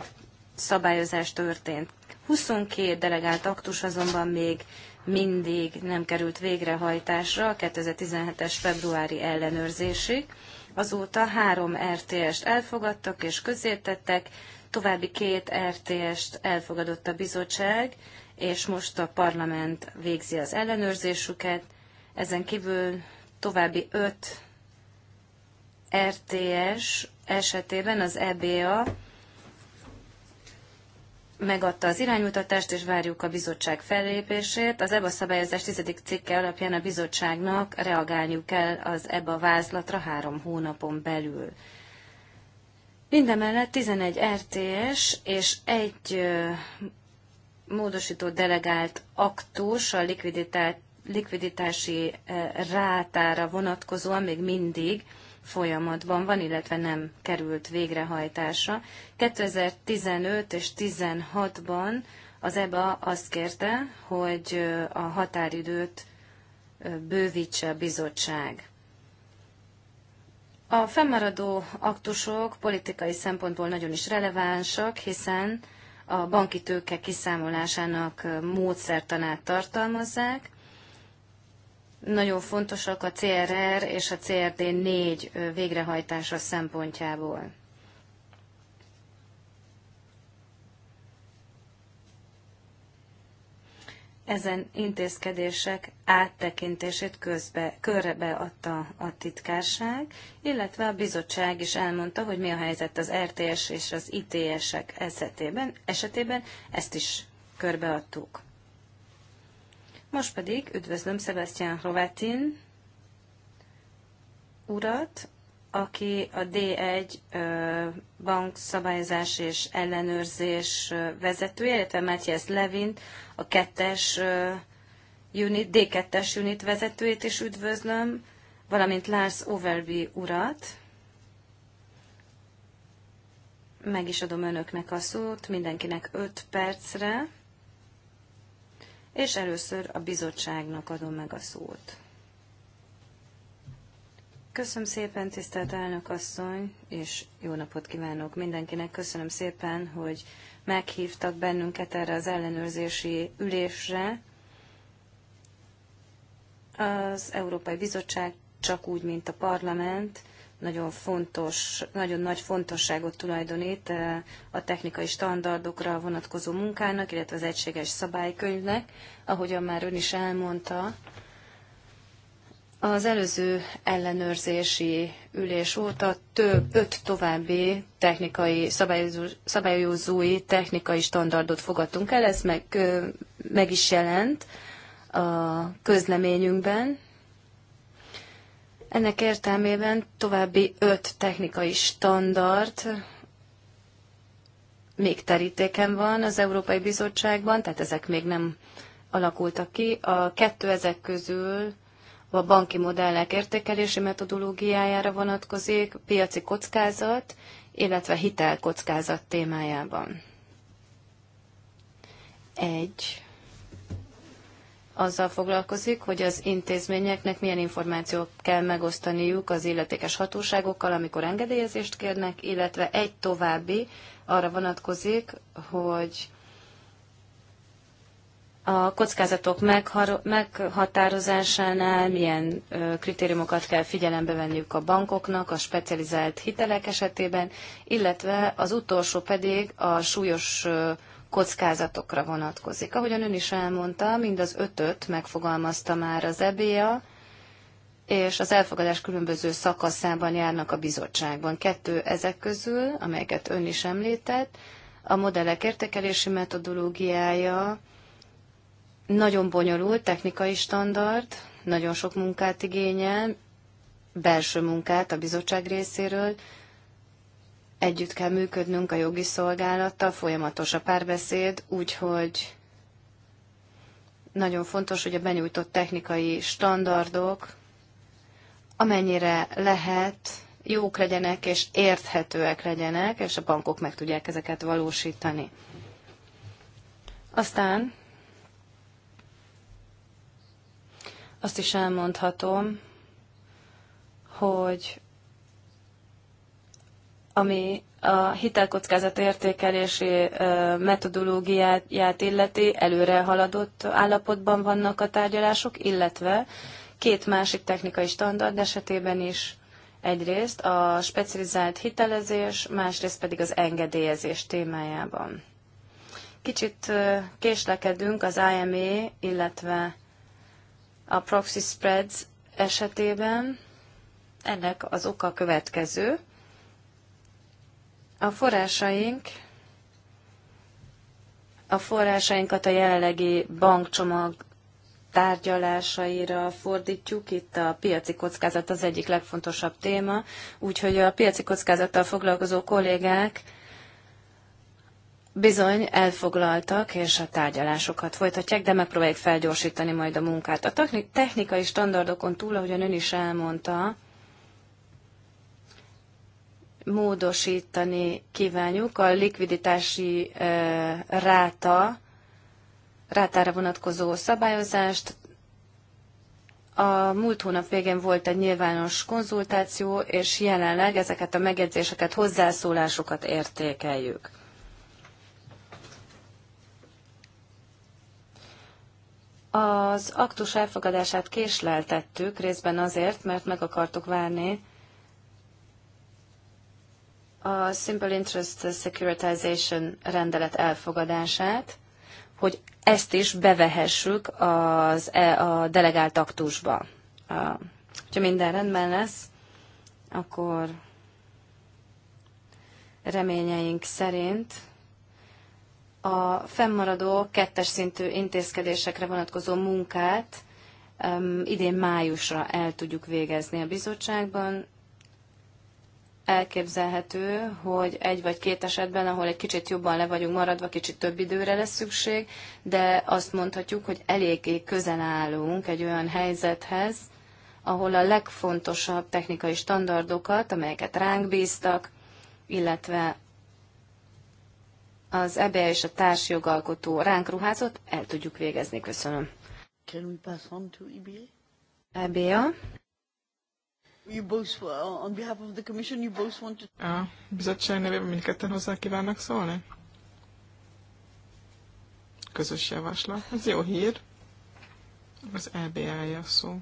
szabályozás történt. 22 delegált aktus azonban még mindig nem került végrehajtásra a 2017-es februári ellenőrzésig. Azóta három RTS-t elfogadtak és közértettek, további két RTS-t elfogadott a bizottság, és most a parlament végzi az ellenőrzésüket. Ezen kívül további öt RTS esetében az EBA megadta az iránymutatást, és várjuk a bizottság fellépését. Az EBA szabályozás tizedik cikke alapján a bizottságnak reagálniuk kell az EBA vázlatra három hónapon belül. Mindemellett 11 RTS er és egy módosító delegált aktus a likviditá likviditási rátára vonatkozóan még mindig folyamatban van, illetve nem került végrehajtásra. 2015 és 2016-ban az EBA azt kérte, hogy a határidőt bővítse a bizottság. A fennmaradó aktusok politikai szempontból nagyon is relevánsak, hiszen a banki tőke kiszámolásának módszertanát tartalmazzák, nagyon fontosak a CRR és a CRD 4 végrehajtása szempontjából. Ezen intézkedések áttekintését közbe, adta a titkárság, illetve a bizottság is elmondta, hogy mi a helyzet az RTS és az ITS-ek esetében, esetében ezt is körbeadtuk. Most pedig üdvözlöm Sebastian Rovatin urat, aki a D1 bankszabályozás és ellenőrzés vezetője, illetve Matthias Levin, a kettes unit, D2-es unit vezetőjét is üdvözlöm, valamint Lars Overby urat. Meg is adom önöknek a szót, mindenkinek 5 percre és először a bizottságnak adom meg a szót. Köszönöm szépen, tisztelt elnök asszony, és jó napot kívánok mindenkinek. Köszönöm szépen, hogy meghívtak bennünket erre az ellenőrzési ülésre. Az Európai Bizottság csak úgy, mint a parlament, nagyon fontos, nagyon nagy fontosságot tulajdonít eh, a technikai standardokra vonatkozó munkának, illetve az egységes szabálykönyvnek, ahogyan már ön is elmondta. Az előző ellenőrzési ülés óta több, öt további technikai, szabályozói technikai standardot fogadtunk el, ez meg, meg is jelent a közleményünkben, ennek értelmében további öt technikai standard még terítéken van az Európai Bizottságban, tehát ezek még nem alakultak ki. A kettő ezek közül a banki modellek értékelési metodológiájára vonatkozik, piaci kockázat, illetve hitelkockázat témájában. Egy azzal foglalkozik, hogy az intézményeknek milyen információt kell megosztaniuk az illetékes hatóságokkal, amikor engedélyezést kérnek, illetve egy további arra vonatkozik, hogy a kockázatok meghatározásánál milyen kritériumokat kell figyelembe venniük a bankoknak a specializált hitelek esetében, illetve az utolsó pedig a súlyos kockázatokra vonatkozik. Ahogyan ön is elmondta, mind az ötöt megfogalmazta már az EBA, és az elfogadás különböző szakaszában járnak a bizottságban. Kettő ezek közül, amelyeket ön is említett, a modellek értékelési metodológiája nagyon bonyolult, technikai standard, nagyon sok munkát igényel, belső munkát a bizottság részéről, Együtt kell működnünk a jogi szolgálattal, folyamatos a párbeszéd, úgyhogy nagyon fontos, hogy a benyújtott technikai standardok amennyire lehet jók legyenek és érthetőek legyenek, és a bankok meg tudják ezeket valósítani. Aztán azt is elmondhatom, hogy ami a hitelkockázat értékelési metodológiáját illeti, előre haladott állapotban vannak a tárgyalások, illetve két másik technikai standard esetében is egyrészt a specializált hitelezés, másrészt pedig az engedélyezés témájában. Kicsit késlekedünk az IME, illetve a proxy spreads esetében. Ennek az oka következő – a forrásaink a forrásainkat a jelenlegi bankcsomag tárgyalásaira fordítjuk. Itt a piaci kockázat az egyik legfontosabb téma, úgyhogy a piaci kockázattal foglalkozó kollégák bizony elfoglaltak, és a tárgyalásokat folytatják, de megpróbáljuk felgyorsítani majd a munkát. A technikai standardokon túl, ahogyan ön is elmondta, módosítani kívánjuk a likviditási e, ráta, rátára vonatkozó szabályozást. A múlt hónap végén volt egy nyilvános konzultáció, és jelenleg ezeket a megjegyzéseket, hozzászólásokat értékeljük. Az aktus elfogadását késleltettük részben azért, mert meg akartuk várni a Simple Interest Securitization rendelet elfogadását, hogy ezt is bevehessük az, e, a delegált aktusba. Ha minden rendben lesz, akkor reményeink szerint a fennmaradó kettes szintű intézkedésekre vonatkozó munkát um, idén májusra el tudjuk végezni a bizottságban, elképzelhető, hogy egy vagy két esetben, ahol egy kicsit jobban le vagyunk maradva, kicsit több időre lesz szükség, de azt mondhatjuk, hogy eléggé közel állunk egy olyan helyzethez, ahol a legfontosabb technikai standardokat, amelyeket ránk bíztak, illetve az EBE és a társjogalkotó ránk ruházott, el tudjuk végezni. Köszönöm. Can we pass on to EBA? EBA. You both, uh, on behalf of the commission, you both want to... A bizottság nevében mindketten hozzá kívánnak szólni? Közös javaslat. Ez jó hír. Az EBA-ja szó.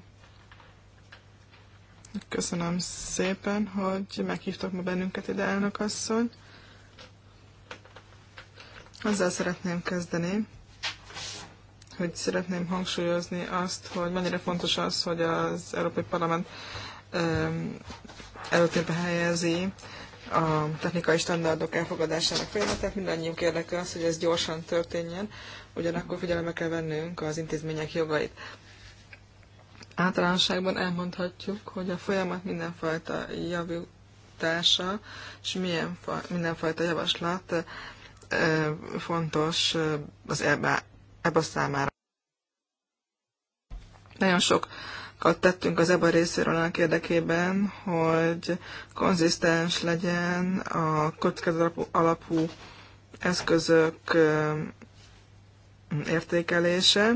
Köszönöm szépen, hogy meghívtak ma bennünket ide, elnök asszony. Azzal szeretném kezdeni, hogy szeretném hangsúlyozni azt, hogy mennyire fontos az, hogy az Európai Parlament előtérbe helyezi a technikai standardok elfogadásának folyamatát. Mindannyiunk érdeke az, hogy ez gyorsan történjen, ugyanakkor figyelembe kell vennünk az intézmények jogait. Általánosságban elmondhatjuk, hogy a folyamat mindenfajta javítása és milyen fa, mindenfajta javaslat fontos az ebbe e a számára. Nagyon sok tettünk az EBA részéről annak érdekében, hogy konzisztens legyen a kockázat alapú eszközök értékelése.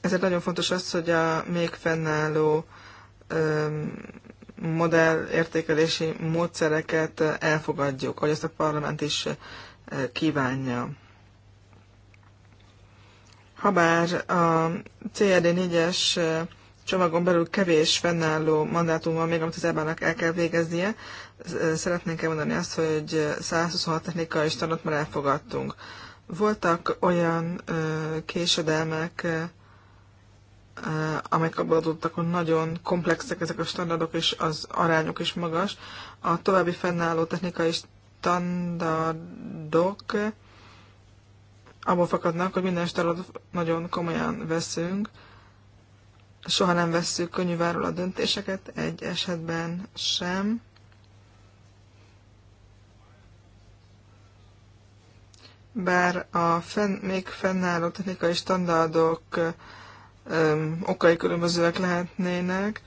Ezért nagyon fontos az, hogy a még fennálló értékelési módszereket elfogadjuk, hogy ezt a parlament is kívánja habár a CRD 4-es csomagon belül kevés fennálló mandátum van még, amit az EBA-nak el kell végeznie, szeretnénk elmondani azt, hogy 126 technikai tanult már elfogadtunk. Voltak olyan késedelmek, amelyek abból adottak, hogy nagyon komplexek ezek a standardok, és az arányok is magas. A további fennálló technikai standardok abból fakadnak, hogy minden stálat nagyon komolyan veszünk, soha nem veszük könnyűváról a döntéseket, egy esetben sem. Bár a fenn, még fennálló technikai standardok okai különbözőek lehetnének,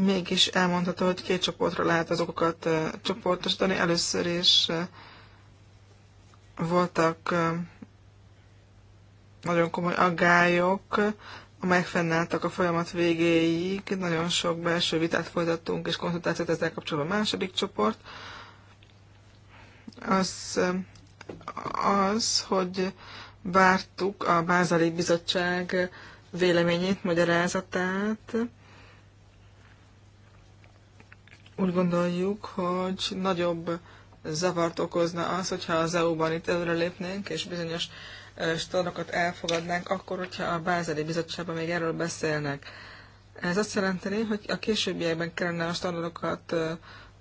mégis elmondható, hogy két csoportra lehet az okokat csoportosítani. Először is voltak nagyon komoly aggályok, amelyek fennálltak a folyamat végéig. Nagyon sok belső vitát folytattunk és konzultációt ezzel kapcsolatban a második csoport. Az, az, hogy vártuk a Bázali Bizottság véleményét, magyarázatát. Úgy gondoljuk, hogy nagyobb zavart okozna az, hogyha az EU-ban itt lépnénk, és bizonyos standardokat elfogadnánk, akkor, hogyha a Bázeli Bizottságban még erről beszélnek. Ez azt jelenteni, hogy a későbbiekben kellene a standardokat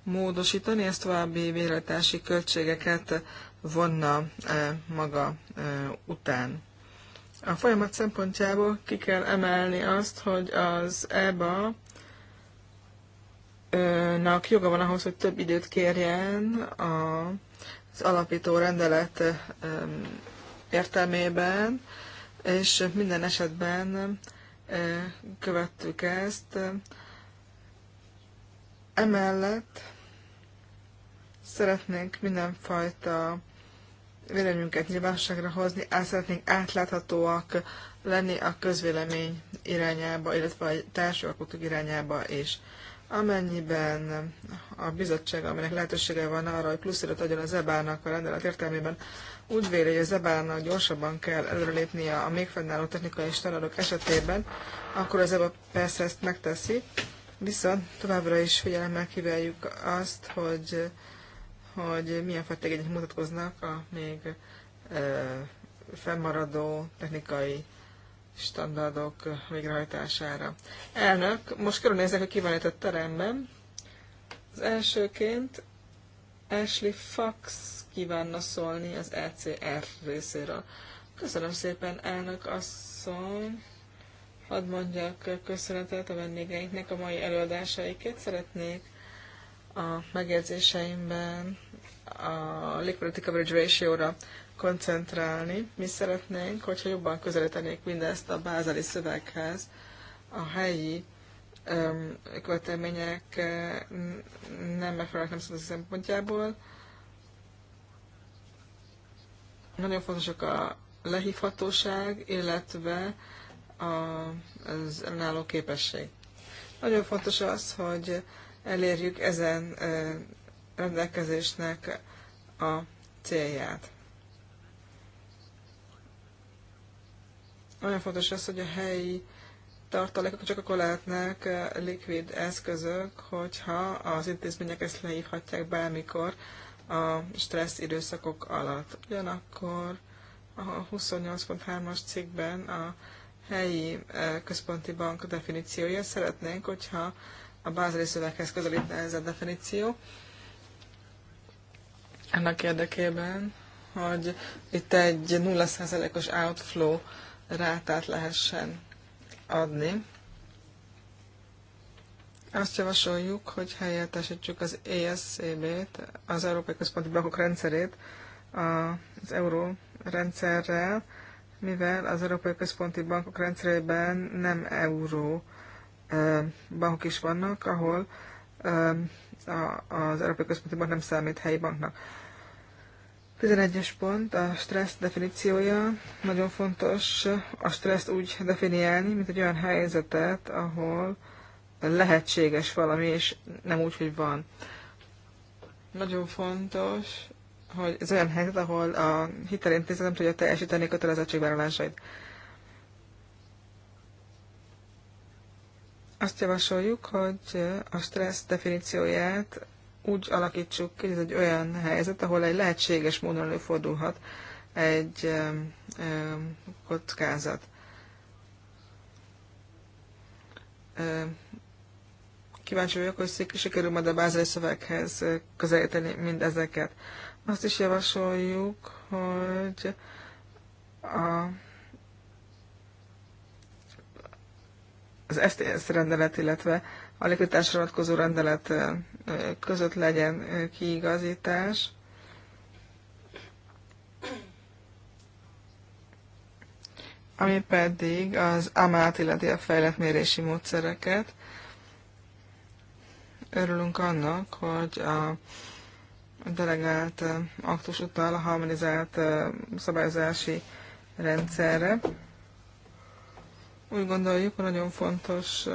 módosítani, ezt további véletási költségeket vonna maga után. A folyamat szempontjából ki kell emelni azt, hogy az EBA nak joga van ahhoz, hogy több időt kérjen az alapító rendelet értelmében, és minden esetben eh, követtük ezt. Emellett szeretnénk mindenfajta véleményünket nyilvánosságra hozni, át szeretnénk átláthatóak lenni a közvélemény irányába, illetve a társadalkotók irányába is. Amennyiben a bizottság, aminek lehetősége van arra, hogy plusz adjon az EBA-nak a rendelet értelmében úgy véli, hogy a zebánnak gyorsabban kell előrelépnie a még fennálló technikai standardok esetében, akkor az EBA persze ezt megteszi, viszont továbbra is figyelemmel kiveljük azt, hogy, hogy milyen fajta mutatkoznak a még e, fennmaradó technikai standardok végrehajtására. Elnök, most körülnézek, hogy ki van itt a teremben. Az elsőként Ashley Fox kívánna szólni az ECR részéről. Köszönöm szépen, elnök asszony! Hadd mondjak köszönetet a vendégeinknek a mai előadásaikért. Szeretnék a megjegyzéseimben a liquidity coverage ratio-ra koncentrálni. Mi szeretnénk, hogyha jobban közelítenék mindezt a bázali szöveghez, a helyi követelmények nem megfelelnek nem szempontjából, nagyon fontosak a lehívhatóság, illetve a, az önálló képesség. Nagyon fontos az, hogy elérjük ezen rendelkezésnek a célját. Nagyon fontos az, hogy a helyi tartalékok csak akkor lehetnek likvid eszközök, hogyha az intézmények ezt lehívhatják bármikor a stressz időszakok alatt. Ugyanakkor a 28.3-as cikkben a helyi eh, központi bank definíciója szeretnénk, hogyha a bázali szöveghez közelítne ez a definíció. Ennek érdekében, hogy itt egy 0%-os outflow rátát lehessen adni. Azt javasoljuk, hogy helyettesítsük az ESCB-t, az Európai Központi Bankok rendszerét az euró rendszerrel, mivel az Európai Központi Bankok rendszerében nem euró bankok is vannak, ahol az Európai Központi Bank nem számít helyi banknak. 11-es pont, a stressz definíciója. Nagyon fontos a stresszt úgy definiálni, mint egy olyan helyzetet, ahol lehetséges valami, és nem úgy, hogy van. Nagyon fontos, hogy ez olyan helyzet, ahol a hitelintézet nem tudja teljesíteni kötelezettségvállalásait. Azt javasoljuk, hogy a stressz definícióját úgy alakítsuk ki, ez egy olyan helyzet, ahol egy lehetséges módon előfordulhat egy kockázat. Kíváncsi vagyok, hogy sikerül majd a bázai szöveghez közelíteni mindezeket. Azt is javasoljuk, hogy a, az STS rendelet, illetve a likviditásra vonatkozó rendelet között legyen kiigazítás. Ami pedig az AMÁT, illeti a fejlett mérési módszereket. Örülünk annak, hogy a delegált aktus után a harmonizált szabályozási rendszerre. Úgy gondoljuk, hogy nagyon fontos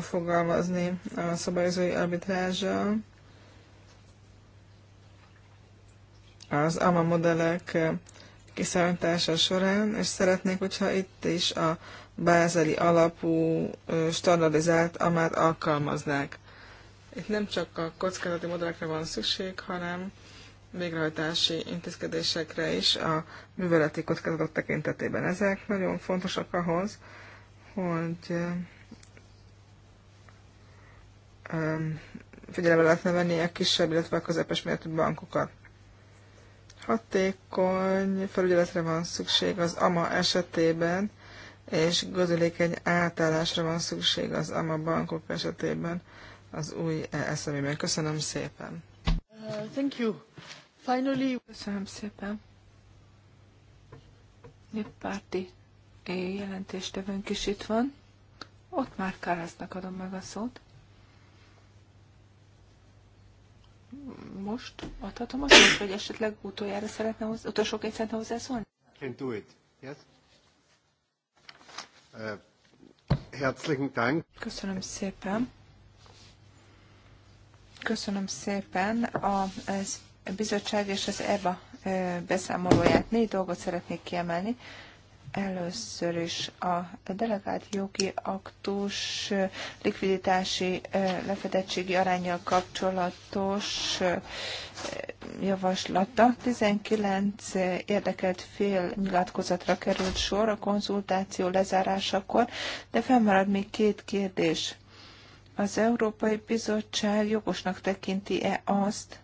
fogalmazni a szabályozói arbitrázsal. Az AMA modellek kiszámítása során, és szeretnék, hogyha itt is a bázeli alapú standardizált amát alkalmaznák. Itt nem csak a kockázati modellekre van szükség, hanem végrehajtási intézkedésekre is a műveleti kockázatok tekintetében. Ezek nagyon fontosak ahhoz, hogy figyelembe lehetne venni a kisebb, illetve a közepes méretű bankokat. Hatékony felügyeletre van szükség az AMA esetében, és gazdélékeny átállásra van szükség az AMA bankok esetében az új eszemében. Köszönöm szépen. Uh, thank you. Finally... Köszönöm szépen. Néppárti jelentéstevőnk is itt van. Ott már Káraznak adom meg a szót. Most adhatom a szót, vagy esetleg utoljára szeretne hozzá, két szeretne hozzászólni? Can do it. Yes? Uh, herzlichen Dank. Köszönöm szépen. Köszönöm szépen a bizottság és az EBA beszámolóját. Négy dolgot szeretnék kiemelni. Először is a delegált jogi aktus likviditási lefedettségi arányjal kapcsolatos javaslata. 19 érdekelt fél nyilatkozatra került sor a konzultáció lezárásakor, de fennmarad még két kérdés az Európai Bizottság jogosnak tekinti-e azt,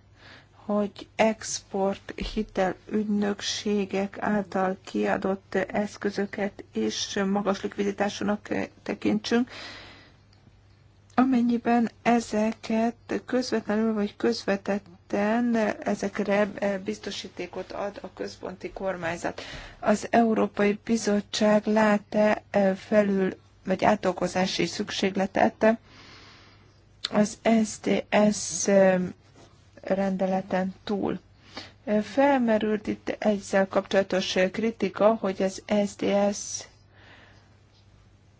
hogy export hitel ügynökségek által kiadott eszközöket és magas likviditásúnak tekintsünk, amennyiben ezeket közvetlenül vagy közvetetten ezekre biztosítékot ad a központi kormányzat. Az Európai Bizottság lát-e felül vagy átolkozási szükségletet az SDS um, rendeleten túl. Felmerült itt ezzel kapcsolatos kritika, hogy az SDS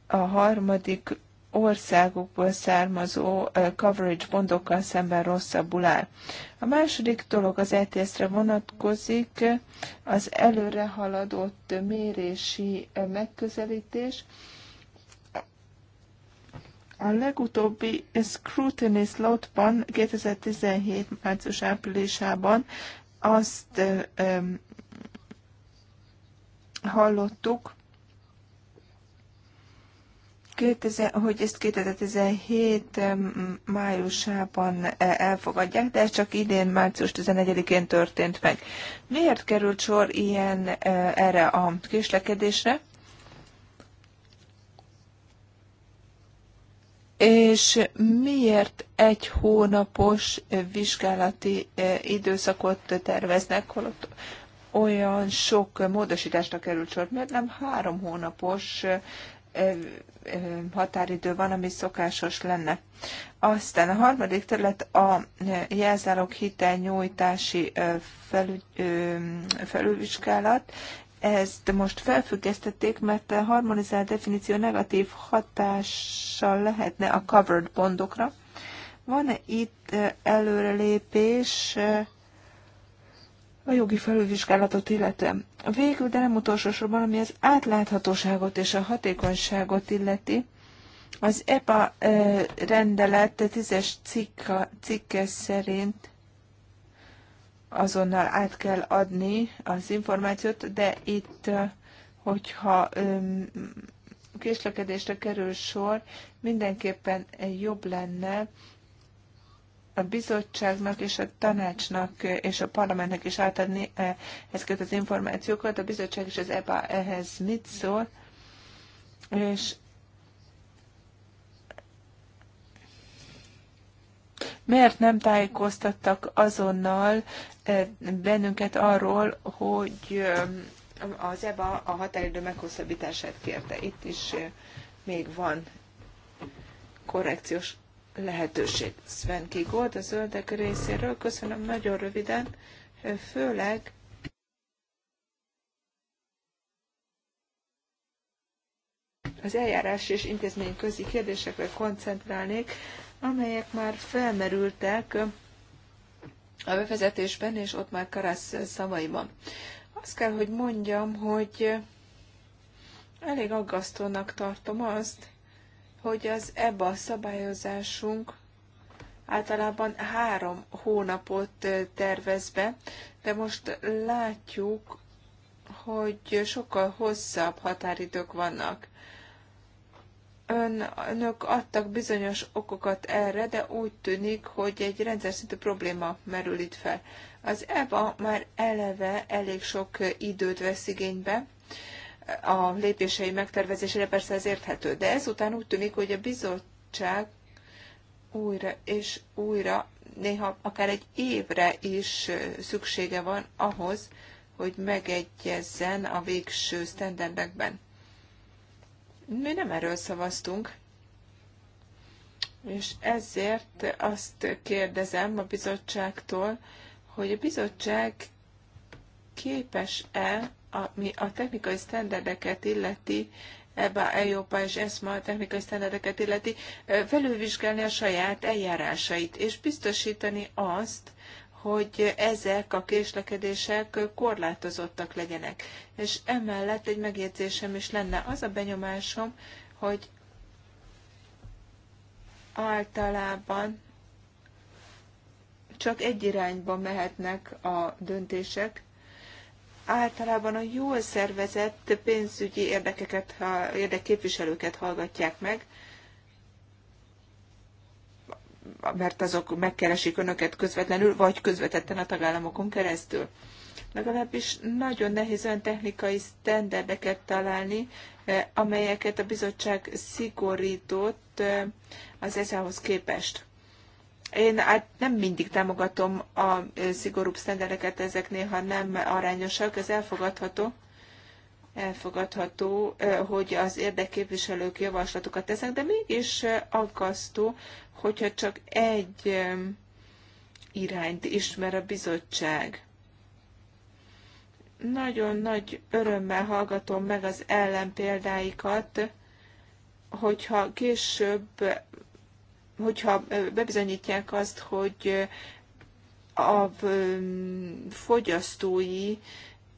a harmadik országokból származó uh, coverage bondokkal szemben rosszabbul áll. A második dolog az ETS-re vonatkozik, az előre haladott mérési uh, megközelítés. A legutóbbi Scrutiny Slotban 2017. március-áprilisában azt um, hallottuk, 2000, hogy ezt 2017 májusában elfogadják, de ez csak idén, március 11 én történt meg. Miért került sor ilyen erre a késlekedésre? És miért egy hónapos vizsgálati eh, időszakot terveznek, holott olyan sok módosításra került sor? Miért nem három hónapos eh, eh, határidő van, ami szokásos lenne. Aztán a harmadik terület a jelzálog hitelnyújtási felügy, felülvizsgálat ezt most felfüggesztették, mert a harmonizált definíció negatív hatással lehetne a covered bondokra. Van-e itt előrelépés a jogi felülvizsgálatot illetve? Végül, de nem utolsó sorban, ami az átláthatóságot és a hatékonyságot illeti, az EPA rendelet 10-es cikke szerint azonnal át kell adni az információt, de itt, hogyha késlekedésre kerül sor, mindenképpen jobb lenne a bizottságnak és a tanácsnak és a parlamentnek is átadni ezeket az információkat. A bizottság és az EBA ehhez mit szól, és miért nem tájékoztattak azonnal bennünket arról, hogy az EBA a határidő meghosszabbítását kérte. Itt is még van korrekciós lehetőség. Sven Kigold a zöldek részéről. Köszönöm nagyon röviden, főleg az eljárás és intézményközi kérdésekre koncentrálnék, amelyek már felmerültek a bevezetésben, és ott már karász szavaiban. Azt kell, hogy mondjam, hogy elég aggasztónak tartom azt, hogy az e a szabályozásunk általában három hónapot tervez be, de most látjuk, hogy sokkal hosszabb határidők vannak. Ön, önök adtak bizonyos okokat erre, de úgy tűnik, hogy egy rendszer szintű probléma merül itt fel. Az EVA már eleve elég sok időt vesz igénybe, a lépései megtervezésére persze ez érthető, de ezután úgy tűnik, hogy a bizottság újra és újra, néha akár egy évre is szüksége van ahhoz, hogy megegyezzen a végső sztenderdekben. Mi nem erről szavaztunk, és ezért azt kérdezem a bizottságtól, hogy a bizottság képes-e, ami a technikai sztenderdeket illeti, a EIOPA és ESMA technikai sztenderdeket illeti, felülvizsgálni a saját eljárásait, és biztosítani azt, hogy ezek a késlekedések korlátozottak legyenek. És emellett egy megjegyzésem is lenne az a benyomásom, hogy általában csak egy irányba mehetnek a döntések. Általában a jól szervezett pénzügyi érdekeket, érdekképviselőket hallgatják meg, mert azok megkeresik önöket közvetlenül, vagy közvetetten a tagállamokon keresztül. Legalábbis nagyon nehéz olyan technikai sztenderdeket találni, eh, amelyeket a bizottság szigorított eh, az ESA-hoz képest. Én hát nem mindig támogatom a eh, szigorúbb sztendereket, ezek néha nem arányosak, ez elfogadható elfogadható, eh, hogy az érdekképviselők javaslatokat tesznek, de mégis eh, aggasztó, hogyha csak egy eh, irányt ismer a bizottság. Nagyon nagy örömmel hallgatom meg az ellenpéldáikat, hogyha később, hogyha bebizonyítják azt, hogy a fogyasztói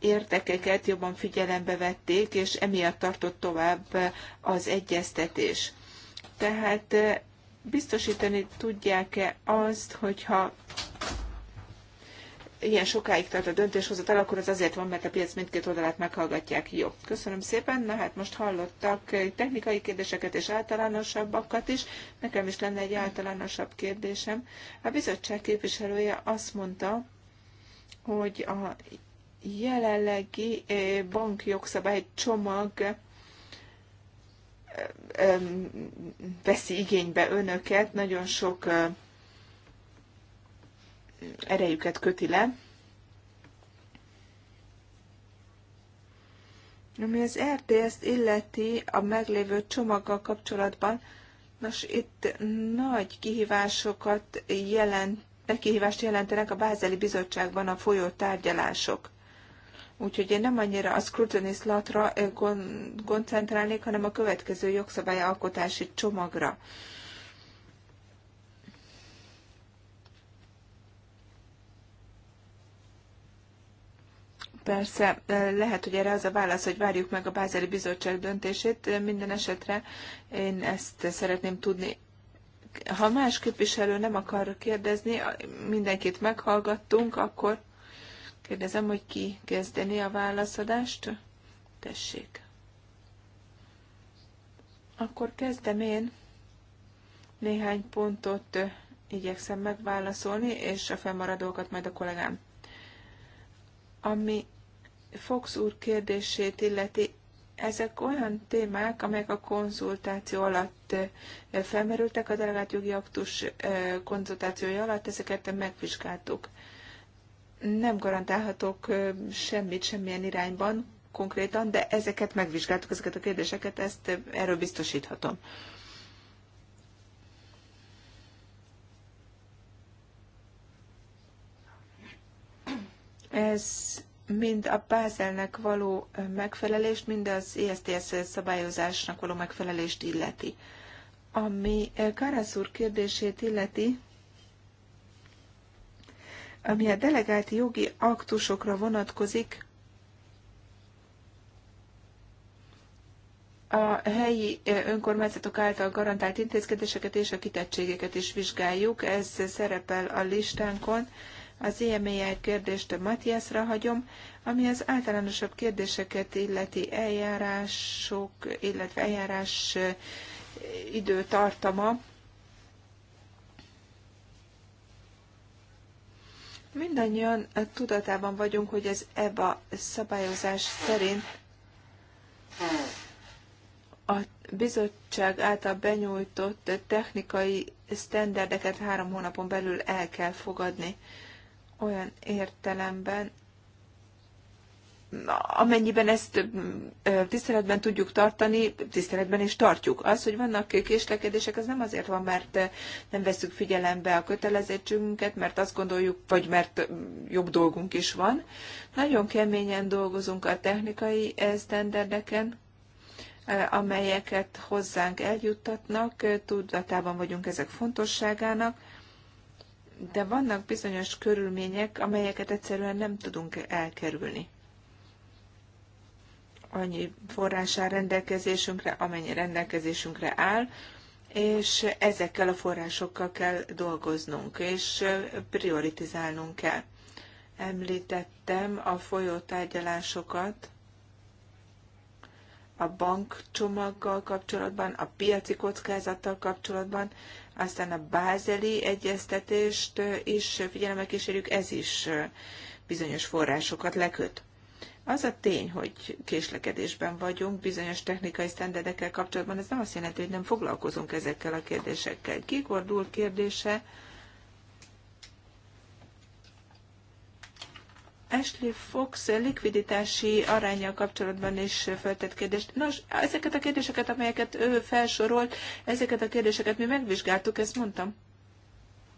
érdekeket jobban figyelembe vették, és emiatt tartott tovább az egyeztetés. Tehát eh, biztosítani tudják-e azt, hogyha ilyen sokáig tart a döntéshozatal, akkor az azért van, mert a piac mindkét oldalát meghallgatják. Jó, köszönöm szépen. Na hát most hallottak eh, technikai kérdéseket és általánosabbakat is. Nekem is lenne egy általánosabb kérdésem. A bizottság képviselője azt mondta, hogy a jelenlegi eh, bankjogszabály csomag eh, veszi igénybe önöket, nagyon sok eh, erejüket köti le. Ami az RTS-t illeti a meglévő csomaggal kapcsolatban, nos itt nagy kihívásokat jelent, kihívást jelentenek a Bázeli Bizottságban a folyó tárgyalások. Úgyhogy én nem annyira a scrutiny slotra eh, koncentrálnék, hanem a következő jogszabályalkotási csomagra. Persze, eh, lehet, hogy erre az a válasz, hogy várjuk meg a Bázeli Bizottság döntését. Eh, minden esetre én ezt szeretném tudni. Ha más képviselő nem akar kérdezni, mindenkit meghallgattunk, akkor Kérdezem, hogy ki kezdeni a válaszadást? Tessék. Akkor kezdem én. Néhány pontot igyekszem megválaszolni, és a fennmaradókat majd a kollégám. Ami Fox úr kérdését illeti, ezek olyan témák, amelyek a konzultáció alatt felmerültek, a delegált jogi aktus konzultációja alatt, ezeket megvizsgáltuk nem garantálhatok semmit semmilyen irányban konkrétan, de ezeket megvizsgáltuk, ezeket a kérdéseket, ezt erről biztosíthatom. Ez mind a Bázelnek való megfelelést, mind az ISTS e szabályozásnak való megfelelést illeti. Ami Karasz úr kérdését illeti, ami a delegált jogi aktusokra vonatkozik, a helyi önkormányzatok által garantált intézkedéseket és a kitettségeket is vizsgáljuk. Ez szerepel a listánkon. Az IMEI e kérdést Matthiasra hagyom, ami az általánosabb kérdéseket illeti eljárások, illetve eljárás időtartama. Mindannyian eh, tudatában vagyunk, hogy az EBA szabályozás szerint a bizottság által benyújtott technikai sztenderdeket három hónapon belül el kell fogadni. Olyan értelemben amennyiben ezt tiszteletben tudjuk tartani, tiszteletben is tartjuk. Az, hogy vannak késlekedések, az nem azért van, mert nem veszük figyelembe a kötelezettségünket, mert azt gondoljuk, vagy mert jobb dolgunk is van. Nagyon keményen dolgozunk a technikai sztenderdeken, amelyeket hozzánk eljuttatnak, tudatában vagyunk ezek fontosságának, de vannak bizonyos körülmények, amelyeket egyszerűen nem tudunk elkerülni annyi forrás áll rendelkezésünkre, amennyi rendelkezésünkre áll, és ezekkel a forrásokkal kell dolgoznunk, és prioritizálnunk kell. Említettem a folyótárgyalásokat, a bankcsomaggal kapcsolatban, a piaci kockázattal kapcsolatban, aztán a bázeli egyeztetést is figyelembe kísérjük, ez is bizonyos forrásokat leköt. Az a tény, hogy késlekedésben vagyunk bizonyos technikai sztenderdekkel kapcsolatban, ez nem azt jelenti, hogy nem foglalkozunk ezekkel a kérdésekkel. Kikordul kérdése, Ashley Fox likviditási aránya kapcsolatban is feltett kérdést. Nos, ezeket a kérdéseket, amelyeket ő felsorolt, ezeket a kérdéseket mi megvizsgáltuk, ezt mondtam.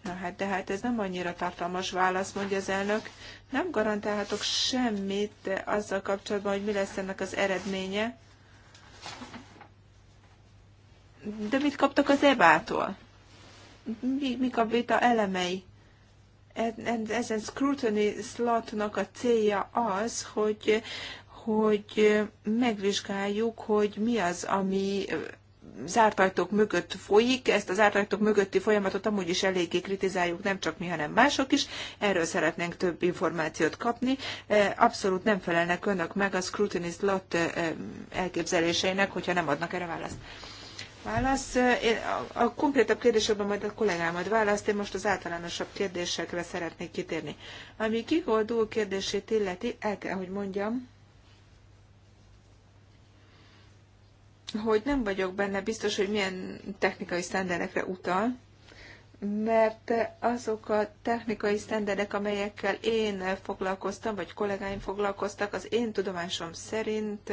Na hát, de hát ez nem annyira tartalmas válasz, mondja az elnök. Nem garantálhatok semmit azzal kapcsolatban, hogy mi lesz ennek az eredménye. De mit kaptak az EBA-tól? Mi, mik a vita elemei? Ezen scrutiny slotnak a célja az, hogy, hogy megvizsgáljuk, hogy mi az, ami zárt ajtók mögött folyik, ezt az zárt ajtók mögötti folyamatot amúgy is eléggé kritizáljuk, nem csak mi, hanem mások is. Erről szeretnénk több információt kapni. E, abszolút nem felelnek önök meg a scrutiny slot e, elképzeléseinek, hogyha nem adnak erre választ. Válasz. E, én a, a konkrétabb kérdésekben majd a kollégámat ad választ, én most az általánosabb kérdésekre szeretnék kitérni. Ami kigoldó kérdését illeti, el kell, hogy mondjam, hogy nem vagyok benne biztos, hogy milyen technikai sztenderekre utal, mert azok a technikai sztenderek, amelyekkel én foglalkoztam, vagy kollégáim foglalkoztak, az én tudomásom szerint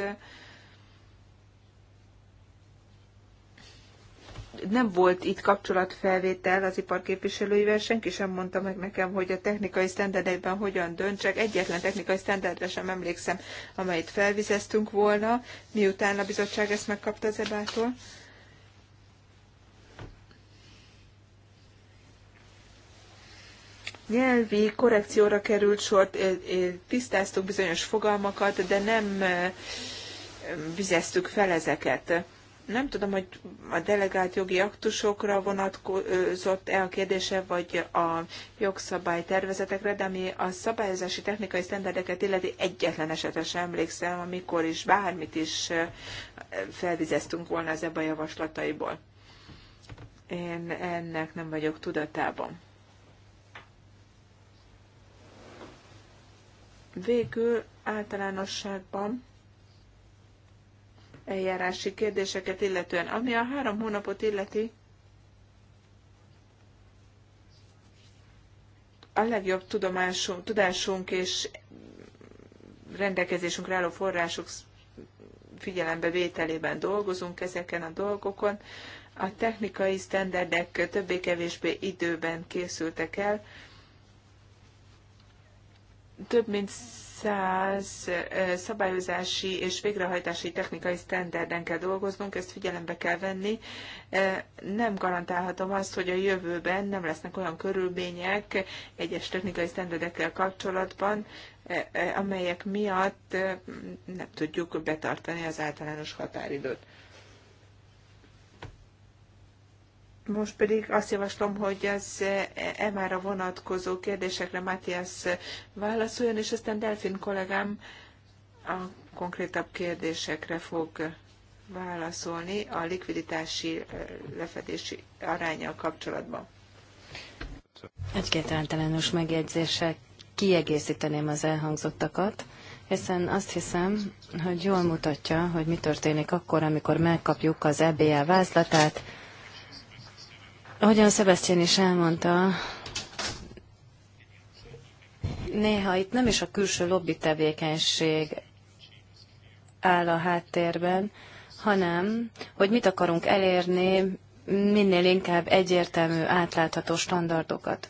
nem volt itt kapcsolatfelvétel az iparképviselőivel, senki sem mondta meg nekem, hogy a technikai sztenderdekben hogyan döntsek. Egyetlen technikai sztenderdre sem emlékszem, amelyet felvizeztünk volna, miután a bizottság ezt megkapta az ebától. nyelvi korrekcióra került sort, tisztáztuk bizonyos fogalmakat, de nem vizeztük fel ezeket. Nem tudom, hogy a delegált jogi aktusokra vonatkozott el a kérdése, vagy a jogszabály tervezetekre, de ami a szabályozási technikai sztenderdeket illeti egyetlen esetre sem emlékszem, amikor is bármit is felvizeztünk volna az ebben a javaslataiból. Én ennek nem vagyok tudatában. Végül általánosságban eljárási kérdéseket illetően. Ami a három hónapot illeti, a legjobb tudomásunk, tudásunk és rendelkezésünkre álló források figyelembe vételében dolgozunk ezeken a dolgokon. A technikai sztenderdek többé-kevésbé időben készültek el. Több mint száz szabályozási és végrehajtási technikai sztenderden kell dolgoznunk, ezt figyelembe kell venni. Nem garantálhatom azt, hogy a jövőben nem lesznek olyan körülmények egyes technikai sztenderdekkel kapcsolatban, amelyek miatt nem tudjuk betartani az általános határidőt. Most pedig azt javaslom, hogy az emára vonatkozó kérdésekre Matthias válaszoljon, és aztán Delfin kollégám a konkrétabb kérdésekre fog válaszolni a likviditási lefedési arányal kapcsolatban. Egy-két általános megjegyzéssel kiegészíteném az elhangzottakat, hiszen azt hiszem, hogy jól mutatja, hogy mi történik akkor, amikor megkapjuk az EBA vázlatát, Ahogyan Sebastian is elmondta, néha itt nem is a külső lobby tevékenység áll a háttérben, hanem hogy mit akarunk elérni, minél inkább egyértelmű, átlátható standardokat.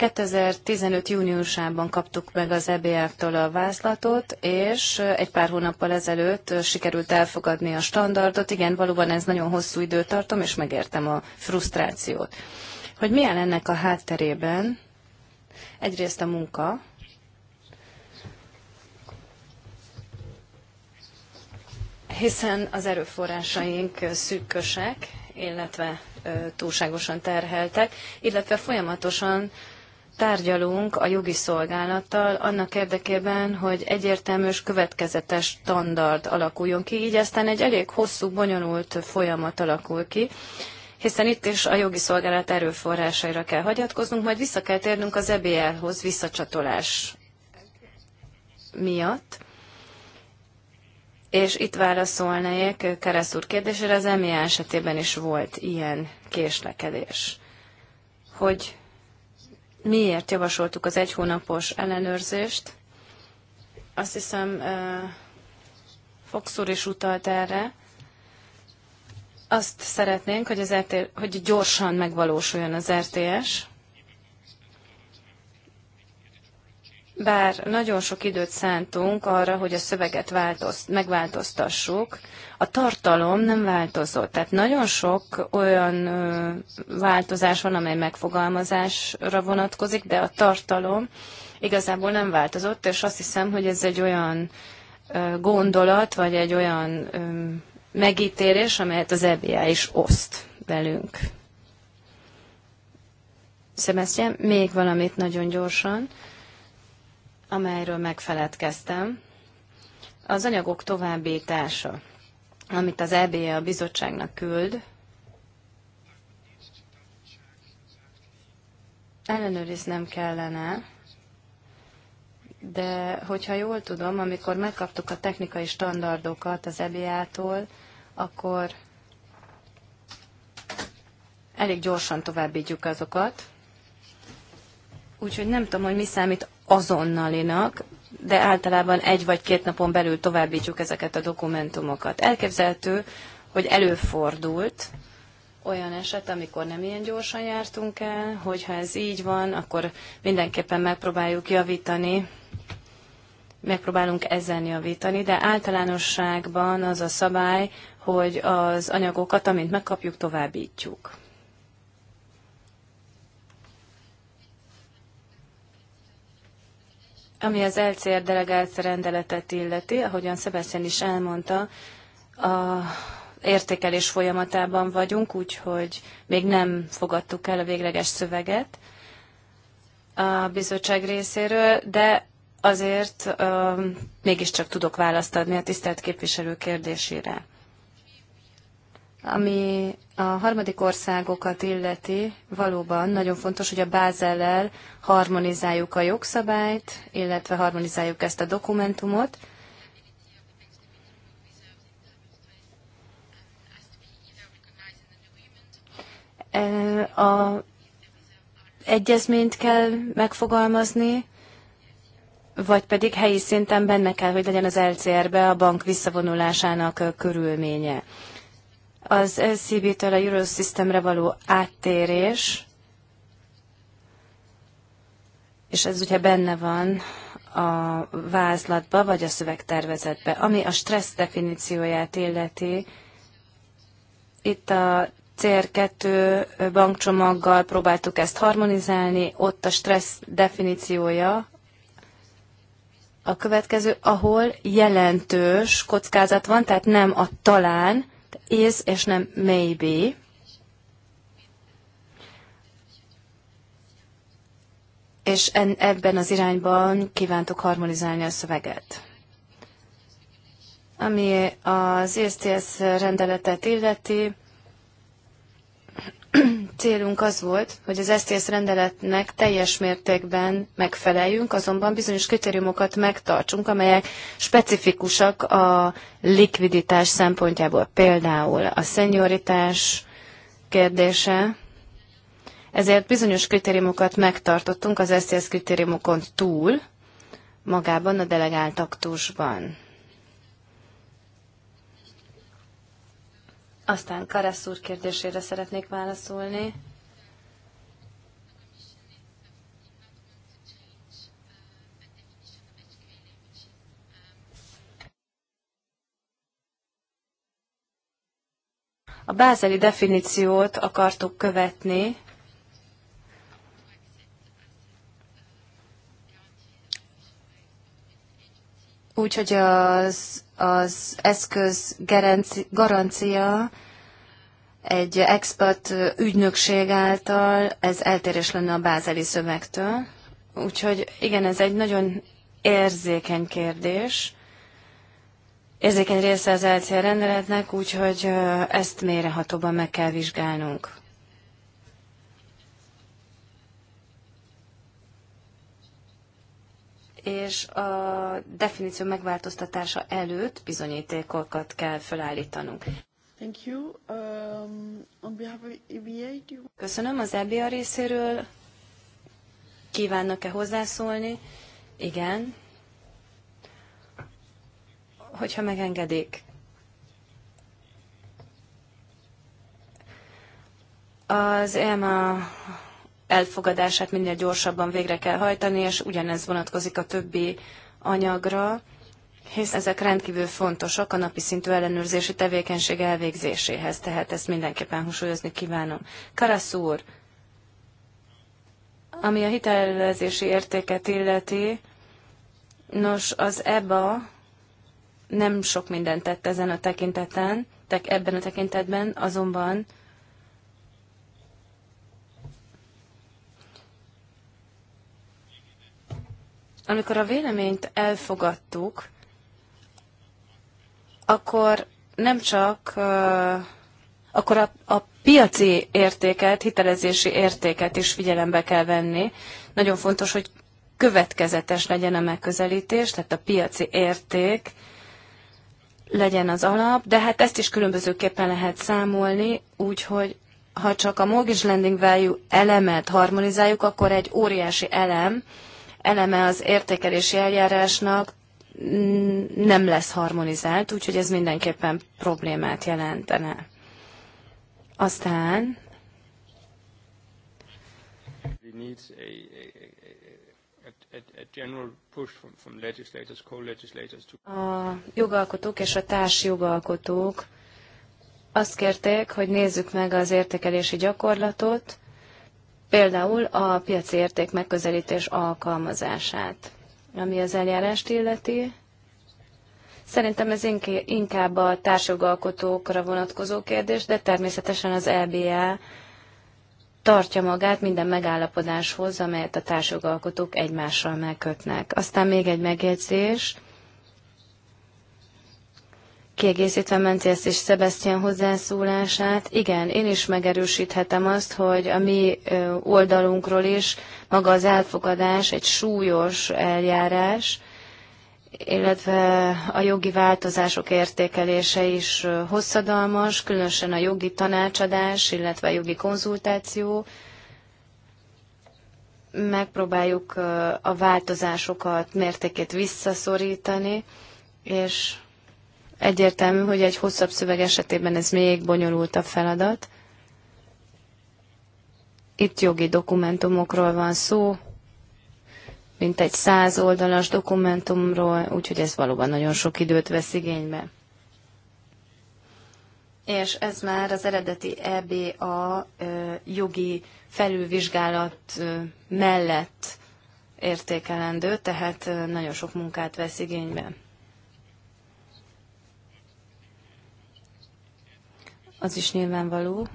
2015. júniusában kaptuk meg az EBF-től a vázlatot, és egy pár hónappal ezelőtt sikerült elfogadni a standardot. Igen, valóban ez nagyon hosszú időt tartom, és megértem a frusztrációt. Hogy milyen ennek a hátterében? Egyrészt a munka, hiszen az erőforrásaink szűkösek, illetve túlságosan terheltek, illetve folyamatosan tárgyalunk a jogi szolgálattal annak érdekében, hogy egyértelműs, következetes standard alakuljon ki, így aztán egy elég hosszú, bonyolult folyamat alakul ki, hiszen itt is a jogi szolgálat erőforrásaira kell hagyatkoznunk, majd vissza kell térnünk az EBL-hoz visszacsatolás miatt. És itt válaszolnék Keresz úr kérdésére, az EMEA esetében is volt ilyen késlekedés. Hogy miért javasoltuk az egy hónapos ellenőrzést. Azt hiszem, Fox úr is utalt erre. Azt szeretnénk, hogy, az RT, hogy gyorsan megvalósuljon az RTS, Bár nagyon sok időt szántunk arra, hogy a szöveget változt, megváltoztassuk, a tartalom nem változott. Tehát nagyon sok olyan változás van, amely megfogalmazásra vonatkozik, de a tartalom igazából nem változott, és azt hiszem, hogy ez egy olyan gondolat, vagy egy olyan megítérés, megítélés, amelyet az EBA is oszt velünk. Szemesztje, még valamit nagyon gyorsan amelyről megfeledkeztem, az anyagok továbbítása, amit az EBA a bizottságnak küld, ellenőriznem kellene, de hogyha jól tudom, amikor megkaptuk a technikai standardokat az EBA-tól, akkor elég gyorsan továbbítjuk azokat, úgyhogy nem tudom, hogy mi számít azonnalinak, de általában egy vagy két napon belül továbbítjuk ezeket a dokumentumokat. Elképzelhető, hogy előfordult olyan eset, amikor nem ilyen gyorsan jártunk el, hogyha ez így van, akkor mindenképpen megpróbáljuk javítani, megpróbálunk ezen javítani, de általánosságban az a szabály, hogy az anyagokat, amint megkapjuk, továbbítjuk. Ami az LCR delegált rendeletet illeti, ahogyan Sebastian is elmondta, a értékelés folyamatában vagyunk, úgyhogy még nem fogadtuk el a végleges szöveget a bizottság részéről, de azért uh, mégiscsak tudok választ adni a tisztelt képviselő kérdésére. Ami a harmadik országokat illeti, valóban nagyon fontos, hogy a Bázellel harmonizáljuk a jogszabályt, illetve harmonizáljuk ezt a dokumentumot. E, a egyezményt kell megfogalmazni, vagy pedig helyi szinten benne kell, hogy legyen az LCR-be a bank visszavonulásának körülménye. Az LCB-től a Eurosystemre való áttérés, és ez ugye benne van a vázlatba, vagy a szövegtervezetbe. Ami a stressz definícióját illeti, itt a CR2 bankcsomaggal próbáltuk ezt harmonizálni, ott a stressz definíciója a következő, ahol jelentős kockázat van, tehát nem a talán, is, és nem maybe. És en ebben az irányban kívántuk harmonizálni a szöveget. Ami az ISTS rendeletet illeti, Célunk az volt, hogy az STS rendeletnek teljes mértékben megfeleljünk, azonban bizonyos kritériumokat megtartsunk, amelyek specifikusak a likviditás szempontjából. Például a szenioritás kérdése, ezért bizonyos kritériumokat megtartottunk az SZSZ kritériumokon túl, magában a delegált aktusban. Aztán Karasz úr kérdésére szeretnék válaszolni. A bázeli definíciót akartuk követni, úgyhogy az, az eszköz garancia egy expert ügynökség által, ez eltérés lenne a bázeli szövegtől. Úgyhogy igen, ez egy nagyon érzékeny kérdés. Érzékeny része az LCR rendeletnek, úgyhogy ezt mélyrehatóban meg kell vizsgálnunk. és a definíció megváltoztatása előtt bizonyítékokat kell felállítanunk. Thank you. Um, on behalf of EBA, you... Köszönöm az EBA részéről. Kívánnak-e hozzászólni? Igen. Hogyha megengedik. Az EMA elfogadását minél gyorsabban végre kell hajtani, és ugyanez vonatkozik a többi anyagra, hisz ezek rendkívül fontosak a napi szintű ellenőrzési tevékenység elvégzéséhez, tehát ezt mindenképpen hangsúlyozni kívánom. Karasz úr, ami a hitelezési értéket illeti, nos, az EBA nem sok mindent tett ezen a tekinteten, tek ebben a tekintetben, azonban Amikor a véleményt elfogadtuk, akkor nem csak akkor a, a piaci értéket, hitelezési értéket is figyelembe kell venni. Nagyon fontos, hogy következetes legyen a megközelítés, tehát a piaci érték legyen az alap, de hát ezt is különbözőképpen lehet számolni, úgyhogy ha csak a mortgage lending value elemet harmonizáljuk, akkor egy óriási elem, eleme az értékelési eljárásnak nem lesz harmonizált, úgyhogy ez mindenképpen problémát jelentene. Aztán a, a A jogalkotók és a társjogalkotók azt kérték, hogy nézzük meg az értékelési gyakorlatot, például a piaci érték megközelítés alkalmazását, ami az eljárást illeti. Szerintem ez inkább a társjogalkotókra vonatkozó kérdés, de természetesen az LBA e tartja magát minden megállapodáshoz, amelyet a társjogalkotók egymással megkötnek. Aztán még egy megjegyzés Kiegészítve Mencélsz és Sebastian hozzászólását, igen, én is megerősíthetem azt, hogy a mi oldalunkról is maga az elfogadás egy súlyos eljárás, illetve a jogi változások értékelése is hosszadalmas, különösen a jogi tanácsadás, illetve a jogi konzultáció. Megpróbáljuk a változásokat, mértékét visszaszorítani, és Egyértelmű, hogy egy hosszabb szöveg esetében ez még bonyolultabb feladat. Itt jogi dokumentumokról van szó, mint egy száz oldalas dokumentumról, úgyhogy ez valóban nagyon sok időt vesz igénybe. És ez már az eredeti EBA jogi felülvizsgálat mellett értékelendő, tehát nagyon sok munkát vesz igénybe. az is nyilvánvaló,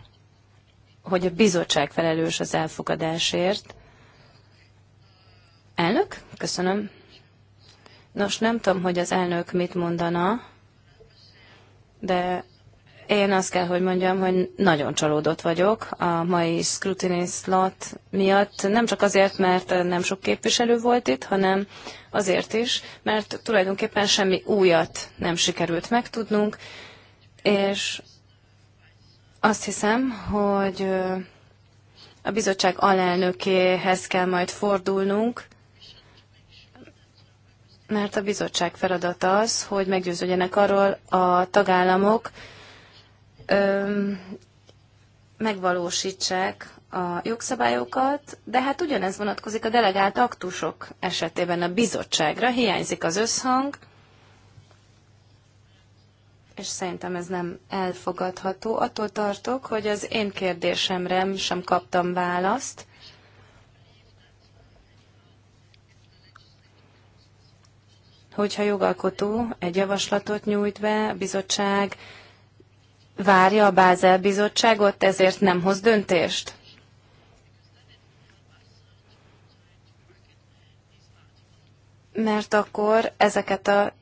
hogy a bizottság felelős az elfogadásért. Elnök, köszönöm. Nos, nem tudom, hogy az elnök mit mondana, de én azt kell, hogy mondjam, hogy nagyon csalódott vagyok a mai scrutiny slot miatt. Nem csak azért, mert nem sok képviselő volt itt, hanem azért is, mert tulajdonképpen semmi újat nem sikerült megtudnunk, és azt hiszem, hogy a bizottság alelnökéhez kell majd fordulnunk, mert a bizottság feladata az, hogy meggyőződjenek arról a tagállamok, megvalósítsák a jogszabályokat, de hát ugyanez vonatkozik a delegált aktusok esetében a bizottságra, hiányzik az összhang, és szerintem ez nem elfogadható. Attól tartok, hogy az én kérdésemre sem kaptam választ. Hogyha jogalkotó egy javaslatot nyújt be, a bizottság várja a Bázel bizottságot, ezért nem hoz döntést? Mert akkor ezeket a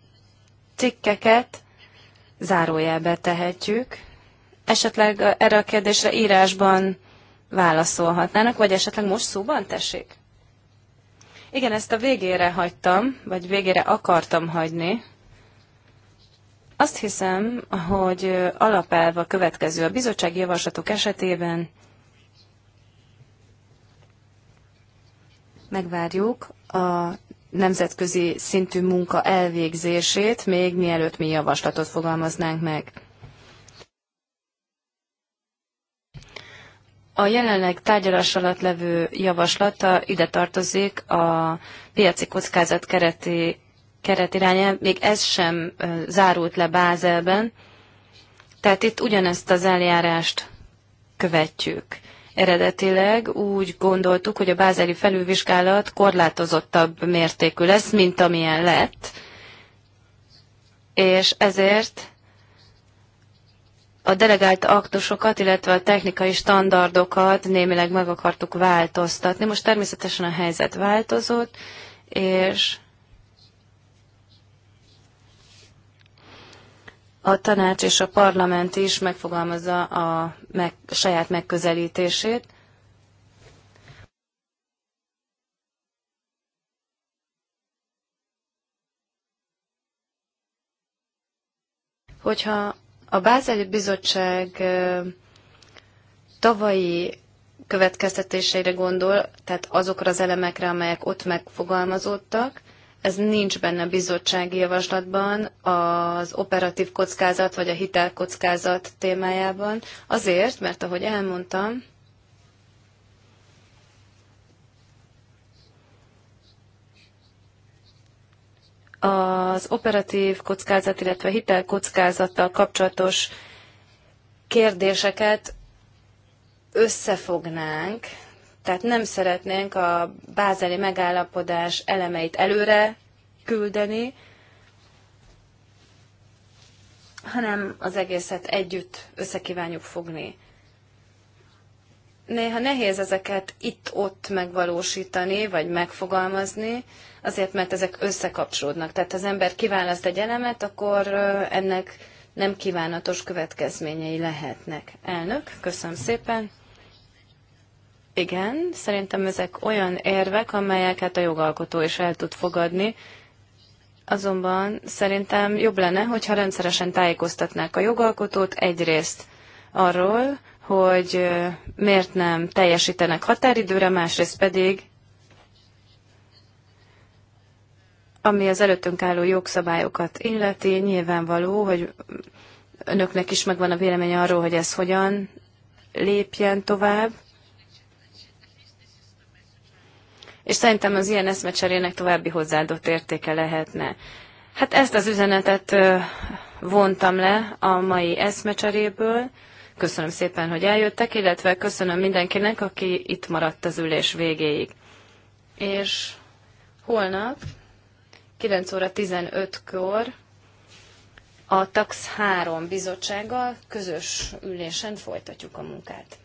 cikkeket zárójelbe tehetjük. Esetleg erre a kérdésre írásban válaszolhatnának, vagy esetleg most szóban tessék? Igen, ezt a végére hagytam, vagy végére akartam hagyni. Azt hiszem, hogy alapelv a következő. A bizottsági javaslatok esetében megvárjuk a nemzetközi szintű munka elvégzését, még mielőtt mi javaslatot fogalmaznánk meg. A jelenleg tárgyalás alatt levő javaslata ide tartozik a piaci kockázat kereti, keretirányelv, még ez sem zárult le Bázelben, tehát itt ugyanezt az eljárást követjük. Eredetileg úgy gondoltuk, hogy a bázeli felülvizsgálat korlátozottabb mértékű lesz, mint amilyen lett, és ezért a delegált aktusokat, illetve a technikai standardokat némileg meg akartuk változtatni. Most természetesen a helyzet változott, és a tanács és a parlament is megfogalmazza a meg, a saját megközelítését. Hogyha a Bázeli Bizottság tavalyi következtetéseire gondol, tehát azokra az elemekre, amelyek ott megfogalmazódtak, ez nincs benne a bizottsági javaslatban, az operatív kockázat vagy a hitelkockázat témájában. Azért, mert ahogy elmondtam, az operatív kockázat, illetve hitelkockázattal kapcsolatos kérdéseket összefognánk, tehát nem szeretnénk a bázeli megállapodás elemeit előre küldeni, hanem az egészet együtt összekívánjuk fogni. Néha nehéz ezeket itt-ott megvalósítani, vagy megfogalmazni, azért mert ezek összekapcsolódnak. Tehát ha az ember kiválaszt egy elemet, akkor ennek nem kívánatos következményei lehetnek. Elnök, köszönöm szépen! Igen, szerintem ezek olyan érvek, amelyeket a jogalkotó is el tud fogadni, azonban szerintem jobb lenne, hogyha rendszeresen tájékoztatnák a jogalkotót egyrészt arról, hogy miért nem teljesítenek határidőre, másrészt pedig, ami az előttünk álló jogszabályokat illeti, nyilvánvaló, hogy önöknek is megvan a vélemény arról, hogy ez hogyan lépjen tovább. és szerintem az ilyen eszmecserének további hozzáadott értéke lehetne. Hát ezt az üzenetet vontam le a mai eszmecseréből. Köszönöm szépen, hogy eljöttek, illetve köszönöm mindenkinek, aki itt maradt az ülés végéig. És holnap 9 óra 15-kor a TAX 3 bizottsággal közös ülésen folytatjuk a munkát.